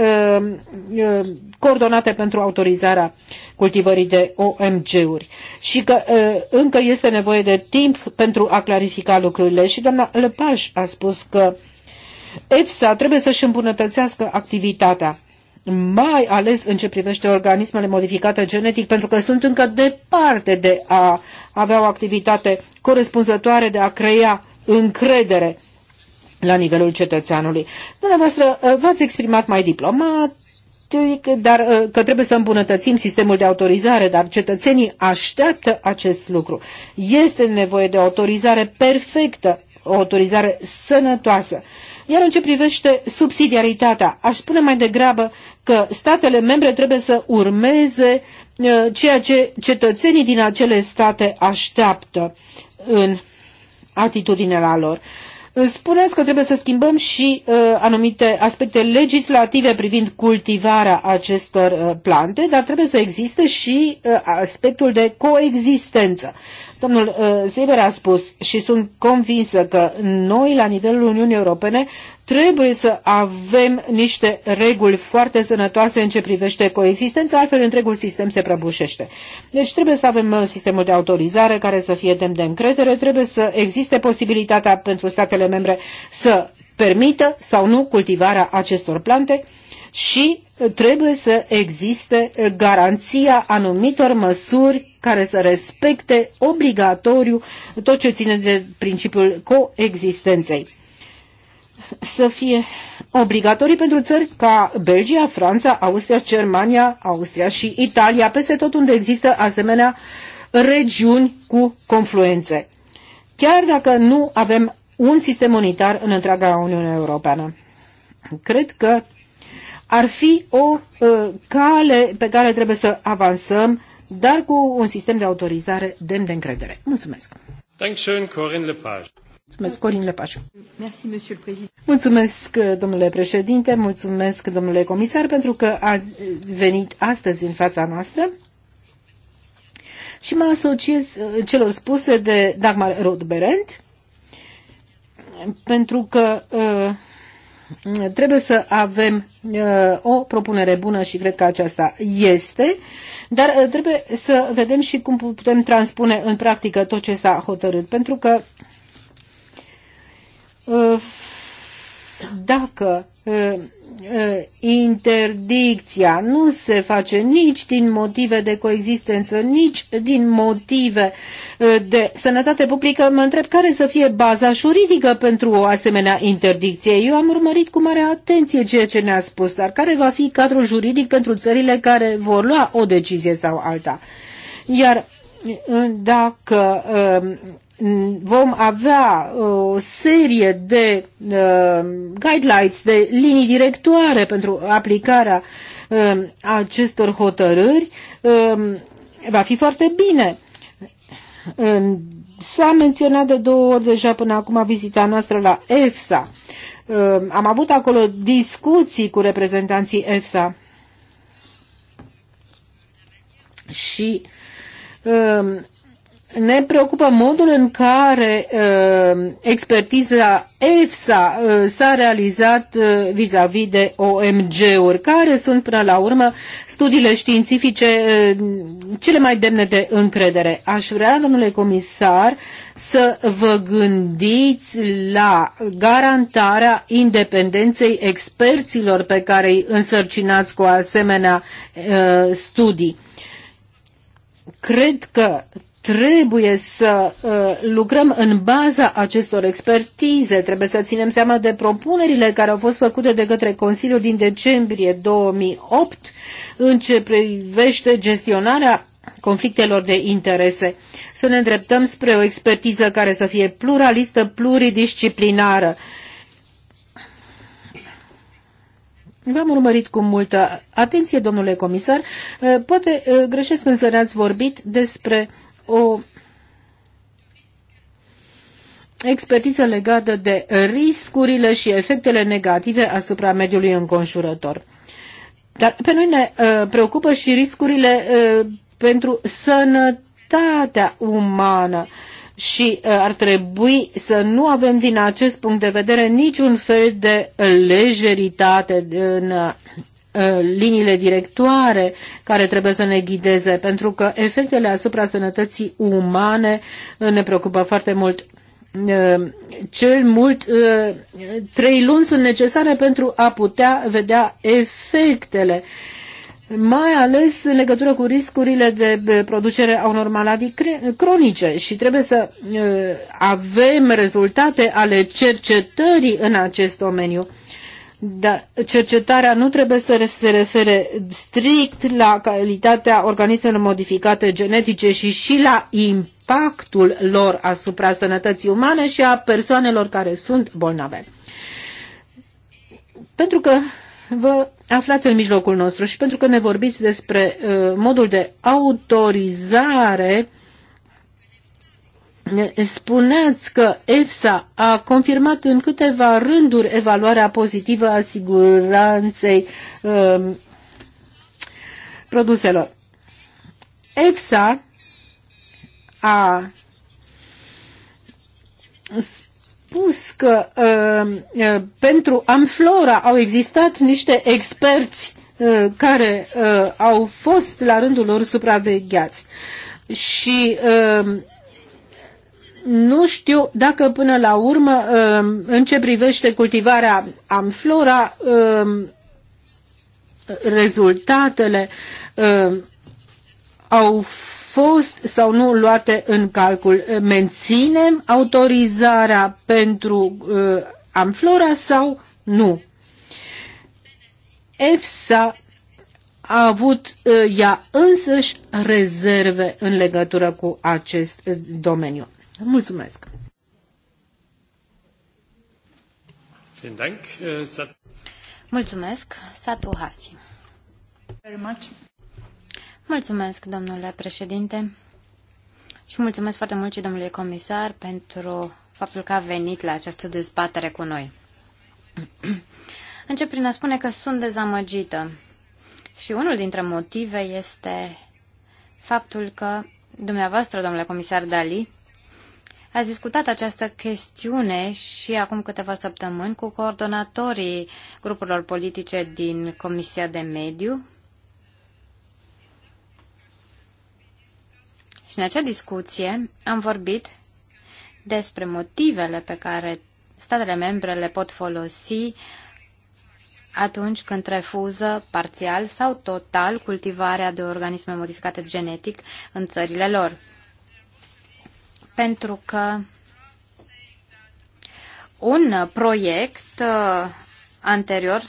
coordonate pentru autorizarea cultivării de OMG-uri și că încă este nevoie de timp pentru a clarifica lucrurile. Și doamna Lepaș a spus că EFSA trebuie să-și îmbunătățească activitatea mai ales în ce privește organismele modificate genetic, pentru că sunt încă departe de a avea o activitate corespunzătoare de a crea încredere la nivelul cetățeanului. Dumneavoastră, uh, v-ați exprimat mai diplomat, dar uh, că trebuie să îmbunătățim sistemul de autorizare, dar cetățenii așteaptă acest lucru. Este nevoie de autorizare perfectă o autorizare sănătoasă. Iar în ce privește subsidiaritatea, aș spune mai degrabă că statele membre trebuie să urmeze uh, ceea ce cetățenii din acele state așteaptă în atitudinea lor. Spuneți că trebuie să schimbăm și uh, anumite aspecte legislative privind cultivarea acestor uh, plante, dar trebuie să existe și uh, aspectul de coexistență. Domnul uh, a spus și sunt convinsă că noi, la nivelul Uniunii Europene, Trebuie să avem niște reguli foarte sănătoase în ce privește coexistența, altfel întregul sistem se prăbușește. Deci trebuie să avem uh, sistemul de autorizare care să fie demn de încredere, trebuie să existe posibilitatea pentru statele membre să permită sau nu cultivarea acestor plante și uh, trebuie să existe uh, garanția anumitor măsuri care să respecte obligatoriu tot ce ține de principiul coexistenței să fie obligatorii pentru țări ca Belgia, Franța, Austria, Germania, Austria și Italia, peste tot unde există asemenea regiuni cu confluențe. Chiar dacă nu avem un sistem unitar în întreaga Uniune Europeană. Cred că ar fi o uh, cale pe care trebuie să avansăm, dar cu un sistem de autorizare demn de încredere. Mulțumesc! Corinne Lepage. Mulțumesc, Mulțumesc, domnule președinte, mulțumesc, domnule comisar, pentru că a venit astăzi în fața noastră și mă asociez uh, celor spuse de Dagmar Rodberent, pentru că uh, trebuie să avem uh, o propunere bună și cred că aceasta este, dar trebuie să vedem și cum putem transpune în practică tot ce s-a hotărât, pentru că Ă, dacă ă, ă, interdicția nu se face nici din motive de coexistență, nici din motive de sănătate publică, mă întreb care să fie baza juridică pentru o asemenea interdicție. Eu am urmărit cu mare atenție ceea ce ne-a spus, dar care va fi cadrul juridic pentru țările care vor lua o decizie sau alta? Iar dacă vom avea uh, o serie de uh, guidelines, de linii directoare pentru aplicarea um, acestor hotărâri, um, va fi foarte bine. Um, s-a menționat de două ori deja până acum vizita noastră la EFSA. Am avut acolo discuții cu reprezentanții EFSA și ne preocupă modul în care uh, expertiza EFSA uh, s-a realizat a vis uh, vis de OMG-uri, care sunt până la urmă studiile științifice uh, cele mai demne de încredere. Aș vrea, domnule comisar, să vă gândiți la garantarea independenței experților pe care îi însărcinați cu asemenea uh, studii. Cred că trebuie să uh, lucrăm în baza acestor expertize, trebuie să ținem seama de propunerile care au fost făcute de către Consiliul din decembrie 2008 în ce privește gestionarea conflictelor de interese, să ne îndreptăm spre o expertiză care să fie pluralistă, pluridisciplinară. V-am urmărit cu multă atenție, domnule comisar. Uh, poate uh, greșesc însă ne-ați vorbit despre o expertiză legată de riscurile și efectele negative asupra mediului înconjurător. Dar pe noi ne uh, preocupă și riscurile uh, pentru sănătatea umană și uh, ar trebui să nu avem din acest punct de vedere niciun fel de lejeritate în Uh, liniile directoare care trebuie să ne ghideze, pentru că efectele asupra sănătății umane uh, ne preocupă foarte mult. Uh, cel mult trei luni sunt necesare pentru a putea vedea efectele mai ales în legătură cu riscurile de producere a unor maladii cronice și trebuie să avem rezultate ale cercetării în acest domeniu. Dar cercetarea nu trebuie să se refere strict la calitatea organismelor modificate genetice și și la impactul lor asupra sănătății umane și a persoanelor care sunt bolnave. Pentru că vă aflați în mijlocul nostru și pentru că ne vorbiți despre uh, modul de autorizare Spuneați că EFSA a confirmat în câteva rânduri evaluarea pozitivă a siguranței um, produselor. EFSA a spus că um, uh, pentru Amflora au existat niște experți uh, care uh, au fost la rândul lor supravegheați și uh, nu știu dacă până la urmă, um, în ce privește cultivarea amflora, um, rezultatele um, au fost sau nu luate în calcul. Menținem autorizarea pentru uh, amflora sau nu? EFSA a avut uh, ea însăși rezerve în legătură cu acest domeniu. Mulțumesc! Äh, mulțumesc, Satu Hasi. Mulțumesc, domnule președinte, și mulțumesc foarte mult și domnului comisar pentru faptul că a venit la această dezbatere cu noi. Încep prin a spune că sunt dezamăgită și unul dintre motive este faptul că dumneavoastră, domnule comisar Dali, Ați discutat această chestiune și acum câteva săptămâni cu coordonatorii grupurilor politice din Comisia de Mediu. Și în acea discuție am vorbit despre motivele pe care statele membre le pot folosi atunci când refuză parțial sau total cultivarea de organisme modificate genetic în țările lor pentru că un proiect uh, anterior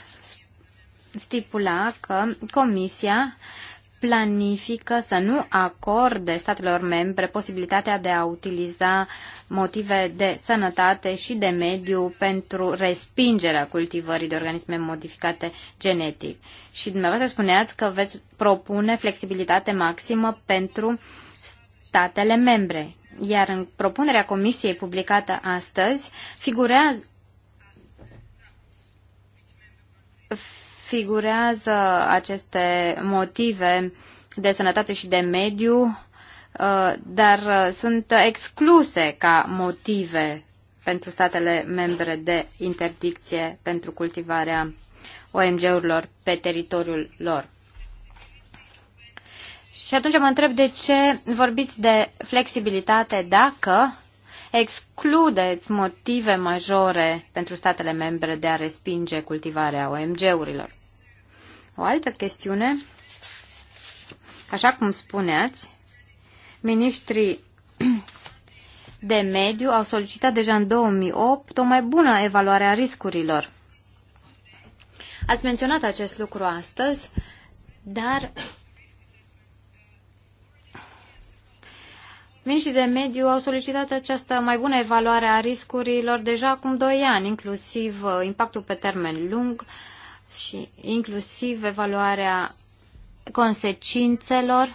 stipula că Comisia planifică să nu acorde statelor membre posibilitatea de a utiliza motive de sănătate și de mediu pentru respingerea cultivării de organisme modificate genetic. Și dumneavoastră spuneați că veți propune flexibilitate maximă pentru statele membre. Iar în propunerea comisiei publicată astăzi figurează figurează aceste motive de sănătate și de mediu, uh, dar uh, sunt excluse ca motive pentru statele membre de interdicție pentru cultivarea OMG-urilor pe teritoriul lor. Și atunci mă întreb de ce vorbiți de flexibilitate dacă excludeți motive majore pentru statele membre de a respinge cultivarea OMG-urilor. O altă chestiune, așa cum spuneați, ministrii de mediu au solicitat deja în 2008 o mai bună evaluare a riscurilor. Ați menționat acest lucru astăzi, dar Miniștrii de mediu au solicitat această mai bună evaluare a riscurilor deja acum 2 ani, inclusiv uh, impactul pe termen lung și inclusiv evaluarea consecințelor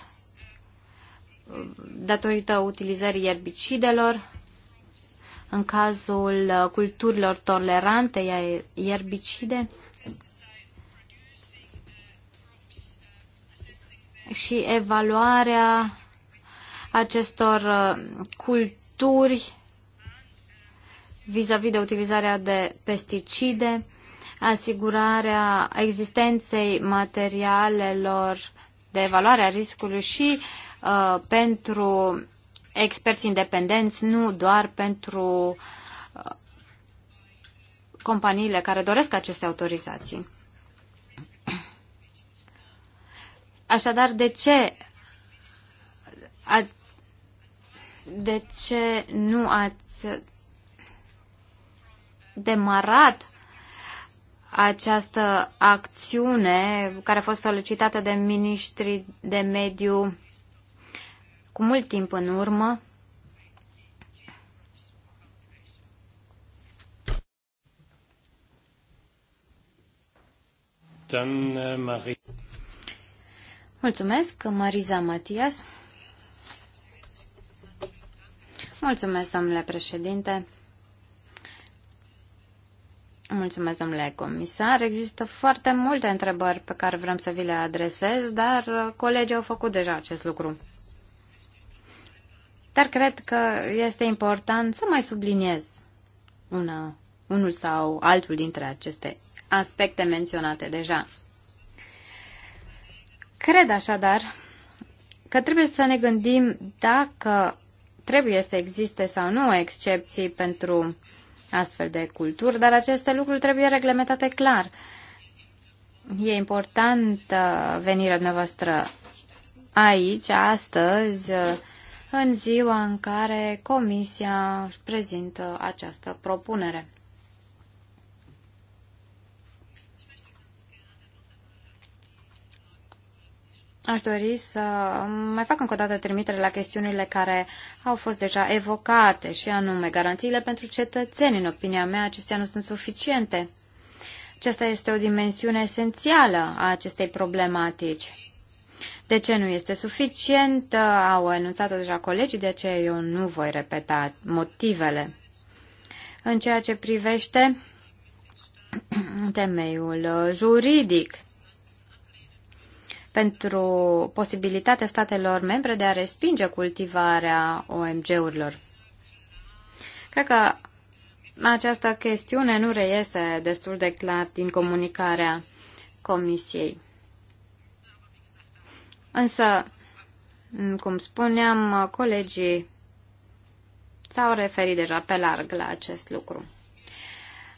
uh, datorită utilizării erbicidelor în cazul uh, culturilor tolerante erbicide și evaluarea acestor uh, culturi vis-a-vis -vis de utilizarea de pesticide, asigurarea existenței materialelor de evaluare a riscului și uh, pentru experți independenți, nu doar pentru uh, companiile care doresc aceste autorizații. Așadar, de ce de ce nu ați demarat această acțiune care a fost solicitată de ministrii de mediu cu mult timp în urmă. Eh, Mulțumesc, Mariza Matias. Mulțumesc, domnule președinte. Mulțumesc, domnule comisar. Există foarte multe întrebări pe care vrem să vi le adresez, dar colegii au făcut deja acest lucru. Dar cred că este important să mai subliniez una, unul sau altul dintre aceste aspecte menționate deja. Cred așadar că trebuie să ne gândim dacă trebuie să existe sau nu excepții pentru astfel de culturi, dar aceste lucruri trebuie reglementate clar. E important venirea noastră aici, astăzi, în ziua în care Comisia își prezintă această propunere. Aș dori să mai fac încă o dată trimitere la chestiunile care au fost deja evocate, și anume garanțiile pentru cetățeni. În opinia mea, acestea nu sunt suficiente. Aceasta este o dimensiune esențială a acestei problematici. De ce nu este suficient? Au enunțat-o deja colegii, de aceea eu nu voi repeta motivele. În ceea ce privește temeiul juridic, pentru posibilitatea statelor membre de a respinge cultivarea OMG-urilor. Cred că această chestiune nu reiese destul de clar din comunicarea Comisiei. Însă, cum spuneam, colegii s-au referit deja pe larg la acest lucru.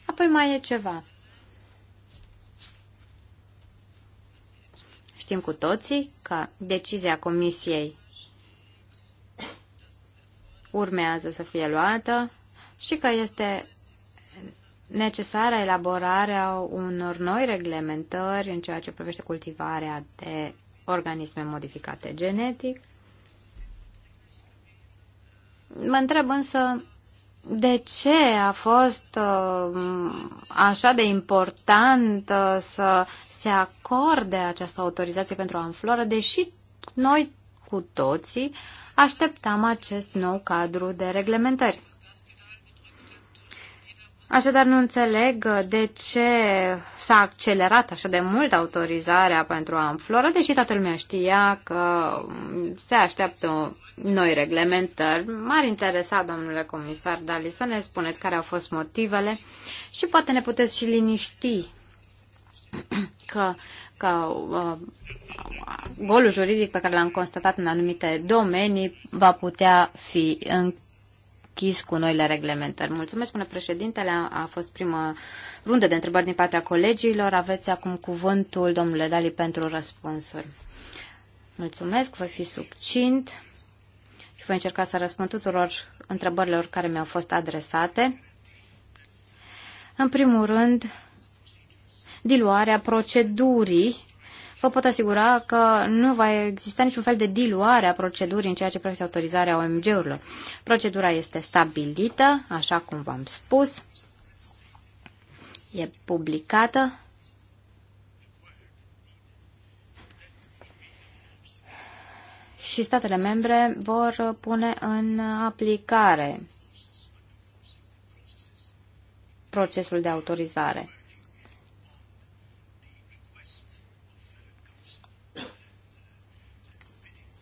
Apoi mai e ceva. Știm cu toții că decizia Comisiei urmează să fie luată și că este necesară elaborarea unor noi reglementări în ceea ce privește cultivarea de organisme modificate genetic. Mă întreb însă de ce a fost uh, așa de important uh, să se acorde această autorizație pentru înflora, deși noi cu toții așteptam acest nou cadru de reglementări. Așadar, nu înțeleg uh, de ce s-a accelerat așa de mult autorizarea pentru înflora, deși toată lumea știa că mm, se așteaptă noi reglementări. M-ar interesa, domnule comisar Dali, să ne spuneți care au fost motivele și poate ne puteți și liniști că, că uh, golul juridic pe care l-am constatat în anumite domenii va putea fi încheiat deschis cu noile reglementări. Mulțumesc, până președintele. A fost prima rundă de întrebări din partea colegilor. Aveți acum cuvântul, domnule Dali, pentru răspunsuri. Mulțumesc, voi fi succint și voi încerca să răspund tuturor întrebărilor care mi-au fost adresate. În primul rând, diluarea procedurii vă pot asigura că nu va exista niciun fel de diluare a procedurii în ceea ce privește autorizarea OMG-urilor. Procedura este stabilită, așa cum v-am spus, e publicată și statele membre vor pune în aplicare procesul de autorizare.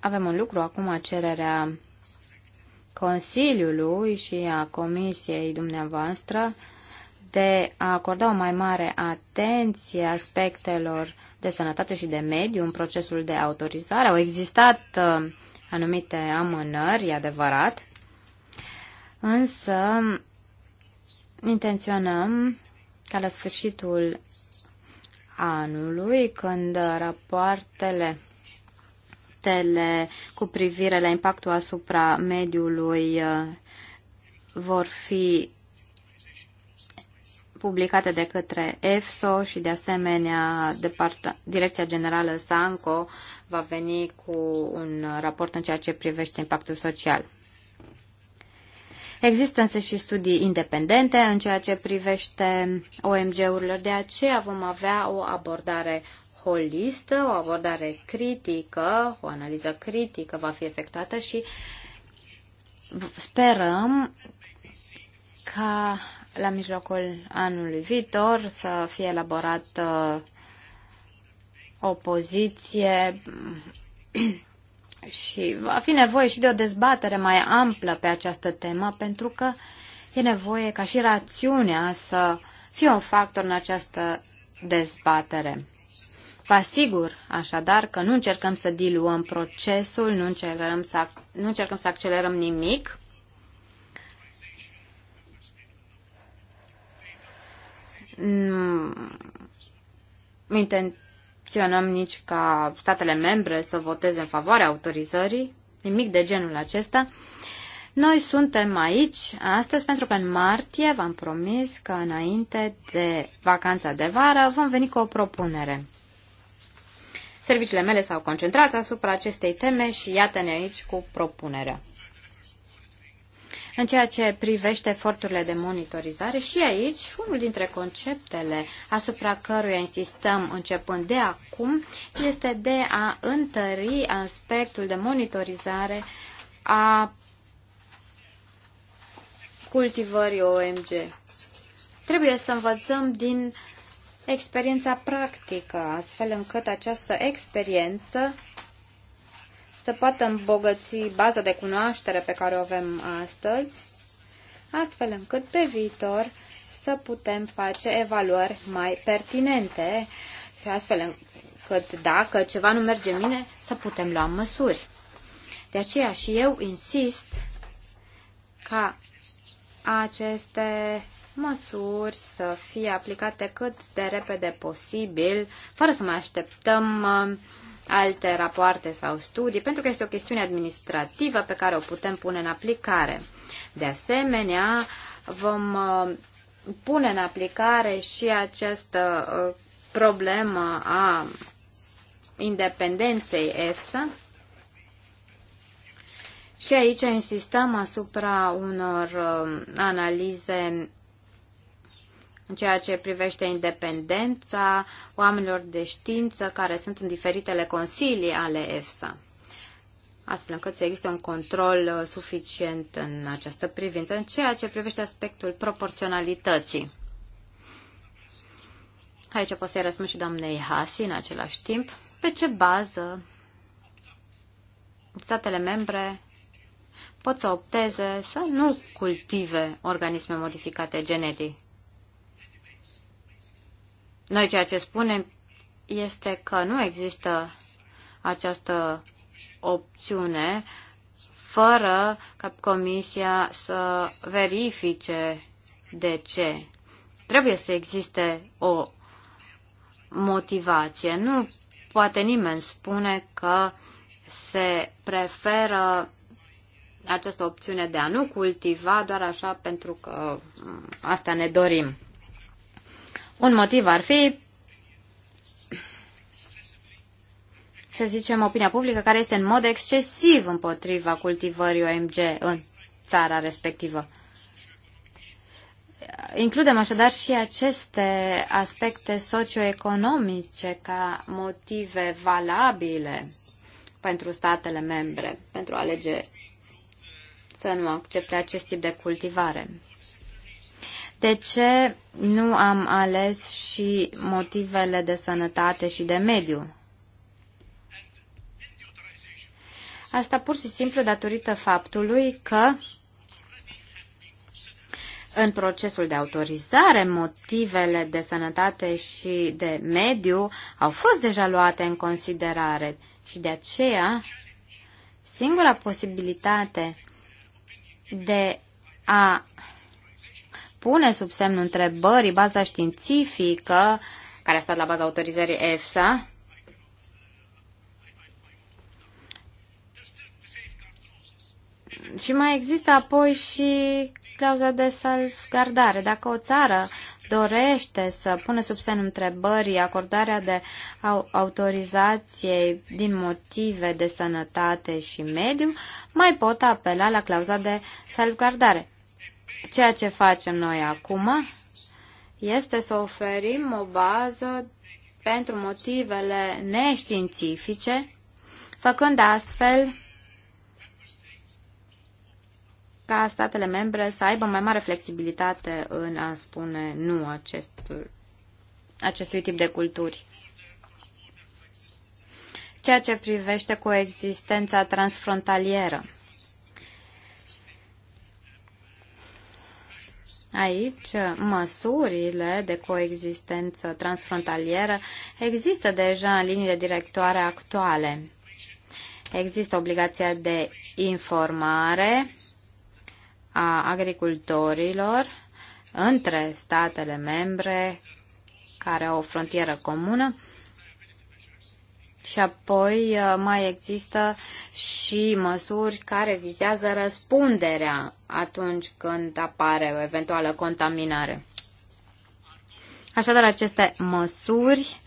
avem un lucru acum, cererea Consiliului și a Comisiei dumneavoastră de a acorda o mai mare atenție aspectelor de sănătate și de mediu în procesul de autorizare. Au existat uh, anumite amânări, e adevărat, însă intenționăm ca la sfârșitul anului, când rapoartele proiectele cu privire la impactul asupra mediului uh, vor fi publicate de către EFSO și de asemenea Direcția Generală Sanco va veni cu un raport în ceea ce privește impactul social. Există însă și studii independente în ceea ce privește OMG-urile, de aceea vom avea o abordare holistă, o abordare critică, o analiză critică va fi efectuată și sperăm ca la mijlocul anului viitor să fie elaborată o poziție și va fi nevoie și de o dezbatere mai amplă pe această temă, pentru că e nevoie ca și rațiunea să fie un factor în această dezbatere. Vă asigur așadar că nu încercăm să diluăm procesul, nu încercăm să, nu încercăm să accelerăm nimic. Nu intenționăm nici ca statele membre să voteze în favoarea autorizării, nimic de genul acesta. Noi suntem aici astăzi pentru că în martie v-am promis că înainte de vacanța de vară vom veni cu o propunere. Serviciile mele s-au concentrat asupra acestei teme și iată-ne aici cu propunerea. În ceea ce privește eforturile de monitorizare, și aici unul dintre conceptele asupra căruia insistăm începând de acum este de a întări aspectul de monitorizare a cultivării OMG. Trebuie să învățăm din uh, experiența practică, astfel încât această experiență să poată îmbogăți baza de cunoaștere pe care o avem astăzi, astfel încât pe viitor să putem face evaluări mai pertinente și astfel încât dacă ceva nu merge bine, să putem lua măsuri. De aceea și eu insist ca aceste măsuri să fie aplicate cât de repede posibil, fără să mai așteptăm uh, alte rapoarte sau studii, pentru că este o chestiune administrativă pe care o putem pune în aplicare. De asemenea, vom uh, pune în aplicare și această uh, problemă a independenței EFSA. Și aici insistăm asupra unor analize în ceea ce privește independența oamenilor de știință care sunt în diferitele consilii ale EFSA astfel încât să existe un control uh, suficient în această privință, în ceea ce privește aspectul proporționalității. Aici pot să-i răspund și doamnei Hasi în același timp. Pe ce bază statele membre pot să opteze să nu cultive organisme modificate genetic? Noi ceea ce spunem este că nu există această opțiune fără ca Comisia să verifice de ce. Trebuie să existe o motivație. Nu poate nimeni spune că se preferă această opțiune de a nu cultiva doar așa pentru că mm, asta ne dorim. Un motiv ar fi, să zicem, opinia publică care este în mod excesiv împotriva cultivării OMG în țara respectivă. Includem așadar și aceste aspecte socioeconomice ca motive valabile pentru statele membre pentru a alege să nu accepte acest tip de cultivare de ce nu am ales și motivele de sănătate și de mediu. Asta pur și simplu datorită faptului că în procesul de autorizare, motivele de sănătate și de mediu au fost deja luate în considerare și de aceea singura posibilitate de a pune sub semnul întrebării baza științifică care a stat la baza autorizării EFSA, Și mai există apoi și clauza de salvgardare. Dacă o țară dorește să pună sub semnul întrebării acordarea de autorizației din motive de sănătate și mediu, mai pot apela la clauza de salvgardare. Ceea ce facem noi acum este să oferim o bază pentru motivele neștiințifice, făcând astfel ca statele membre să aibă mai mare flexibilitate în a spune nu acestul, acestui tip de culturi. Ceea ce privește coexistența transfrontalieră. Aici, măsurile de coexistență transfrontalieră există deja în liniile directoare actuale. Există obligația de informare a agricultorilor între statele membre care au o frontieră comună și apoi uh, mai există și măsuri care vizează răspunderea atunci când apare o eventuală contaminare. Așadar, aceste măsuri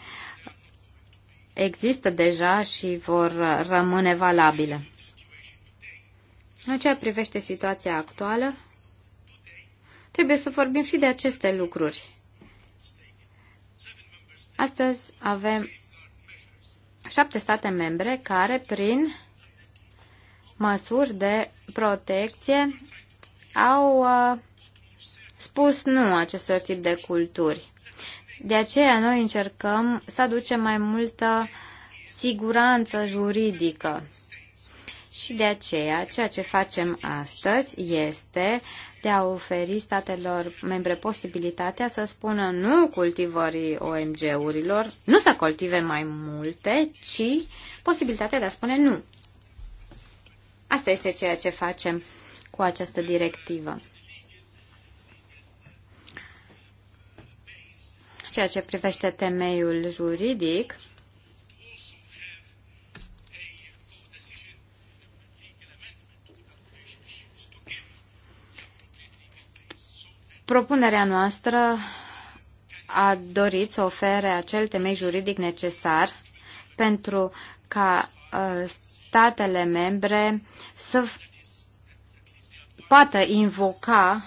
există deja și vor rămâne valabile. În ceea privește situația actuală, trebuie să vorbim și de aceste lucruri. Astăzi avem șapte state membre care, prin măsuri de protecție, au uh, spus nu acestor tip de culturi. De aceea noi încercăm să aducem mai multă siguranță juridică și de aceea, ceea ce facem astăzi este de a oferi statelor membre posibilitatea să spună nu cultivării OMG-urilor, nu să cultive mai multe, ci posibilitatea de a spune nu. Asta este ceea ce facem cu această directivă. Ceea ce privește temeiul juridic, Propunerea noastră a dorit să ofere acel temei juridic necesar pentru ca uh, statele membre să poată invoca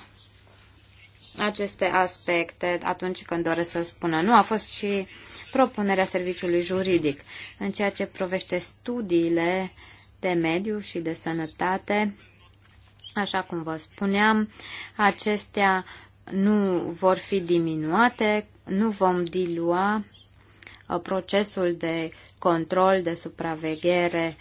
aceste aspecte atunci când doresc să spună. Nu a fost și propunerea serviciului juridic. În ceea ce provește studiile de mediu și de sănătate, așa cum vă spuneam, acestea nu vor fi diminuate, nu vom dilua uh, procesul de control, de supraveghere,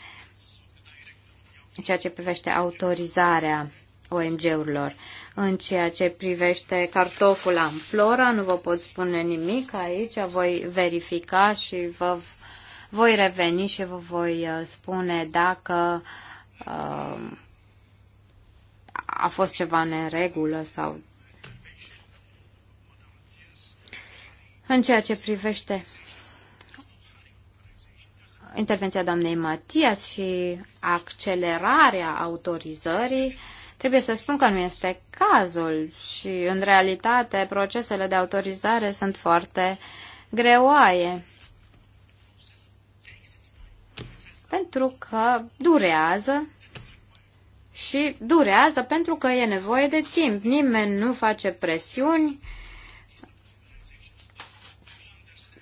ceea ce privește autorizarea OMG-urilor. În ceea ce privește cartoful flora, nu vă pot spune nimic aici, voi verifica și vă voi reveni și vă voi uh, spune dacă uh, a fost ceva în regulă sau În ceea ce privește intervenția doamnei Matias și accelerarea autorizării, trebuie să spun că nu este cazul și, în realitate, procesele de autorizare sunt foarte greoaie. Pentru că durează și durează pentru că e nevoie de timp. Nimeni nu face presiuni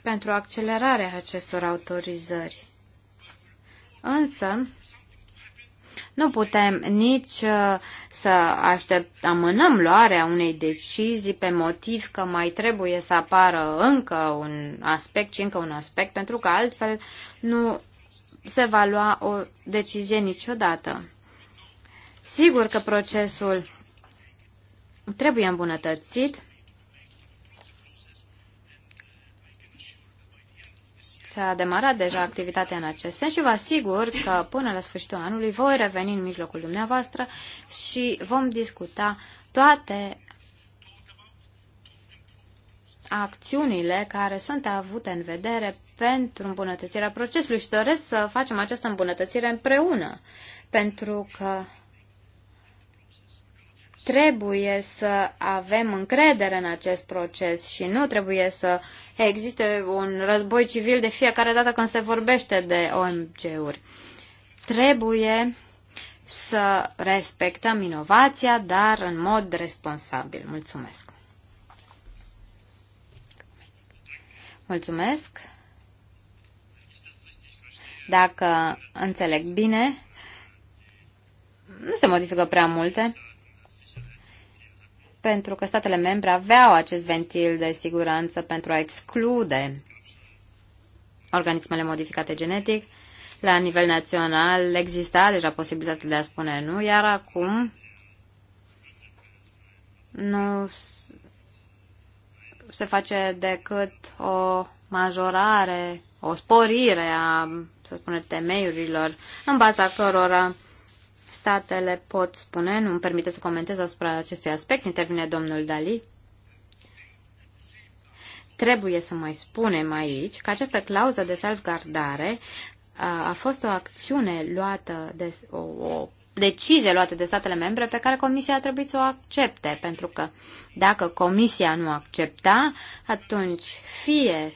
pentru accelerarea acestor autorizări. Însă, nu putem nici uh, să aștept, amânăm luarea unei decizii pe motiv că mai trebuie să apară încă un aspect și încă un aspect, pentru că altfel nu se va lua o decizie niciodată. Sigur că procesul trebuie îmbunătățit, S-a demarat deja activitatea în acest sens și vă asigur că până la sfârșitul anului voi reveni în mijlocul dumneavoastră și vom discuta toate acțiunile care sunt avute în vedere pentru îmbunătățirea procesului și doresc să facem această îmbunătățire împreună, pentru că trebuie să avem încredere în acest proces și nu trebuie să existe un război civil de fiecare dată când se vorbește de OMG-uri. Trebuie să respectăm inovația, dar în mod responsabil. Mulțumesc! Mulțumesc! Dacă înțeleg bine, nu se modifică prea multe pentru că statele membre aveau acest ventil de siguranță pentru a exclude organismele modificate genetic. La nivel național exista deja posibilitatea de a spune nu, iar acum nu se face decât o majorare, o sporire a, să spunem, temeiurilor în baza cărora statele pot spune, nu îmi permite să comentez asupra acestui aspect, intervine domnul Dali. Trebuie să mai spunem aici că această clauză de salvgardare a, a fost o acțiune luată de o, o decizie luată de statele membre pe care Comisia a trebuit să o accepte, pentru că dacă Comisia nu accepta, atunci fie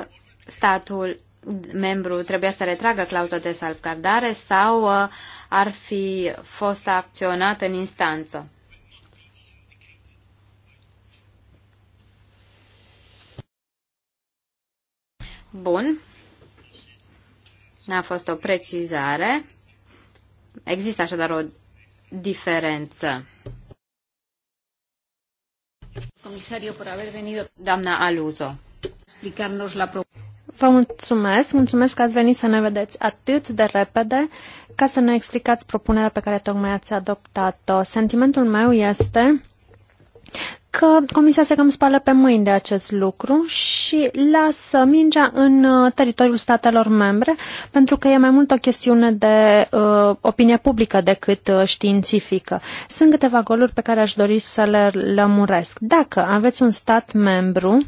ă, statul membru trebuia să retragă clauza de salvgardare sau uh, ar fi fost acționat în instanță. Bun. A fost o precizare. Există așadar o diferență. Comisario, por haber venido. Doamna Aluzo. Explicarnos la Vă mulțumesc, mulțumesc că ați venit să ne vedeți atât de repede ca să ne explicați propunerea pe care tocmai ați adoptat-o. Sentimentul meu este că Comisia se cam spală pe mâini de acest lucru și lasă mingea în uh, teritoriul statelor membre, pentru că e mai mult o chestiune de uh, opinie publică decât uh, științifică. Sunt câteva goluri pe care aș dori să le lămuresc. Dacă aveți un stat membru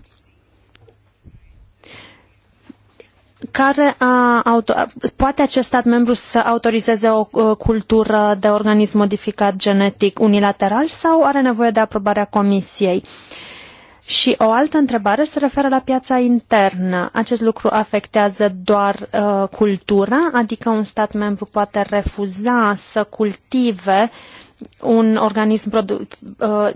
care a, auto, poate acest stat membru să autorizeze o cultură de organism modificat genetic unilateral sau are nevoie de aprobarea Comisiei? Și o altă întrebare se referă la piața internă. Acest lucru afectează doar uh, cultura, adică un stat membru poate refuza să cultive un organism produ- uh,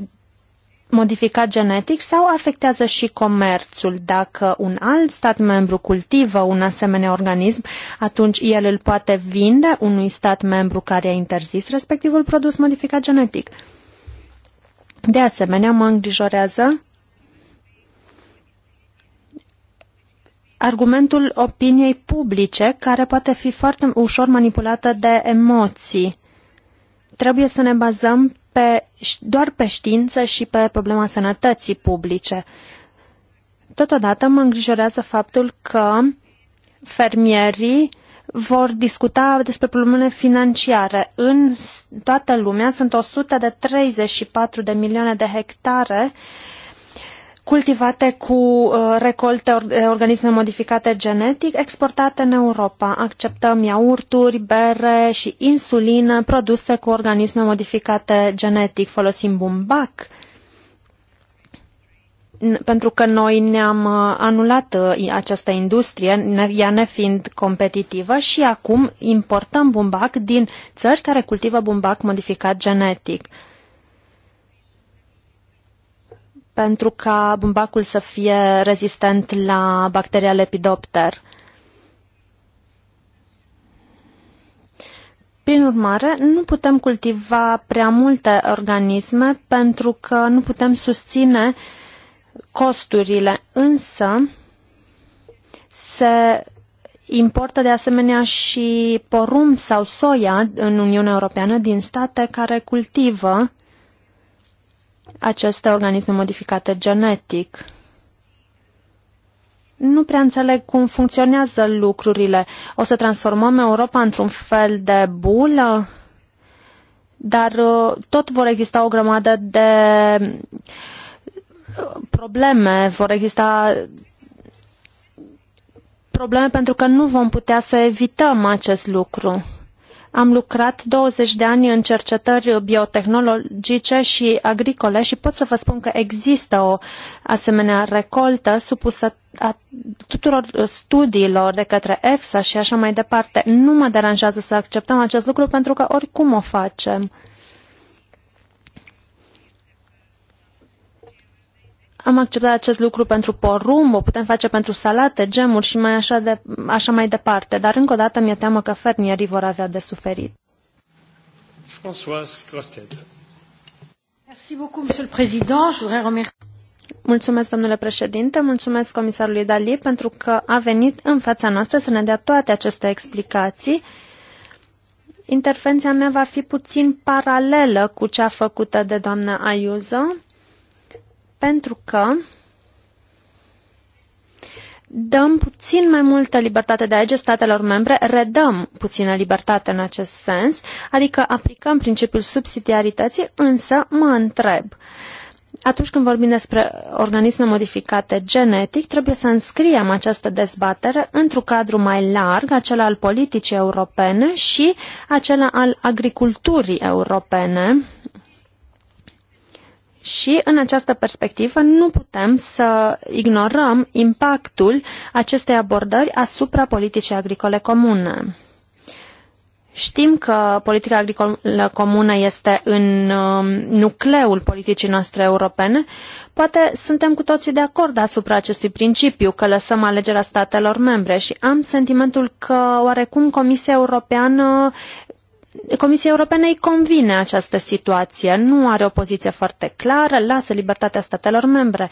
modificat genetic sau afectează și comerțul? Dacă un alt stat membru cultivă un asemenea organism, atunci el îl poate vinde unui stat membru care a interzis respectivul produs modificat genetic. De asemenea, mă îngrijorează argumentul opiniei publice, care poate fi foarte ușor manipulată de emoții. Trebuie să ne bazăm pe, doar pe știință și pe problema sănătății publice. Totodată mă îngrijorează faptul că fermierii vor discuta despre problemele financiare. În toată lumea sunt 134 de milioane de hectare uh, cultivate cu uh, recolte eh, organisme modificate genetic exportate în Europa. Acceptăm iaurturi, bere și insulină produse cu organisme modificate genetic. Folosim bumbac pentru că noi ne-am uh, anulat uh, această industrie, ea nefiind competitivă și acum importăm bumbac din țări care cultivă bumbac modificat genetic. pentru ca bumbacul să fie rezistent la bacteria lepidopter. Prin urmare, nu putem cultiva prea multe organisme pentru că nu putem susține costurile, însă se importă de asemenea și porumb sau soia în Uniunea Europeană din state care cultivă aceste organisme modificate genetic. Nu prea înțeleg cum funcționează lucrurile. O să transformăm Europa într-un fel de bulă? Dar uh, tot vor exista o grămadă de uh, probleme, vor exista probleme pentru că nu vom putea să evităm acest lucru. Am lucrat 20 de ani în cercetări biotehnologice și agricole și pot să vă spun că există o asemenea recoltă supusă a tuturor studiilor de către EFSA și așa mai departe. Nu mă deranjează să acceptăm acest lucru pentru că oricum o facem. Am acceptat acest lucru pentru porumb, o putem face pentru salate, gemuri și mai așa, de, așa mai departe, dar încă o dată mi-e teamă că fermierii vor avea de suferit. Mulțumesc, domnule președinte, mulțumesc comisarului Dali pentru că a venit în fața noastră să ne dea toate aceste explicații. Intervenția mea va fi puțin paralelă cu cea făcută de doamna Ayuso pentru că dăm puțin mai multă libertate de alege statelor membre, redăm puțină libertate în acest sens, adică aplicăm principiul subsidiarității, însă mă întreb. Atunci când vorbim despre organisme modificate genetic, trebuie să înscriem această dezbatere într-un cadru mai larg, acela al politicii europene și acela al agriculturii europene, și în această perspectivă nu putem să ignorăm impactul acestei abordări asupra politicii agricole comune. Știm că politica agricolă comună este în um, nucleul politicii noastre europene. Poate suntem cu toții de acord asupra acestui principiu, că lăsăm alegerea statelor membre și am sentimentul că oarecum Comisia Europeană Comisiei Europene îi convine această situație, nu are o poziție foarte clară, lasă libertatea statelor membre.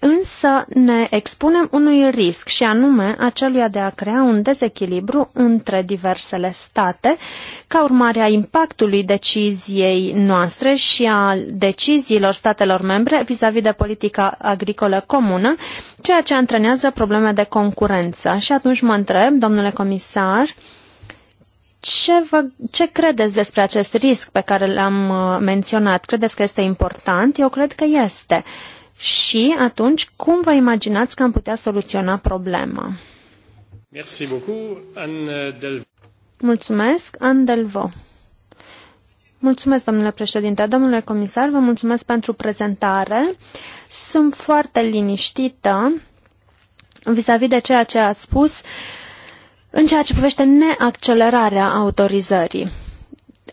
Însă ne expunem unui risc și anume aceluia de a crea un dezechilibru între diversele state ca urmare a impactului deciziei noastre și a deciziilor statelor membre vis a -vis de politica agricolă comună, ceea ce antrenează probleme de concurență. Și atunci mă întreb, domnule comisar, uh, ce, vă, ce credeți despre acest risc pe care l-am uh, menționat? Credeți că este important? Eu cred că este. Și atunci, cum vă imaginați că am putea soluționa problema? Merci beaucoup, Anne Delvaux. Mulțumesc, Anne Delvaux. Mulțumesc, domnule președinte. Domnule comisar, vă mulțumesc pentru prezentare. Sunt foarte liniștită vis-a-vis -vis de ceea ce ați spus. Uh, în ceea ce privește neaccelerarea autorizării.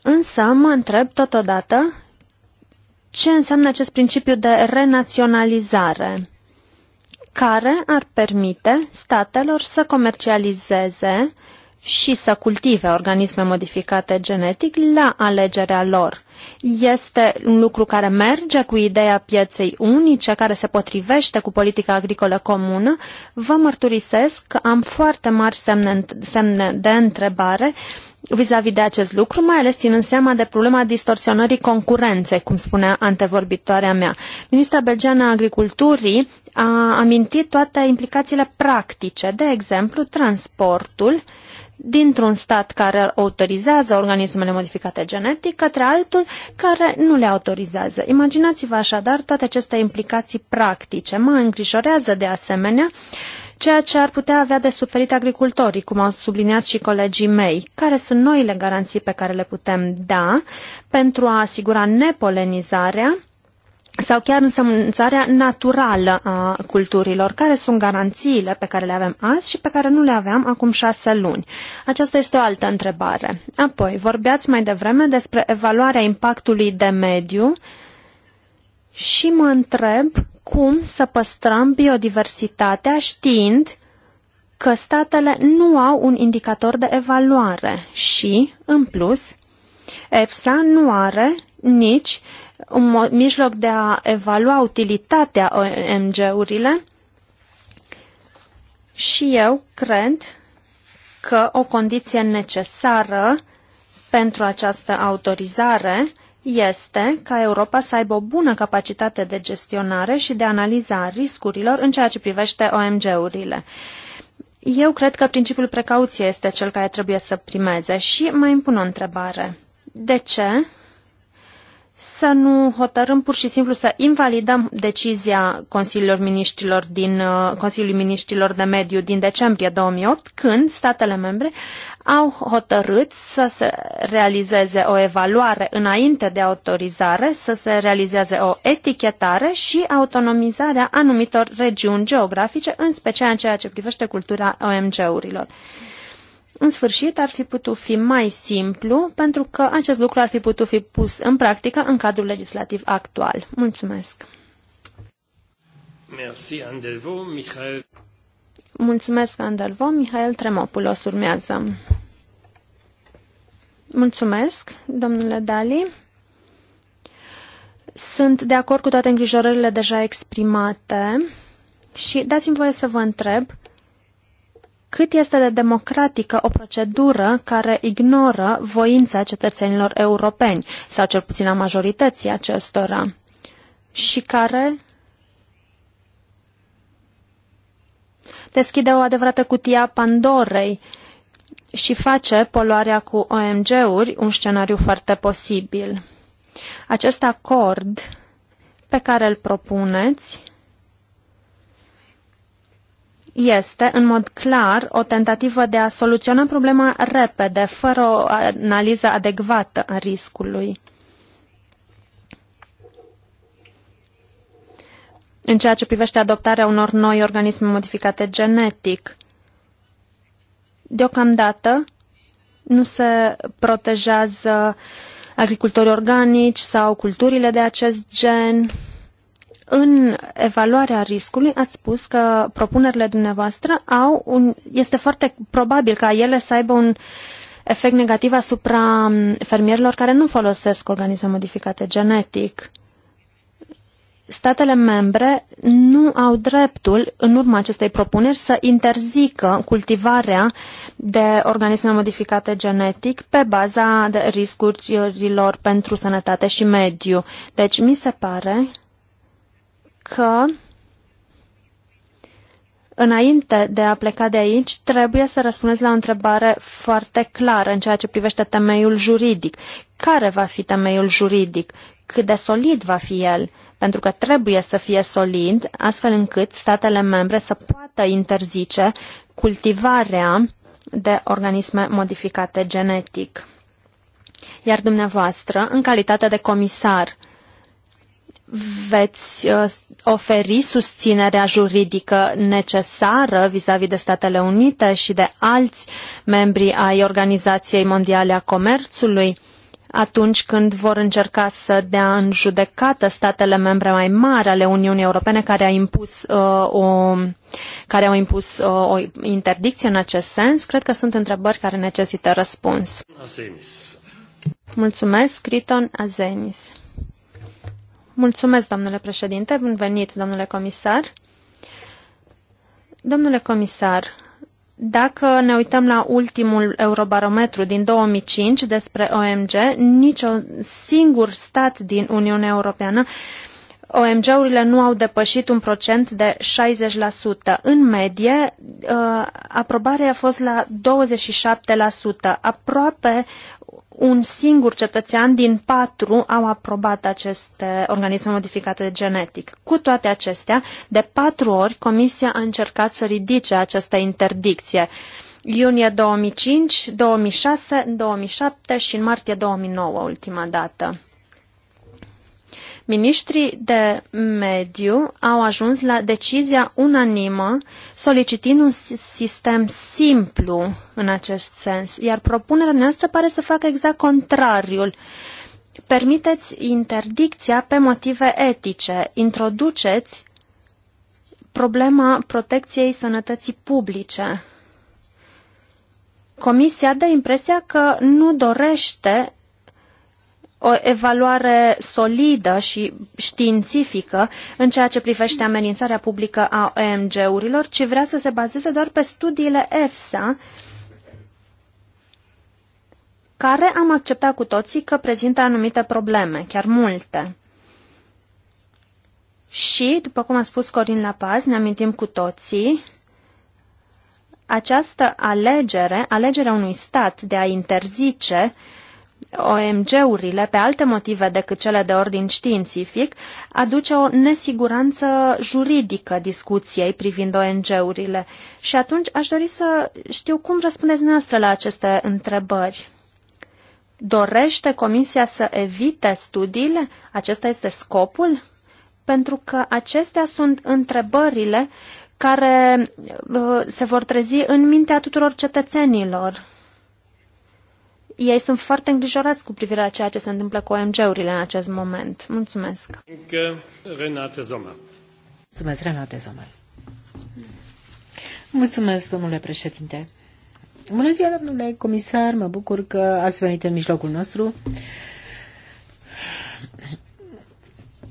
Însă mă întreb totodată ce înseamnă acest principiu de renaționalizare care ar permite statelor să comercializeze și să cultive organisme modificate genetic la alegerea lor. Este un lucru care merge cu ideea pieței unice, care se potrivește cu politica agricolă comună. Vă mărturisesc că am foarte mari semne, semne de întrebare vis-a-vis -vis de acest lucru, mai ales ținând seama de problema distorsionării concurenței, cum spunea antevorbitoarea mea. Ministra belgeană a Agriculturii a amintit toate implicațiile practice, de exemplu, transportul, dintr-un stat care autorizează organismele modificate genetic către altul care nu le autorizează. Imaginați-vă așadar toate aceste implicații practice. Mă îngrijorează de asemenea ceea ce ar putea avea de suferit agricultorii, cum au subliniat și colegii mei, care sunt noile garanții pe care le putem da pentru a asigura nepolenizarea sau chiar însămânțarea naturală a culturilor, care sunt garanțiile pe care le avem azi și pe care nu le aveam acum șase luni. Aceasta este o altă întrebare. Apoi, vorbeați mai devreme despre evaluarea impactului de mediu și mă întreb cum să păstrăm biodiversitatea știind că statele nu au un indicator de evaluare și, în plus, EFSA nu are nici un mijloc de a evalua utilitatea OMG-urile și eu cred că o condiție necesară pentru această autorizare este ca Europa să aibă o bună capacitate de gestionare și de analiza riscurilor în ceea ce privește OMG-urile. Eu cred că principiul precauției este cel care trebuie să primeze și mai impun o întrebare. De ce să nu hotărâm pur și simplu să invalidăm decizia Consiliului Ministrilor, din, uh, Consiliului Ministrilor de Mediu din decembrie 2008, când statele membre au hotărât să se realizeze o evaluare înainte de autorizare, să se realizeze o etichetare și autonomizarea anumitor regiuni geografice, în special în ceea ce privește cultura OMG-urilor. Uh, în sfârșit, ar fi putut fi mai simplu, pentru că acest lucru ar fi putut fi pus în practică în cadrul legislativ actual. Mulțumesc! Merci, Andelvo, Michael. Mulțumesc, Andelvo. Mihail Tremopulos urmează. Mulțumesc, domnule Dali. Sunt de acord cu toate îngrijorările deja exprimate și dați-mi voie să vă întreb cât este de democratică o procedură care ignoră voința cetățenilor europeni, sau cel puțin a majorității acestora, și care deschide o adevărată cutie a Pandorei și face poluarea cu OMG-uri un scenariu foarte posibil. Acest acord pe care îl propuneți este, în mod clar, o tentativă de a soluționa problema repede, fără o analiză adecvată a riscului. În ceea ce privește adoptarea unor noi organisme modificate genetic, deocamdată nu se protejează agricultorii organici sau culturile de acest gen. În evaluarea riscului ați spus că propunerile dumneavoastră au un, este foarte probabil ca ele să aibă un efect negativ asupra fermierilor care nu folosesc organisme modificate genetic statele membre nu au dreptul, în urma acestei propuneri, să interzică cultivarea de organisme modificate genetic pe baza de riscurilor pentru sănătate și mediu. Deci, mi se pare că înainte de a pleca de aici, trebuie să răspundeți la o întrebare foarte clară în ceea ce privește temeiul juridic. Care va fi temeiul juridic? Cât de solid va fi el? Pentru că trebuie să fie solid, astfel încât statele membre să poată interzice cultivarea de organisme modificate genetic. Iar dumneavoastră, în calitate de comisar, veți uh, oferi susținerea juridică necesară vis-a-vis -vis de Statele Unite și de alți membri ai Organizației Mondiale a Comerțului atunci când vor încerca să dea în judecată statele membre mai mari ale Uniunii Europene care, a impus, uh, o, care au impus uh, o interdicție în acest sens? Cred că sunt întrebări care necesită răspuns. Azenis. Mulțumesc, Criton Azenis. Mulțumesc, domnule președinte. Bun venit, domnule comisar. Domnule comisar, dacă ne uităm la ultimul eurobarometru din 2005 despre OMG, niciun singur stat din Uniunea Europeană OMG-urile nu au depășit un procent de 60%. În medie, uh, aprobarea a fost la 27%, aproape un singur cetățean din patru au aprobat aceste organisme modificate genetic. Cu toate acestea, de patru ori Comisia a încercat să ridice această interdicție. Iunie 2005, 2006, 2007 și în martie 2009 ultima dată. Ministrii de mediu au ajuns la decizia unanimă solicitând un sistem simplu în acest sens, iar propunerea noastră pare să facă exact contrariul. Permiteți interdicția pe motive etice, introduceți problema protecției sănătății publice. Comisia dă impresia că nu dorește o evaluare solidă și științifică în ceea ce privește amenințarea publică a OMG-urilor, ci vrea să se bazeze doar pe studiile EFSA, care am acceptat cu toții că prezintă anumite probleme, chiar multe. Și, după cum a spus Corin Lapaz, ne amintim cu toții, această alegere, alegerea unui stat de a interzice uh, OMG-urile pe alte motive decât cele de ordin științific aduce o nesiguranță juridică discuției privind ONG-urile. Și atunci aș dori să știu cum răspundeți noastră la aceste întrebări. Dorește Comisia să evite studiile? Acesta este scopul? Pentru că acestea sunt întrebările care uh, se vor trezi în mintea tuturor cetățenilor ei sunt foarte îngrijorați cu privire la ceea ce se întâmplă cu OMG-urile în acest moment. Mulțumesc. Renate Sommer. Mulțumesc, Renate Sommer. Mulțumesc, domnule președinte. Bună ziua, domnule comisar, mă bucur că ați venit în mijlocul nostru.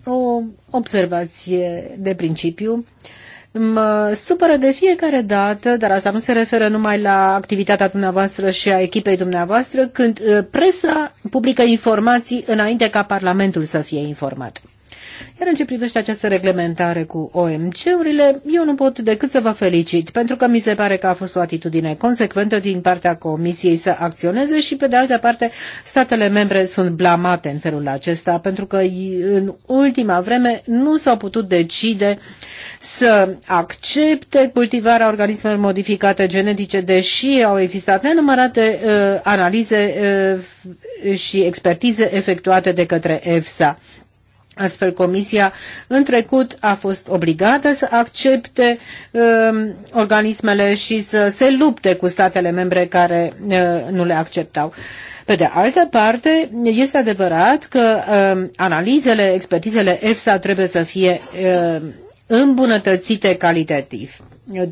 O observație de principiu. Uh, mă supără de fiecare dată, dar asta nu se referă numai la activitatea dumneavoastră și a echipei dumneavoastră, când uh, presa publică informații înainte ca Parlamentul să fie informat. Iar în ce privește această reglementare cu OMC-urile, eu nu pot decât să vă felicit, pentru că mi se pare că a fost o atitudine consecventă din partea Comisiei să acționeze și, pe de altă parte, statele membre sunt blamate în felul acesta, pentru că în ultima vreme nu s-au putut decide să accepte cultivarea organismelor modificate genetice, deși au existat nenumărate uh, analize uh, și expertize efectuate de către EFSA. Astfel, Comisia în trecut a fost obligată să accepte uh, organismele și să se lupte cu statele membre care uh, nu le acceptau. Pe de altă parte, este adevărat că uh, analizele, expertizele EFSA trebuie să fie uh, îmbunătățite calitativ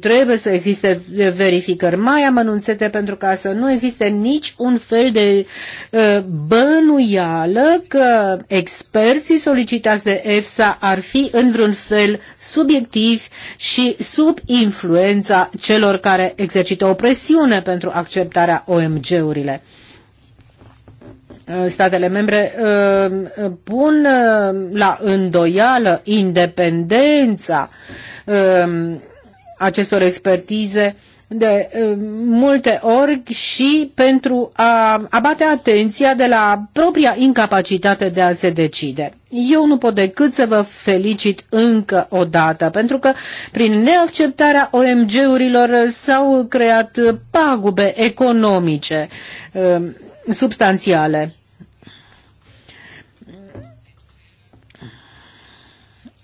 trebuie să existe verificări mai amănunțete pentru ca să nu existe nici un fel de uh, bănuială că experții solicitați de EFSA ar fi în vreun fel subiectivi și sub influența celor care exercită o presiune pentru acceptarea OMG-urile uh, statele membre uh, pun la îndoială independența acestor expertize de uh, multe ori și pentru a abate atenția de la propria incapacitate de a se decide. Eu nu pot decât să vă felicit încă o dată, pentru că prin neacceptarea OMG-urilor s-au creat pagube economice uh, substanțiale.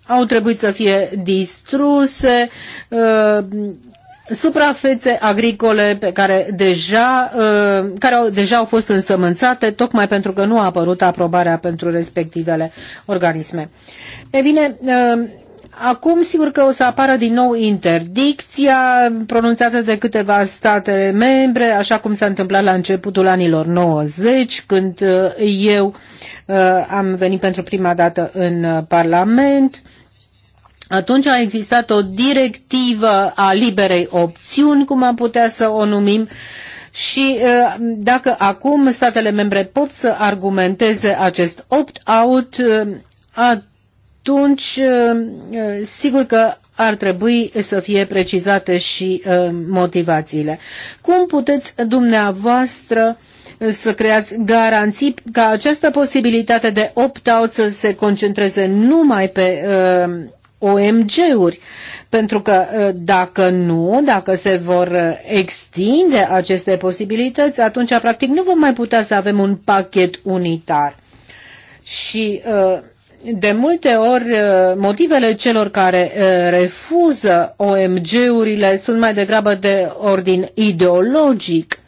au trebuit să fie distruse uh, suprafețe agricole pe care deja, uh, care au, deja au fost însămânțate, tocmai pentru că nu a apărut aprobarea pentru respectivele organisme. E bine, uh, Acum sigur că o să apară din nou interdicția pronunțată de câteva state membre, așa cum s-a întâmplat la începutul anilor 90, când uh, eu uh, am venit pentru prima dată în uh, Parlament. Atunci a existat o directivă a liberei opțiuni, cum am putea să o numim, și uh, dacă acum statele membre pot să argumenteze acest opt-out, uh, atunci uh, sigur că ar trebui să fie precizate și motivațiile. Cum puteți dumneavoastră să creați garanții ca această posibilitate de opt-out să se concentreze numai pe uh, OMG-uri, pentru că ă, dacă nu, dacă se vor ă, extinde aceste posibilități, atunci practic nu vom mai putea să avem un pachet unitar. Și ă, de multe ori motivele celor care refuză OMG-urile sunt mai degrabă de ordin ideologic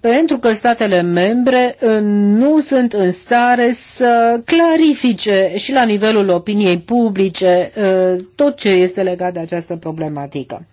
pentru că statele membre uh, nu sunt în stare să clarifice și la nivelul opiniei publice uh, tot ce este legat de această problematică.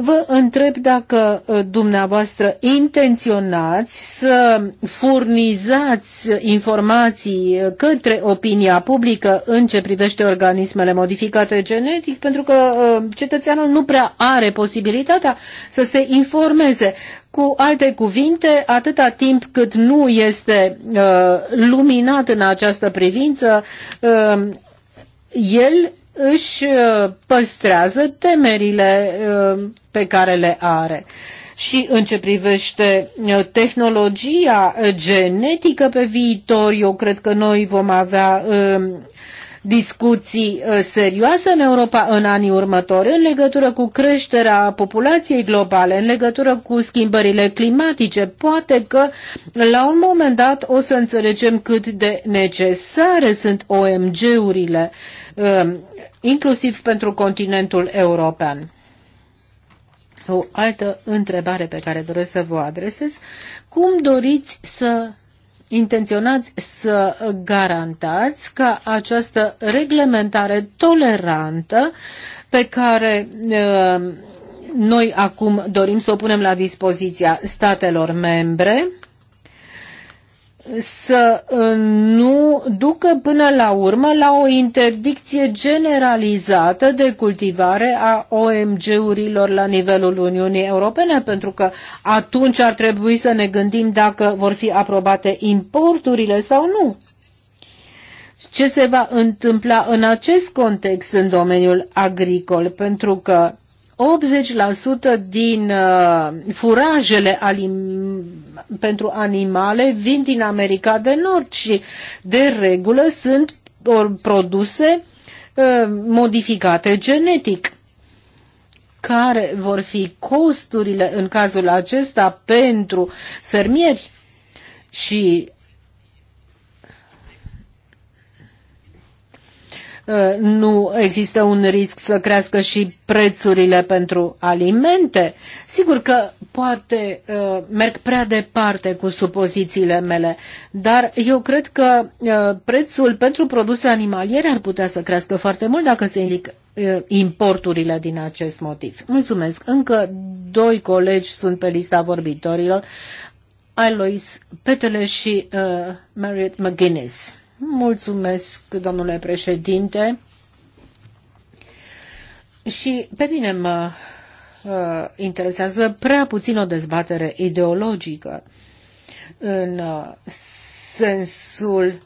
Vă întreb dacă ă, dumneavoastră intenționați să furnizați informații ă, către opinia publică în ce privește organismele modificate genetic, pentru că ă, cetățeanul nu prea are posibilitatea să se informeze. Cu alte cuvinte, atâta timp cât nu este uh, luminat în această privință, uh, el își uh, păstrează temerile uh, pe care le are. Și în ce privește uh, tehnologia genetică pe viitor, eu cred că noi vom avea um, discuții serioase în Europa în anii următori în legătură cu creșterea populației globale, în legătură cu schimbările climatice. Poate că la un moment dat o să înțelegem cât de necesare sunt OMG-urile um, inclusiv pentru continentul european. O altă întrebare pe care doresc să vă adresez, cum doriți să intenționați să garantați că această reglementare tolerantă pe care uh, noi acum dorim să o punem la dispoziția statelor membre să uh, nu ducă până la urmă la o interdicție generalizată de cultivare a OMG-urilor la nivelul Uniunii Europene, pentru că atunci ar trebui să ne gândim dacă vor fi aprobate importurile sau nu. Ce se va întâmpla în acest context în domeniul agricol? Pentru că 80% din uh, furajele alim- pentru animale vin din America de Nord și de regulă sunt produse uh, modificate genetic. Care vor fi costurile în cazul acesta pentru fermieri? Și Uh, nu există un risc să crească și prețurile pentru alimente. Sigur că poate uh, merg prea departe cu supozițiile mele, dar eu cred că uh, prețul pentru produse animaliere ar putea să crească foarte mult dacă se indic importurile din acest motiv. Mulțumesc. Încă doi colegi sunt pe lista vorbitorilor. Alois Petele și uh, Marriott McGuinness. Mulțumesc, domnule președinte. Și pe mine mă uh, interesează prea puțin o dezbatere ideologică în uh, sensul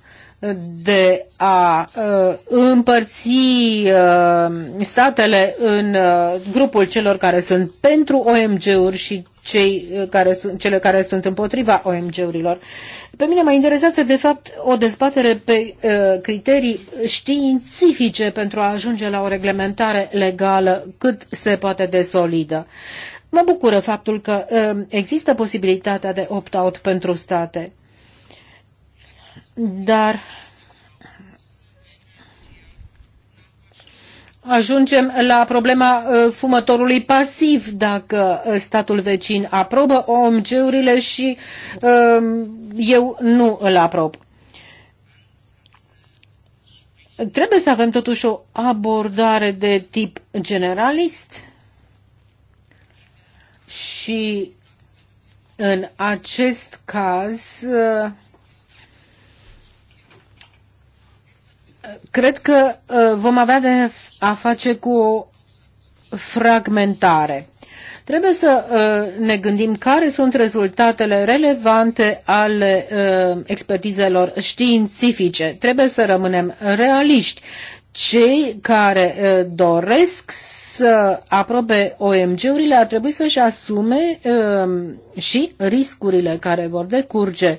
de a uh, împărți uh, statele în uh, grupul celor care sunt pentru OMG-uri și cei care sunt, cele care sunt împotriva OMG-urilor. Pe mine mă interesează, de fapt, o dezbatere pe uh, criterii științifice pentru a ajunge la o reglementare legală cât se poate de solidă. Mă bucură faptul că uh, există posibilitatea de opt-out pentru state dar Ajungem la problema uh, fumătorului pasiv, dacă uh, statul vecin aprobă OMG-urile și um, eu nu îl aprob. Trebuie să avem totuși o abordare de tip generalist și în acest caz uh, Cred că uh, vom avea de a face cu o fragmentare. Trebuie să uh, ne gândim care sunt rezultatele relevante ale uh, expertizelor științifice. Trebuie să rămânem realiști. Cei care doresc să aprobe OMG-urile ar trebui să-și asume și riscurile care vor decurge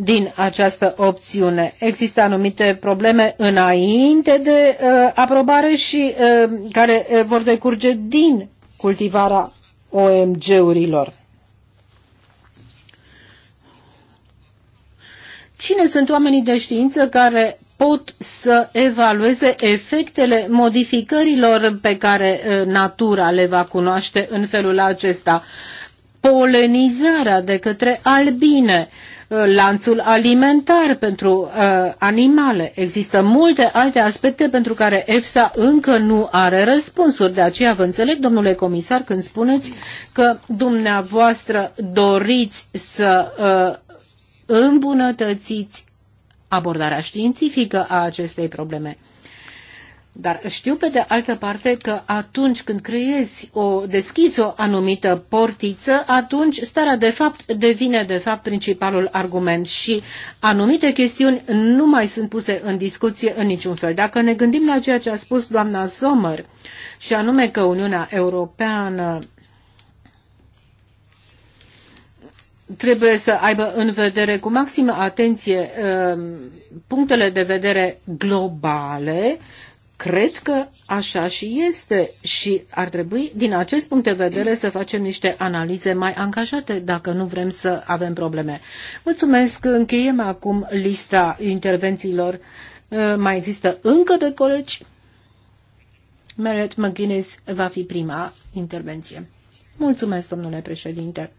din această opțiune. Există anumite probleme înainte de uh, aprobare și uh, care uh, vor decurge din cultivarea OMG-urilor. Cine sunt oamenii de știință care pot să evalueze efectele modificărilor pe care uh, natura le va cunoaște în felul acesta? Polenizarea de către albine, Uh, lanțul alimentar pentru uh, animale. Există multe alte aspecte pentru care EFSA încă nu are răspunsuri. De aceea vă înțeleg, domnule comisar, când spuneți că dumneavoastră doriți să uh, îmbunătățiți abordarea științifică a acestei probleme. Dar știu pe de altă parte că atunci când creezi o, deschizi o anumită portiță, atunci starea de fapt devine de fapt principalul argument și anumite chestiuni nu mai sunt puse în discuție în niciun fel. Dacă ne gândim la ceea ce a spus doamna Sommer și anume că Uniunea Europeană trebuie să aibă în vedere cu maximă atenție uh, punctele de vedere globale, Cred că așa și este și ar trebui, din acest punct de vedere, să facem niște analize mai angajate dacă nu vrem să avem probleme. Mulțumesc, încheiem acum lista intervențiilor. Uh, mai există încă de colegi? Meret McGuinness va fi prima intervenție. Mulțumesc, domnule președinte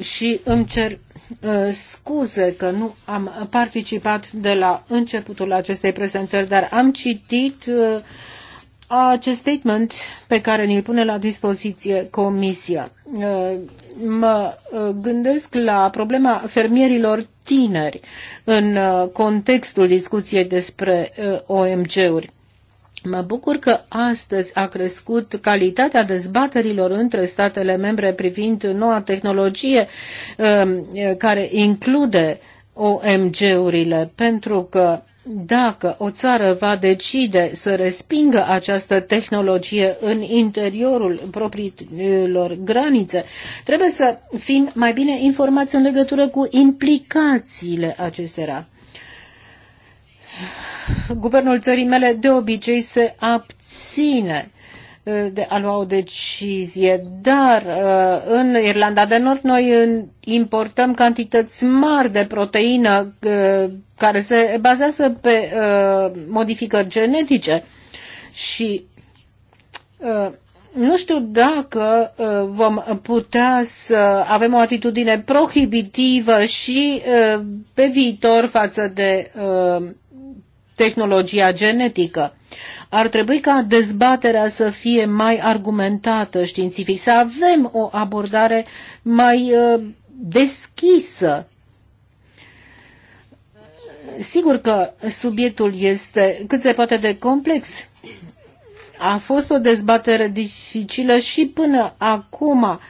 și îmi cer uh, scuze că nu am participat de la începutul acestei prezentări, dar am citit uh, acest statement pe care ni-l pune la dispoziție Comisia. Uh, mă gândesc la problema fermierilor tineri în contextul discuției despre OMG-uri. Mă bucur că astăzi a crescut calitatea dezbaterilor între statele membre privind noua tehnologie um, care include OMG-urile, pentru că dacă o țară va decide să respingă această tehnologie în interiorul propriilor granițe, trebuie să fim mai bine informați în legătură cu implicațiile acestora guvernul țării mele de obicei se abține uh, de a lua o decizie, dar uh, în Irlanda de Nord noi importăm cantități mari de proteină uh, care se bazează pe modificări genetice și nu știu dacă vom putea să avem o atitudine prohibitivă și pe viitor față de tehnologia genetică. Ar trebui ca dezbaterea să fie mai argumentată științific, să avem o abordare mai uh, deschisă sigur că subiectul este cât se poate de complex. A fost o dezbatere dificilă și până acum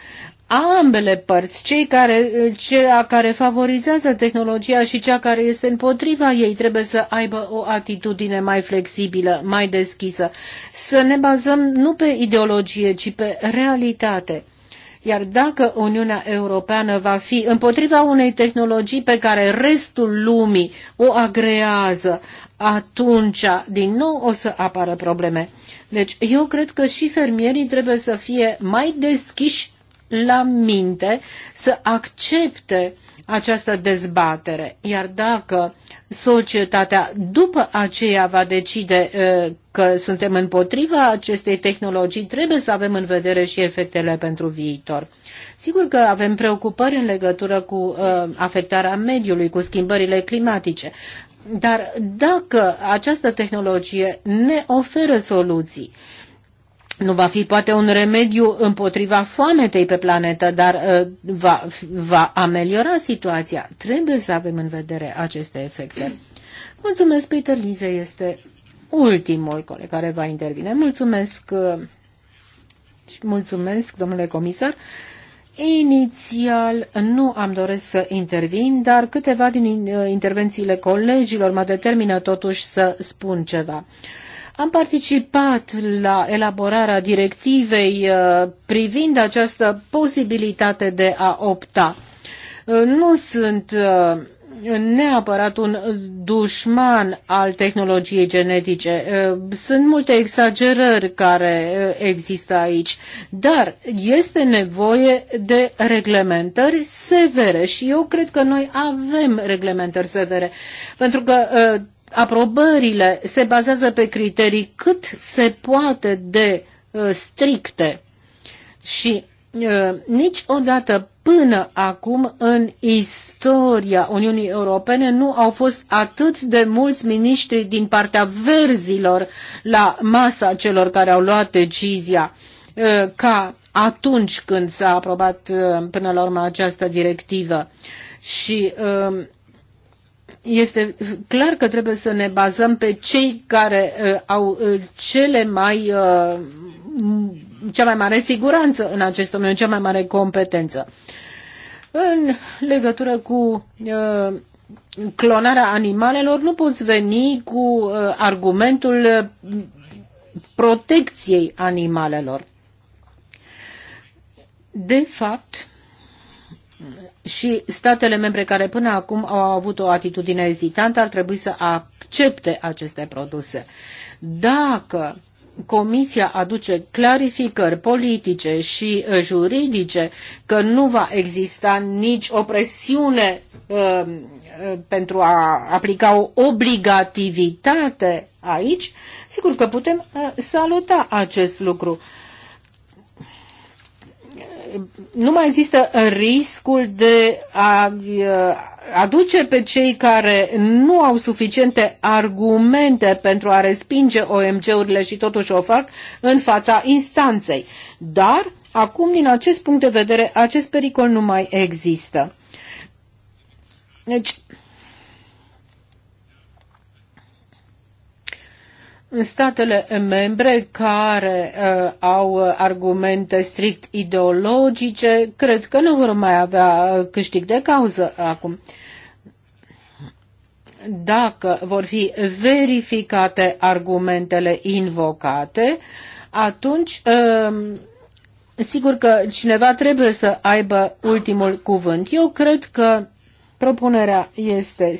ambele părți, cei care, cea care favorizează tehnologia și cea care este împotriva ei, trebuie să aibă o atitudine mai flexibilă, mai deschisă, să ne bazăm nu pe ideologie, ci pe realitate. Iar dacă Uniunea Europeană va fi împotriva unei tehnologii pe care restul lumii o agrează, atunci din nou o să apară probleme. Deci eu cred că și fermierii trebuie să fie mai deschiși la minte să accepte această dezbatere. Iar dacă societatea după aceea va decide uh, că suntem împotriva acestei tehnologii, trebuie să avem în vedere și efectele pentru viitor. Sigur că avem preocupări în legătură cu uh, afectarea mediului, cu schimbările climatice. Dar dacă această tehnologie ne oferă soluții, nu va fi poate un remediu împotriva foametei pe planetă, dar uh, va, va ameliora situația. Trebuie să avem în vedere aceste efecte. Mulțumesc, Peter Lize este ultimul coleg care va intervine. Mulțumesc, uh, mulțumesc, domnule comisar. Inițial nu am doresc să intervin, dar câteva din uh, intervențiile colegilor mă determină totuși să spun ceva. Uh, am participat la elaborarea directivei uh, privind această posibilitate de a opta. Uh, nu sunt uh, neapărat un dușman al tehnologiei genetice. Sunt multe exagerări care există aici, dar este nevoie de reglementări severe și eu cred că noi avem reglementări severe, pentru că aprobările se bazează pe criterii cât se poate de uh, stricte și uh, niciodată până acum în istoria Uniunii Europene nu au fost atât de mulți miniștri din partea verzilor la masa celor care au luat decizia uh, ca atunci când s-a aprobat până la urmă această directivă. Și este clar că trebuie să ne bazăm pe cei care uh, au uh, cele mai, uh, cea mai mare siguranță în acest domeniu, cea mai mare competență. În legătură cu uh, clonarea animalelor, nu poți veni cu uh, argumentul uh, protecției animalelor. De fapt, și statele membre care până acum au avut o atitudine ezitantă ar trebui să accepte aceste produse. Dacă Comisia aduce clarificări politice și uh, juridice că nu va exista nici o presiune um, uh, pentru a aplica o obligativitate aici, sigur că putem uh, saluta acest lucru nu mai există riscul de a uh, aduce pe cei care nu au suficiente argumente pentru a respinge OMG-urile și totuși o fac în fața instanței. Dar, acum, din acest punct de vedere, acest pericol nu mai există. Deci, statele membre care uh, au argumente strict ideologice, cred că nu vor mai avea câștig de cauză acum. Dacă vor fi verificate argumentele invocate, atunci uh, sigur că cineva trebuie să aibă ultimul cuvânt. Eu cred că Propunerea este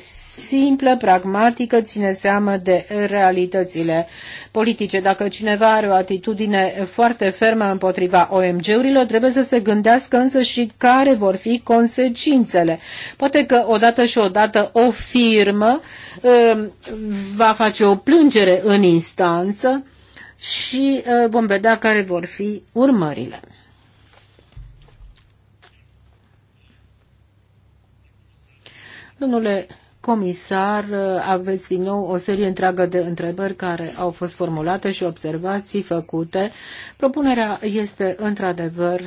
simplă, pragmatică, ține seamă de realitățile politice. Dacă cineva are o atitudine foarte fermă împotriva OMG-urilor, trebuie să se gândească însă și care vor fi consecințele. Poate că odată și odată o firmă um, va face o plângere în instanță și uh, vom vedea care vor fi urmările. Domnule comisar, aveți din nou o serie întreagă de întrebări care au fost formulate și observații făcute. Propunerea este într-adevăr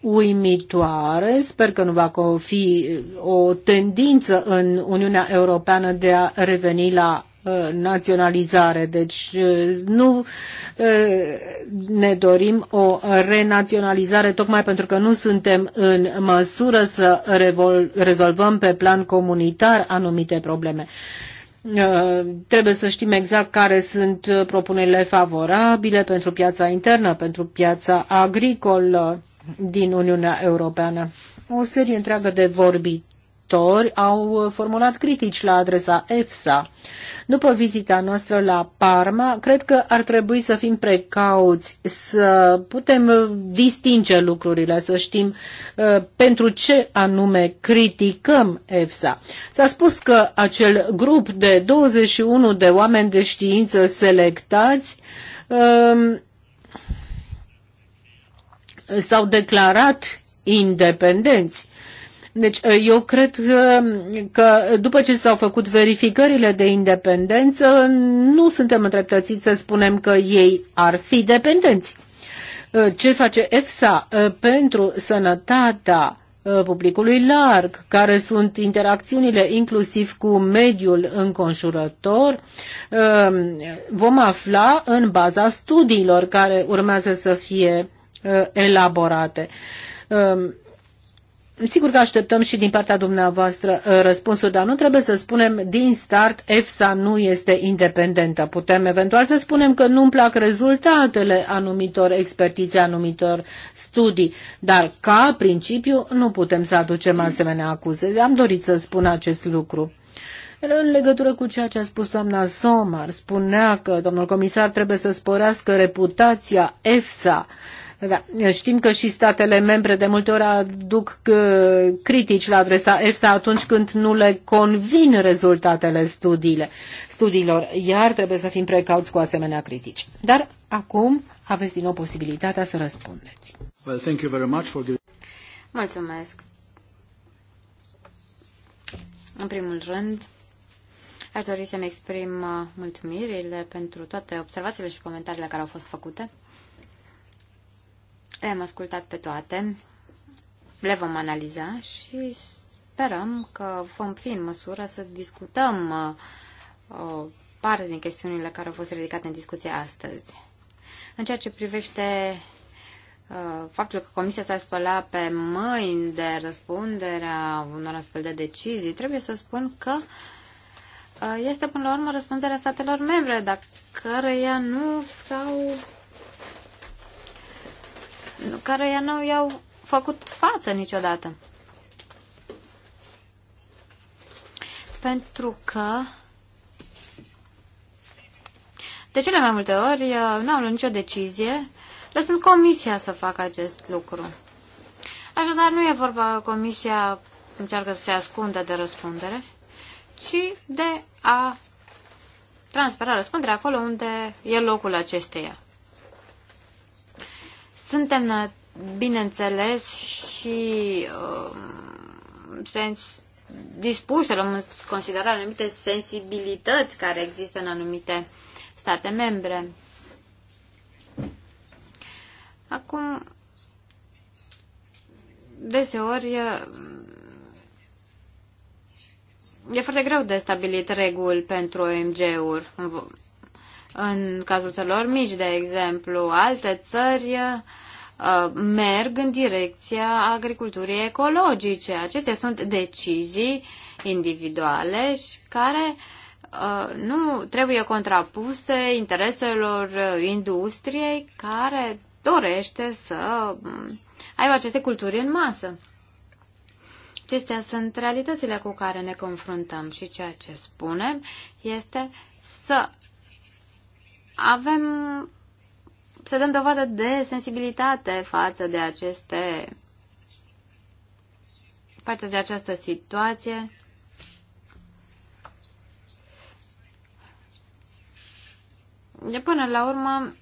uimitoare. Sper că nu va fi o tendință în Uniunea Europeană de a reveni la Uh, naționalizare. Deci uh, nu uh, ne dorim o renaționalizare tocmai pentru că nu suntem în măsură să rezolvăm pe plan comunitar anumite probleme. Trebuie să știm exact care sunt propunerile favorabile pentru piața internă, pentru piața agricolă din Uniunea Europeană. O serie întreagă de vorbit autori au formulat critici la adresa EFSA. După vizita noastră la Parma, cred că ar trebui să fim precauți, să putem distinge lucrurile, să știm uh, pentru ce anume criticăm EFSA. S-a spus că acel grup de 21 de oameni de știință selectați uh, s-au declarat independenți. Deci ă, eu cred ă, că după ce s-au făcut verificările de independență, nu suntem îndreptățiți să spunem că ei ar fi dependenți. Ă, ce face EFSA pentru sănătatea publicului larg, care sunt interacțiunile inclusiv cu mediul înconjurător, vom afla în baza studiilor care urmează să fie elaborate. Sigur că așteptăm și din partea dumneavoastră uh, răspunsul, dar nu trebuie să spunem din start EFSA nu este independentă. Putem eventual să spunem că nu-mi plac rezultatele anumitor expertize, anumitor studii, dar ca principiu nu putem să aducem asemenea acuze. Am dorit să spun acest lucru. În legătură cu ceea ce a spus doamna Somar, spunea că domnul comisar trebuie să sporească reputația EFSA da. Știm că și statele membre de multe ori aduc uh, critici la adresa EFSA atunci când nu le convin rezultatele studiile, studiilor, iar trebuie să fim precauți cu asemenea critici. Dar acum aveți din nou posibilitatea să răspundeți. Well, thank you very much for... Mulțumesc. În primul rând, aș dori să-mi exprim uh, mulțumirile pentru toate observațiile și comentariile care au fost făcute. Le-am ascultat pe toate, le vom analiza și sperăm că vom fi în măsură să discutăm uh, o parte din chestiunile care au fost ridicate în discuție astăzi. În ceea ce privește uh, faptul că Comisia s-a spălat pe mâini de răspunderea unor astfel de decizii, trebuie să spun că uh, este până la urmă răspunderea statelor membre, dar căreia nu s-au care nu i-au făcut față niciodată. Pentru că de cele mai multe ori uh, nu au luat nicio decizie, lăsând comisia să facă acest lucru. Așadar, nu e vorba că comisia încearcă să se ascundă de răspundere, ci de a transfera răspunderea acolo unde e locul acesteia. Suntem, uh, bineînțeles, și uh, sens, dispuși să luăm în considerare anumite sensibilități care există în anumite state membre. Acum, deseori uh, e foarte greu de stabilit reguli pentru OMG-uri în cazul țărilor mici, de exemplu, alte țări uh, merg în direcția agriculturii ecologice. Acestea sunt decizii individuale și care uh, nu trebuie contrapuse intereselor industriei care dorește să aibă aceste culturi în masă. Acestea sunt realitățile cu care ne confruntăm și ceea ce spunem este să avem să dăm dovadă de sensibilitate față de aceste față de această situație. De până la urmă,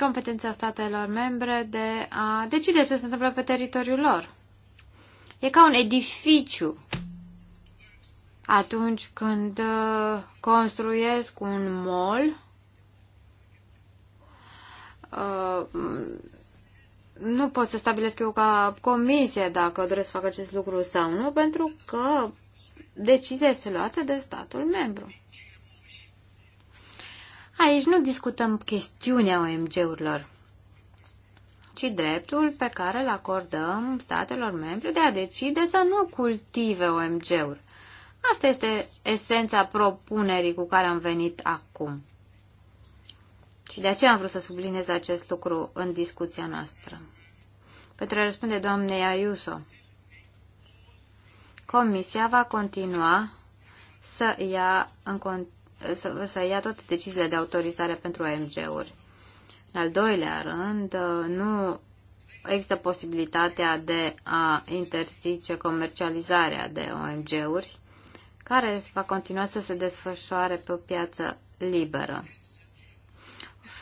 competența statelor membre de a decide ce se întâmplă pe teritoriul lor. E ca un edificiu atunci când uh, construiesc un mall, uh, nu pot să stabilesc eu ca comisie dacă doresc să fac acest lucru sau nu, pentru că decizia este luată de statul membru. Aici nu discutăm chestiunea OMG-urilor, ci dreptul pe care îl acordăm statelor membre de a decide să nu cultive OMG-uri. Asta este esența propunerii cu care am venit acum. Și de aceea am vrut să sublinez acest lucru în discuția noastră. Pentru a răspunde doamnei Ayuso, Comisia va continua să ia, în, să, să ia toate deciziile de autorizare pentru AMG-uri. În al doilea rând, nu există posibilitatea de a interzice comercializarea de OMG-uri care va continua să se desfășoare pe o piață liberă.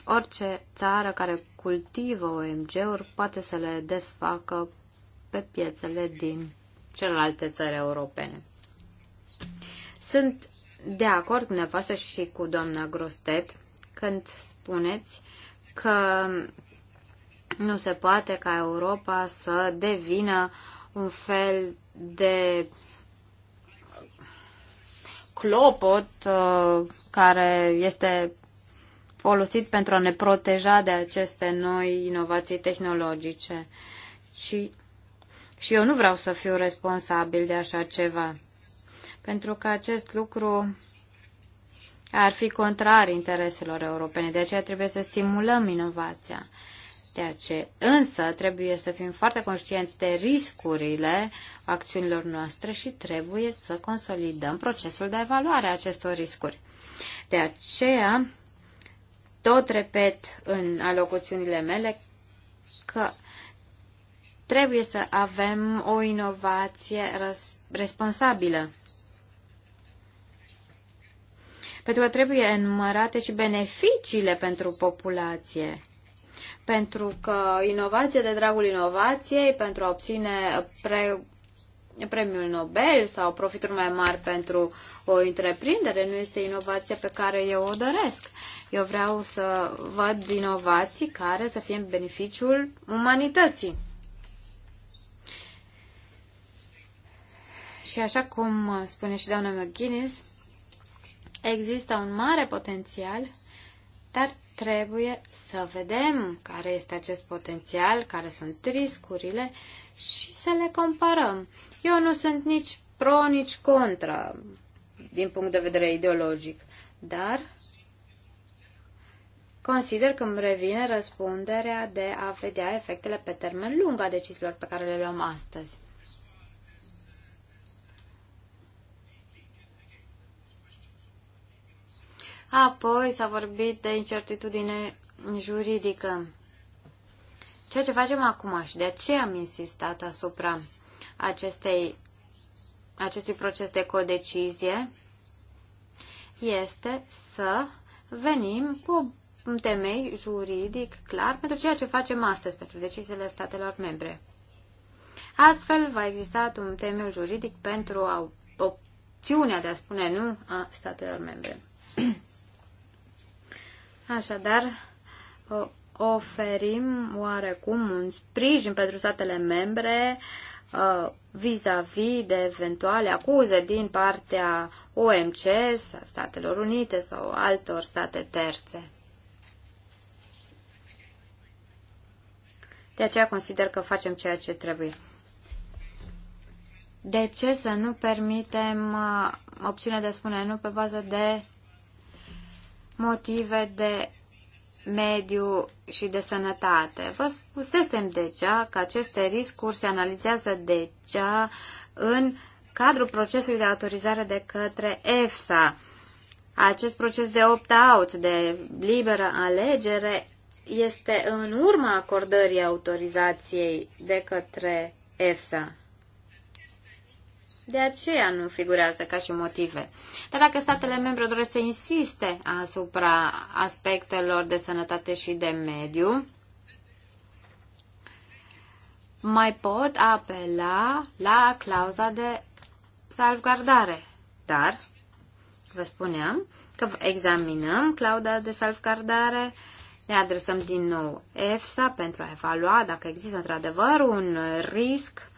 Orice țară care cultivă OMG-uri poate să le desfacă pe piețele din celelalte țări europene. Sunt de acord cu dumneavoastră și cu doamna Grostet când spuneți că nu se poate ca Europa să devină un fel de clopot uh, care este folosit pentru a ne proteja de aceste noi inovații tehnologice. Și, și eu nu vreau să fiu responsabil de așa ceva, pentru că acest lucru ar fi contrar intereselor europene, de aceea trebuie să stimulăm inovația. De aceea, însă trebuie să fim foarte conștienți de riscurile acțiunilor noastre și trebuie să consolidăm procesul de evaluare a acestor riscuri. De aceea, tot repet în alocuțiunile mele că trebuie să avem o inovație responsabilă. Pentru că trebuie enumărate și beneficiile pentru populație pentru că inovație de dragul inovației, pentru a obține pre, premiul Nobel sau profituri mai mari pentru o întreprindere, nu este inovația pe care eu o doresc. Eu vreau să văd inovații care să fie în beneficiul umanității. Și așa cum spune și doamna McGuinness, există un mare potențial, dar Trebuie să vedem care este acest potențial, care sunt riscurile și să le comparăm. Eu nu sunt nici pro, nici contra din punct de vedere ideologic, dar consider că îmi revine răspunderea de a vedea efectele pe termen lung a deciziilor pe care le luăm astăzi. Apoi s-a vorbit de incertitudine juridică. Ceea ce facem acum și de aceea am insistat asupra acestei, acestui proces de codecizie este să venim cu un temei juridic clar pentru ceea ce facem astăzi, pentru deciziile statelor membre. Astfel, va exista un temei juridic pentru a, opțiunea de a spune nu a statelor membre. Așadar, oferim oarecum un sprijin pentru statele membre uh, vis-a-vis -vis de eventuale acuze din partea OMC, Statelor Unite sau altor state terțe. De aceea consider că facem ceea ce trebuie. De ce să nu permitem uh, opțiunea de a spune nu pe bază de motive de mediu și de sănătate. Vă spusesem deja că aceste riscuri se analizează deja în cadrul procesului de autorizare de către EFSA. Acest proces de opt-out, de liberă alegere, este în urma acordării autorizației de către EFSA. De aceea nu figurează ca și motive. Dar dacă statele membre doresc să insiste asupra aspectelor de sănătate și de mediu, mai pot apela la clauza de salvgardare. Dar, vă spuneam, că examinăm clauza de salvgardare, ne adresăm din nou EFSA pentru a evalua dacă există într-adevăr un risc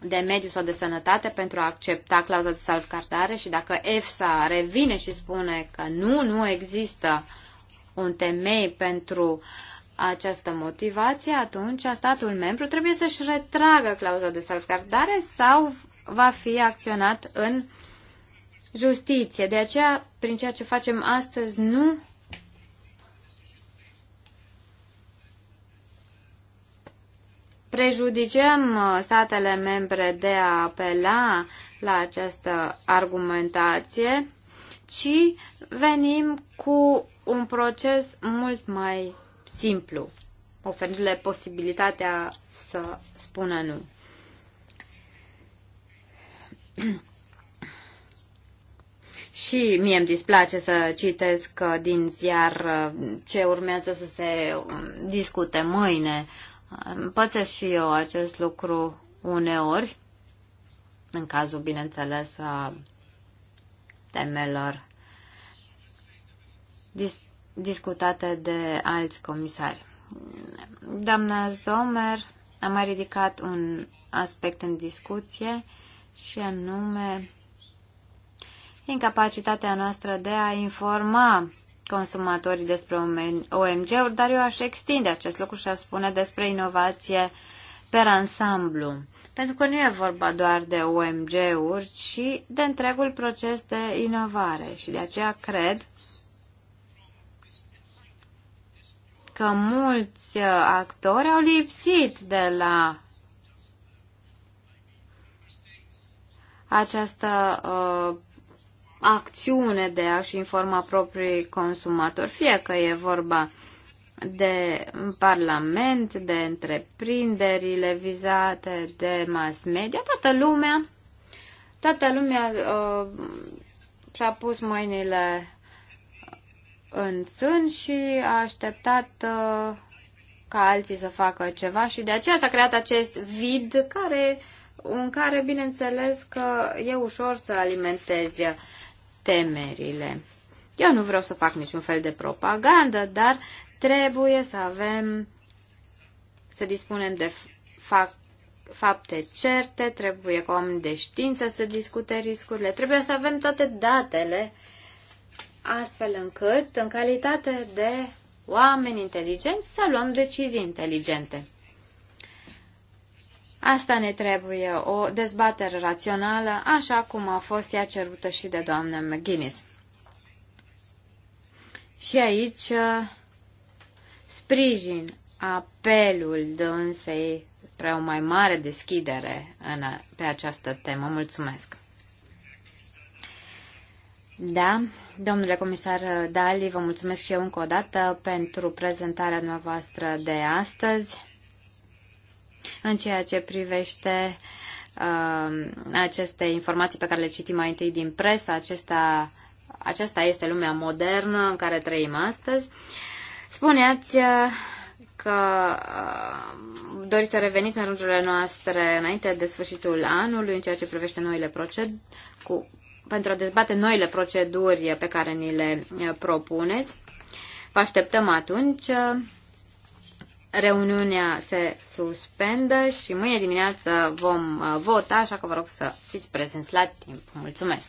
de mediu sau de sănătate pentru a accepta clauza de salvgardare și dacă EFSA revine și spune că nu, nu există un temei pentru această motivație, atunci statul membru trebuie să-și retragă clauza de salvgardare sau va fi acționat în justiție. De aceea, prin ceea ce facem astăzi, nu prejudicăm uh, statele membre de a apela la această argumentație, ci venim cu un proces mult mai simplu, oferindu-le posibilitatea să spună nu. Și mie îmi displace să citesc uh, din ziar uh, ce urmează să se um, discute mâine Împățesc și eu acest lucru uneori, în cazul, bineînțeles, a temelor dis- discutate de alți comisari. Doamna Zomer a mai ridicat un aspect în discuție și anume incapacitatea noastră de a informa consumatorii despre OMG-uri, dar eu aș extinde acest lucru și aș spune despre inovație per ansamblu. Pentru că nu e vorba doar de OMG-uri, ci de întregul proces de inovare și de aceea cred că mulți uh, actori au lipsit de la această uh, acțiune de a-și informa proprii consumatori, fie că e vorba de parlament, de întreprinderile vizate, de mass media, toată lumea, toată lumea uh, și-a pus mâinile în sân și a așteptat uh, ca alții să facă ceva și de aceea s-a creat acest vid care, în care, bineînțeles, că e ușor să alimentezi temerile. Eu nu vreau să fac niciun fel de propagandă, dar trebuie să avem, să dispunem de fac, fapte certe, trebuie cu oameni de știință să discute riscurile, trebuie să avem toate datele astfel încât, în calitate de oameni inteligenți, să luăm decizii inteligente. Asta ne trebuie, o dezbatere rațională, așa cum a fost ea cerută și de doamna McGuinness. Și aici uh, sprijin apelul dânsei spre o mai mare deschidere în, pe această temă. Mulțumesc! Da, domnule comisar Dali, vă mulțumesc și eu încă o dată pentru prezentarea noastră de astăzi. În ceea ce privește uh, aceste informații pe care le citim mai întâi din presă, acesta, aceasta este lumea modernă în care trăim astăzi. Spuneați uh, că uh, doriți să reveniți în rândurile noastre înainte de sfârșitul anului în ceea ce privește noile proceduri, cu, pentru a dezbate noile proceduri pe care ni le uh, propuneți. Vă așteptăm atunci. Reuniunea se suspendă și mâine dimineață vom uh, vota, așa că vă rog să fiți prezenți la timp. Mulțumesc!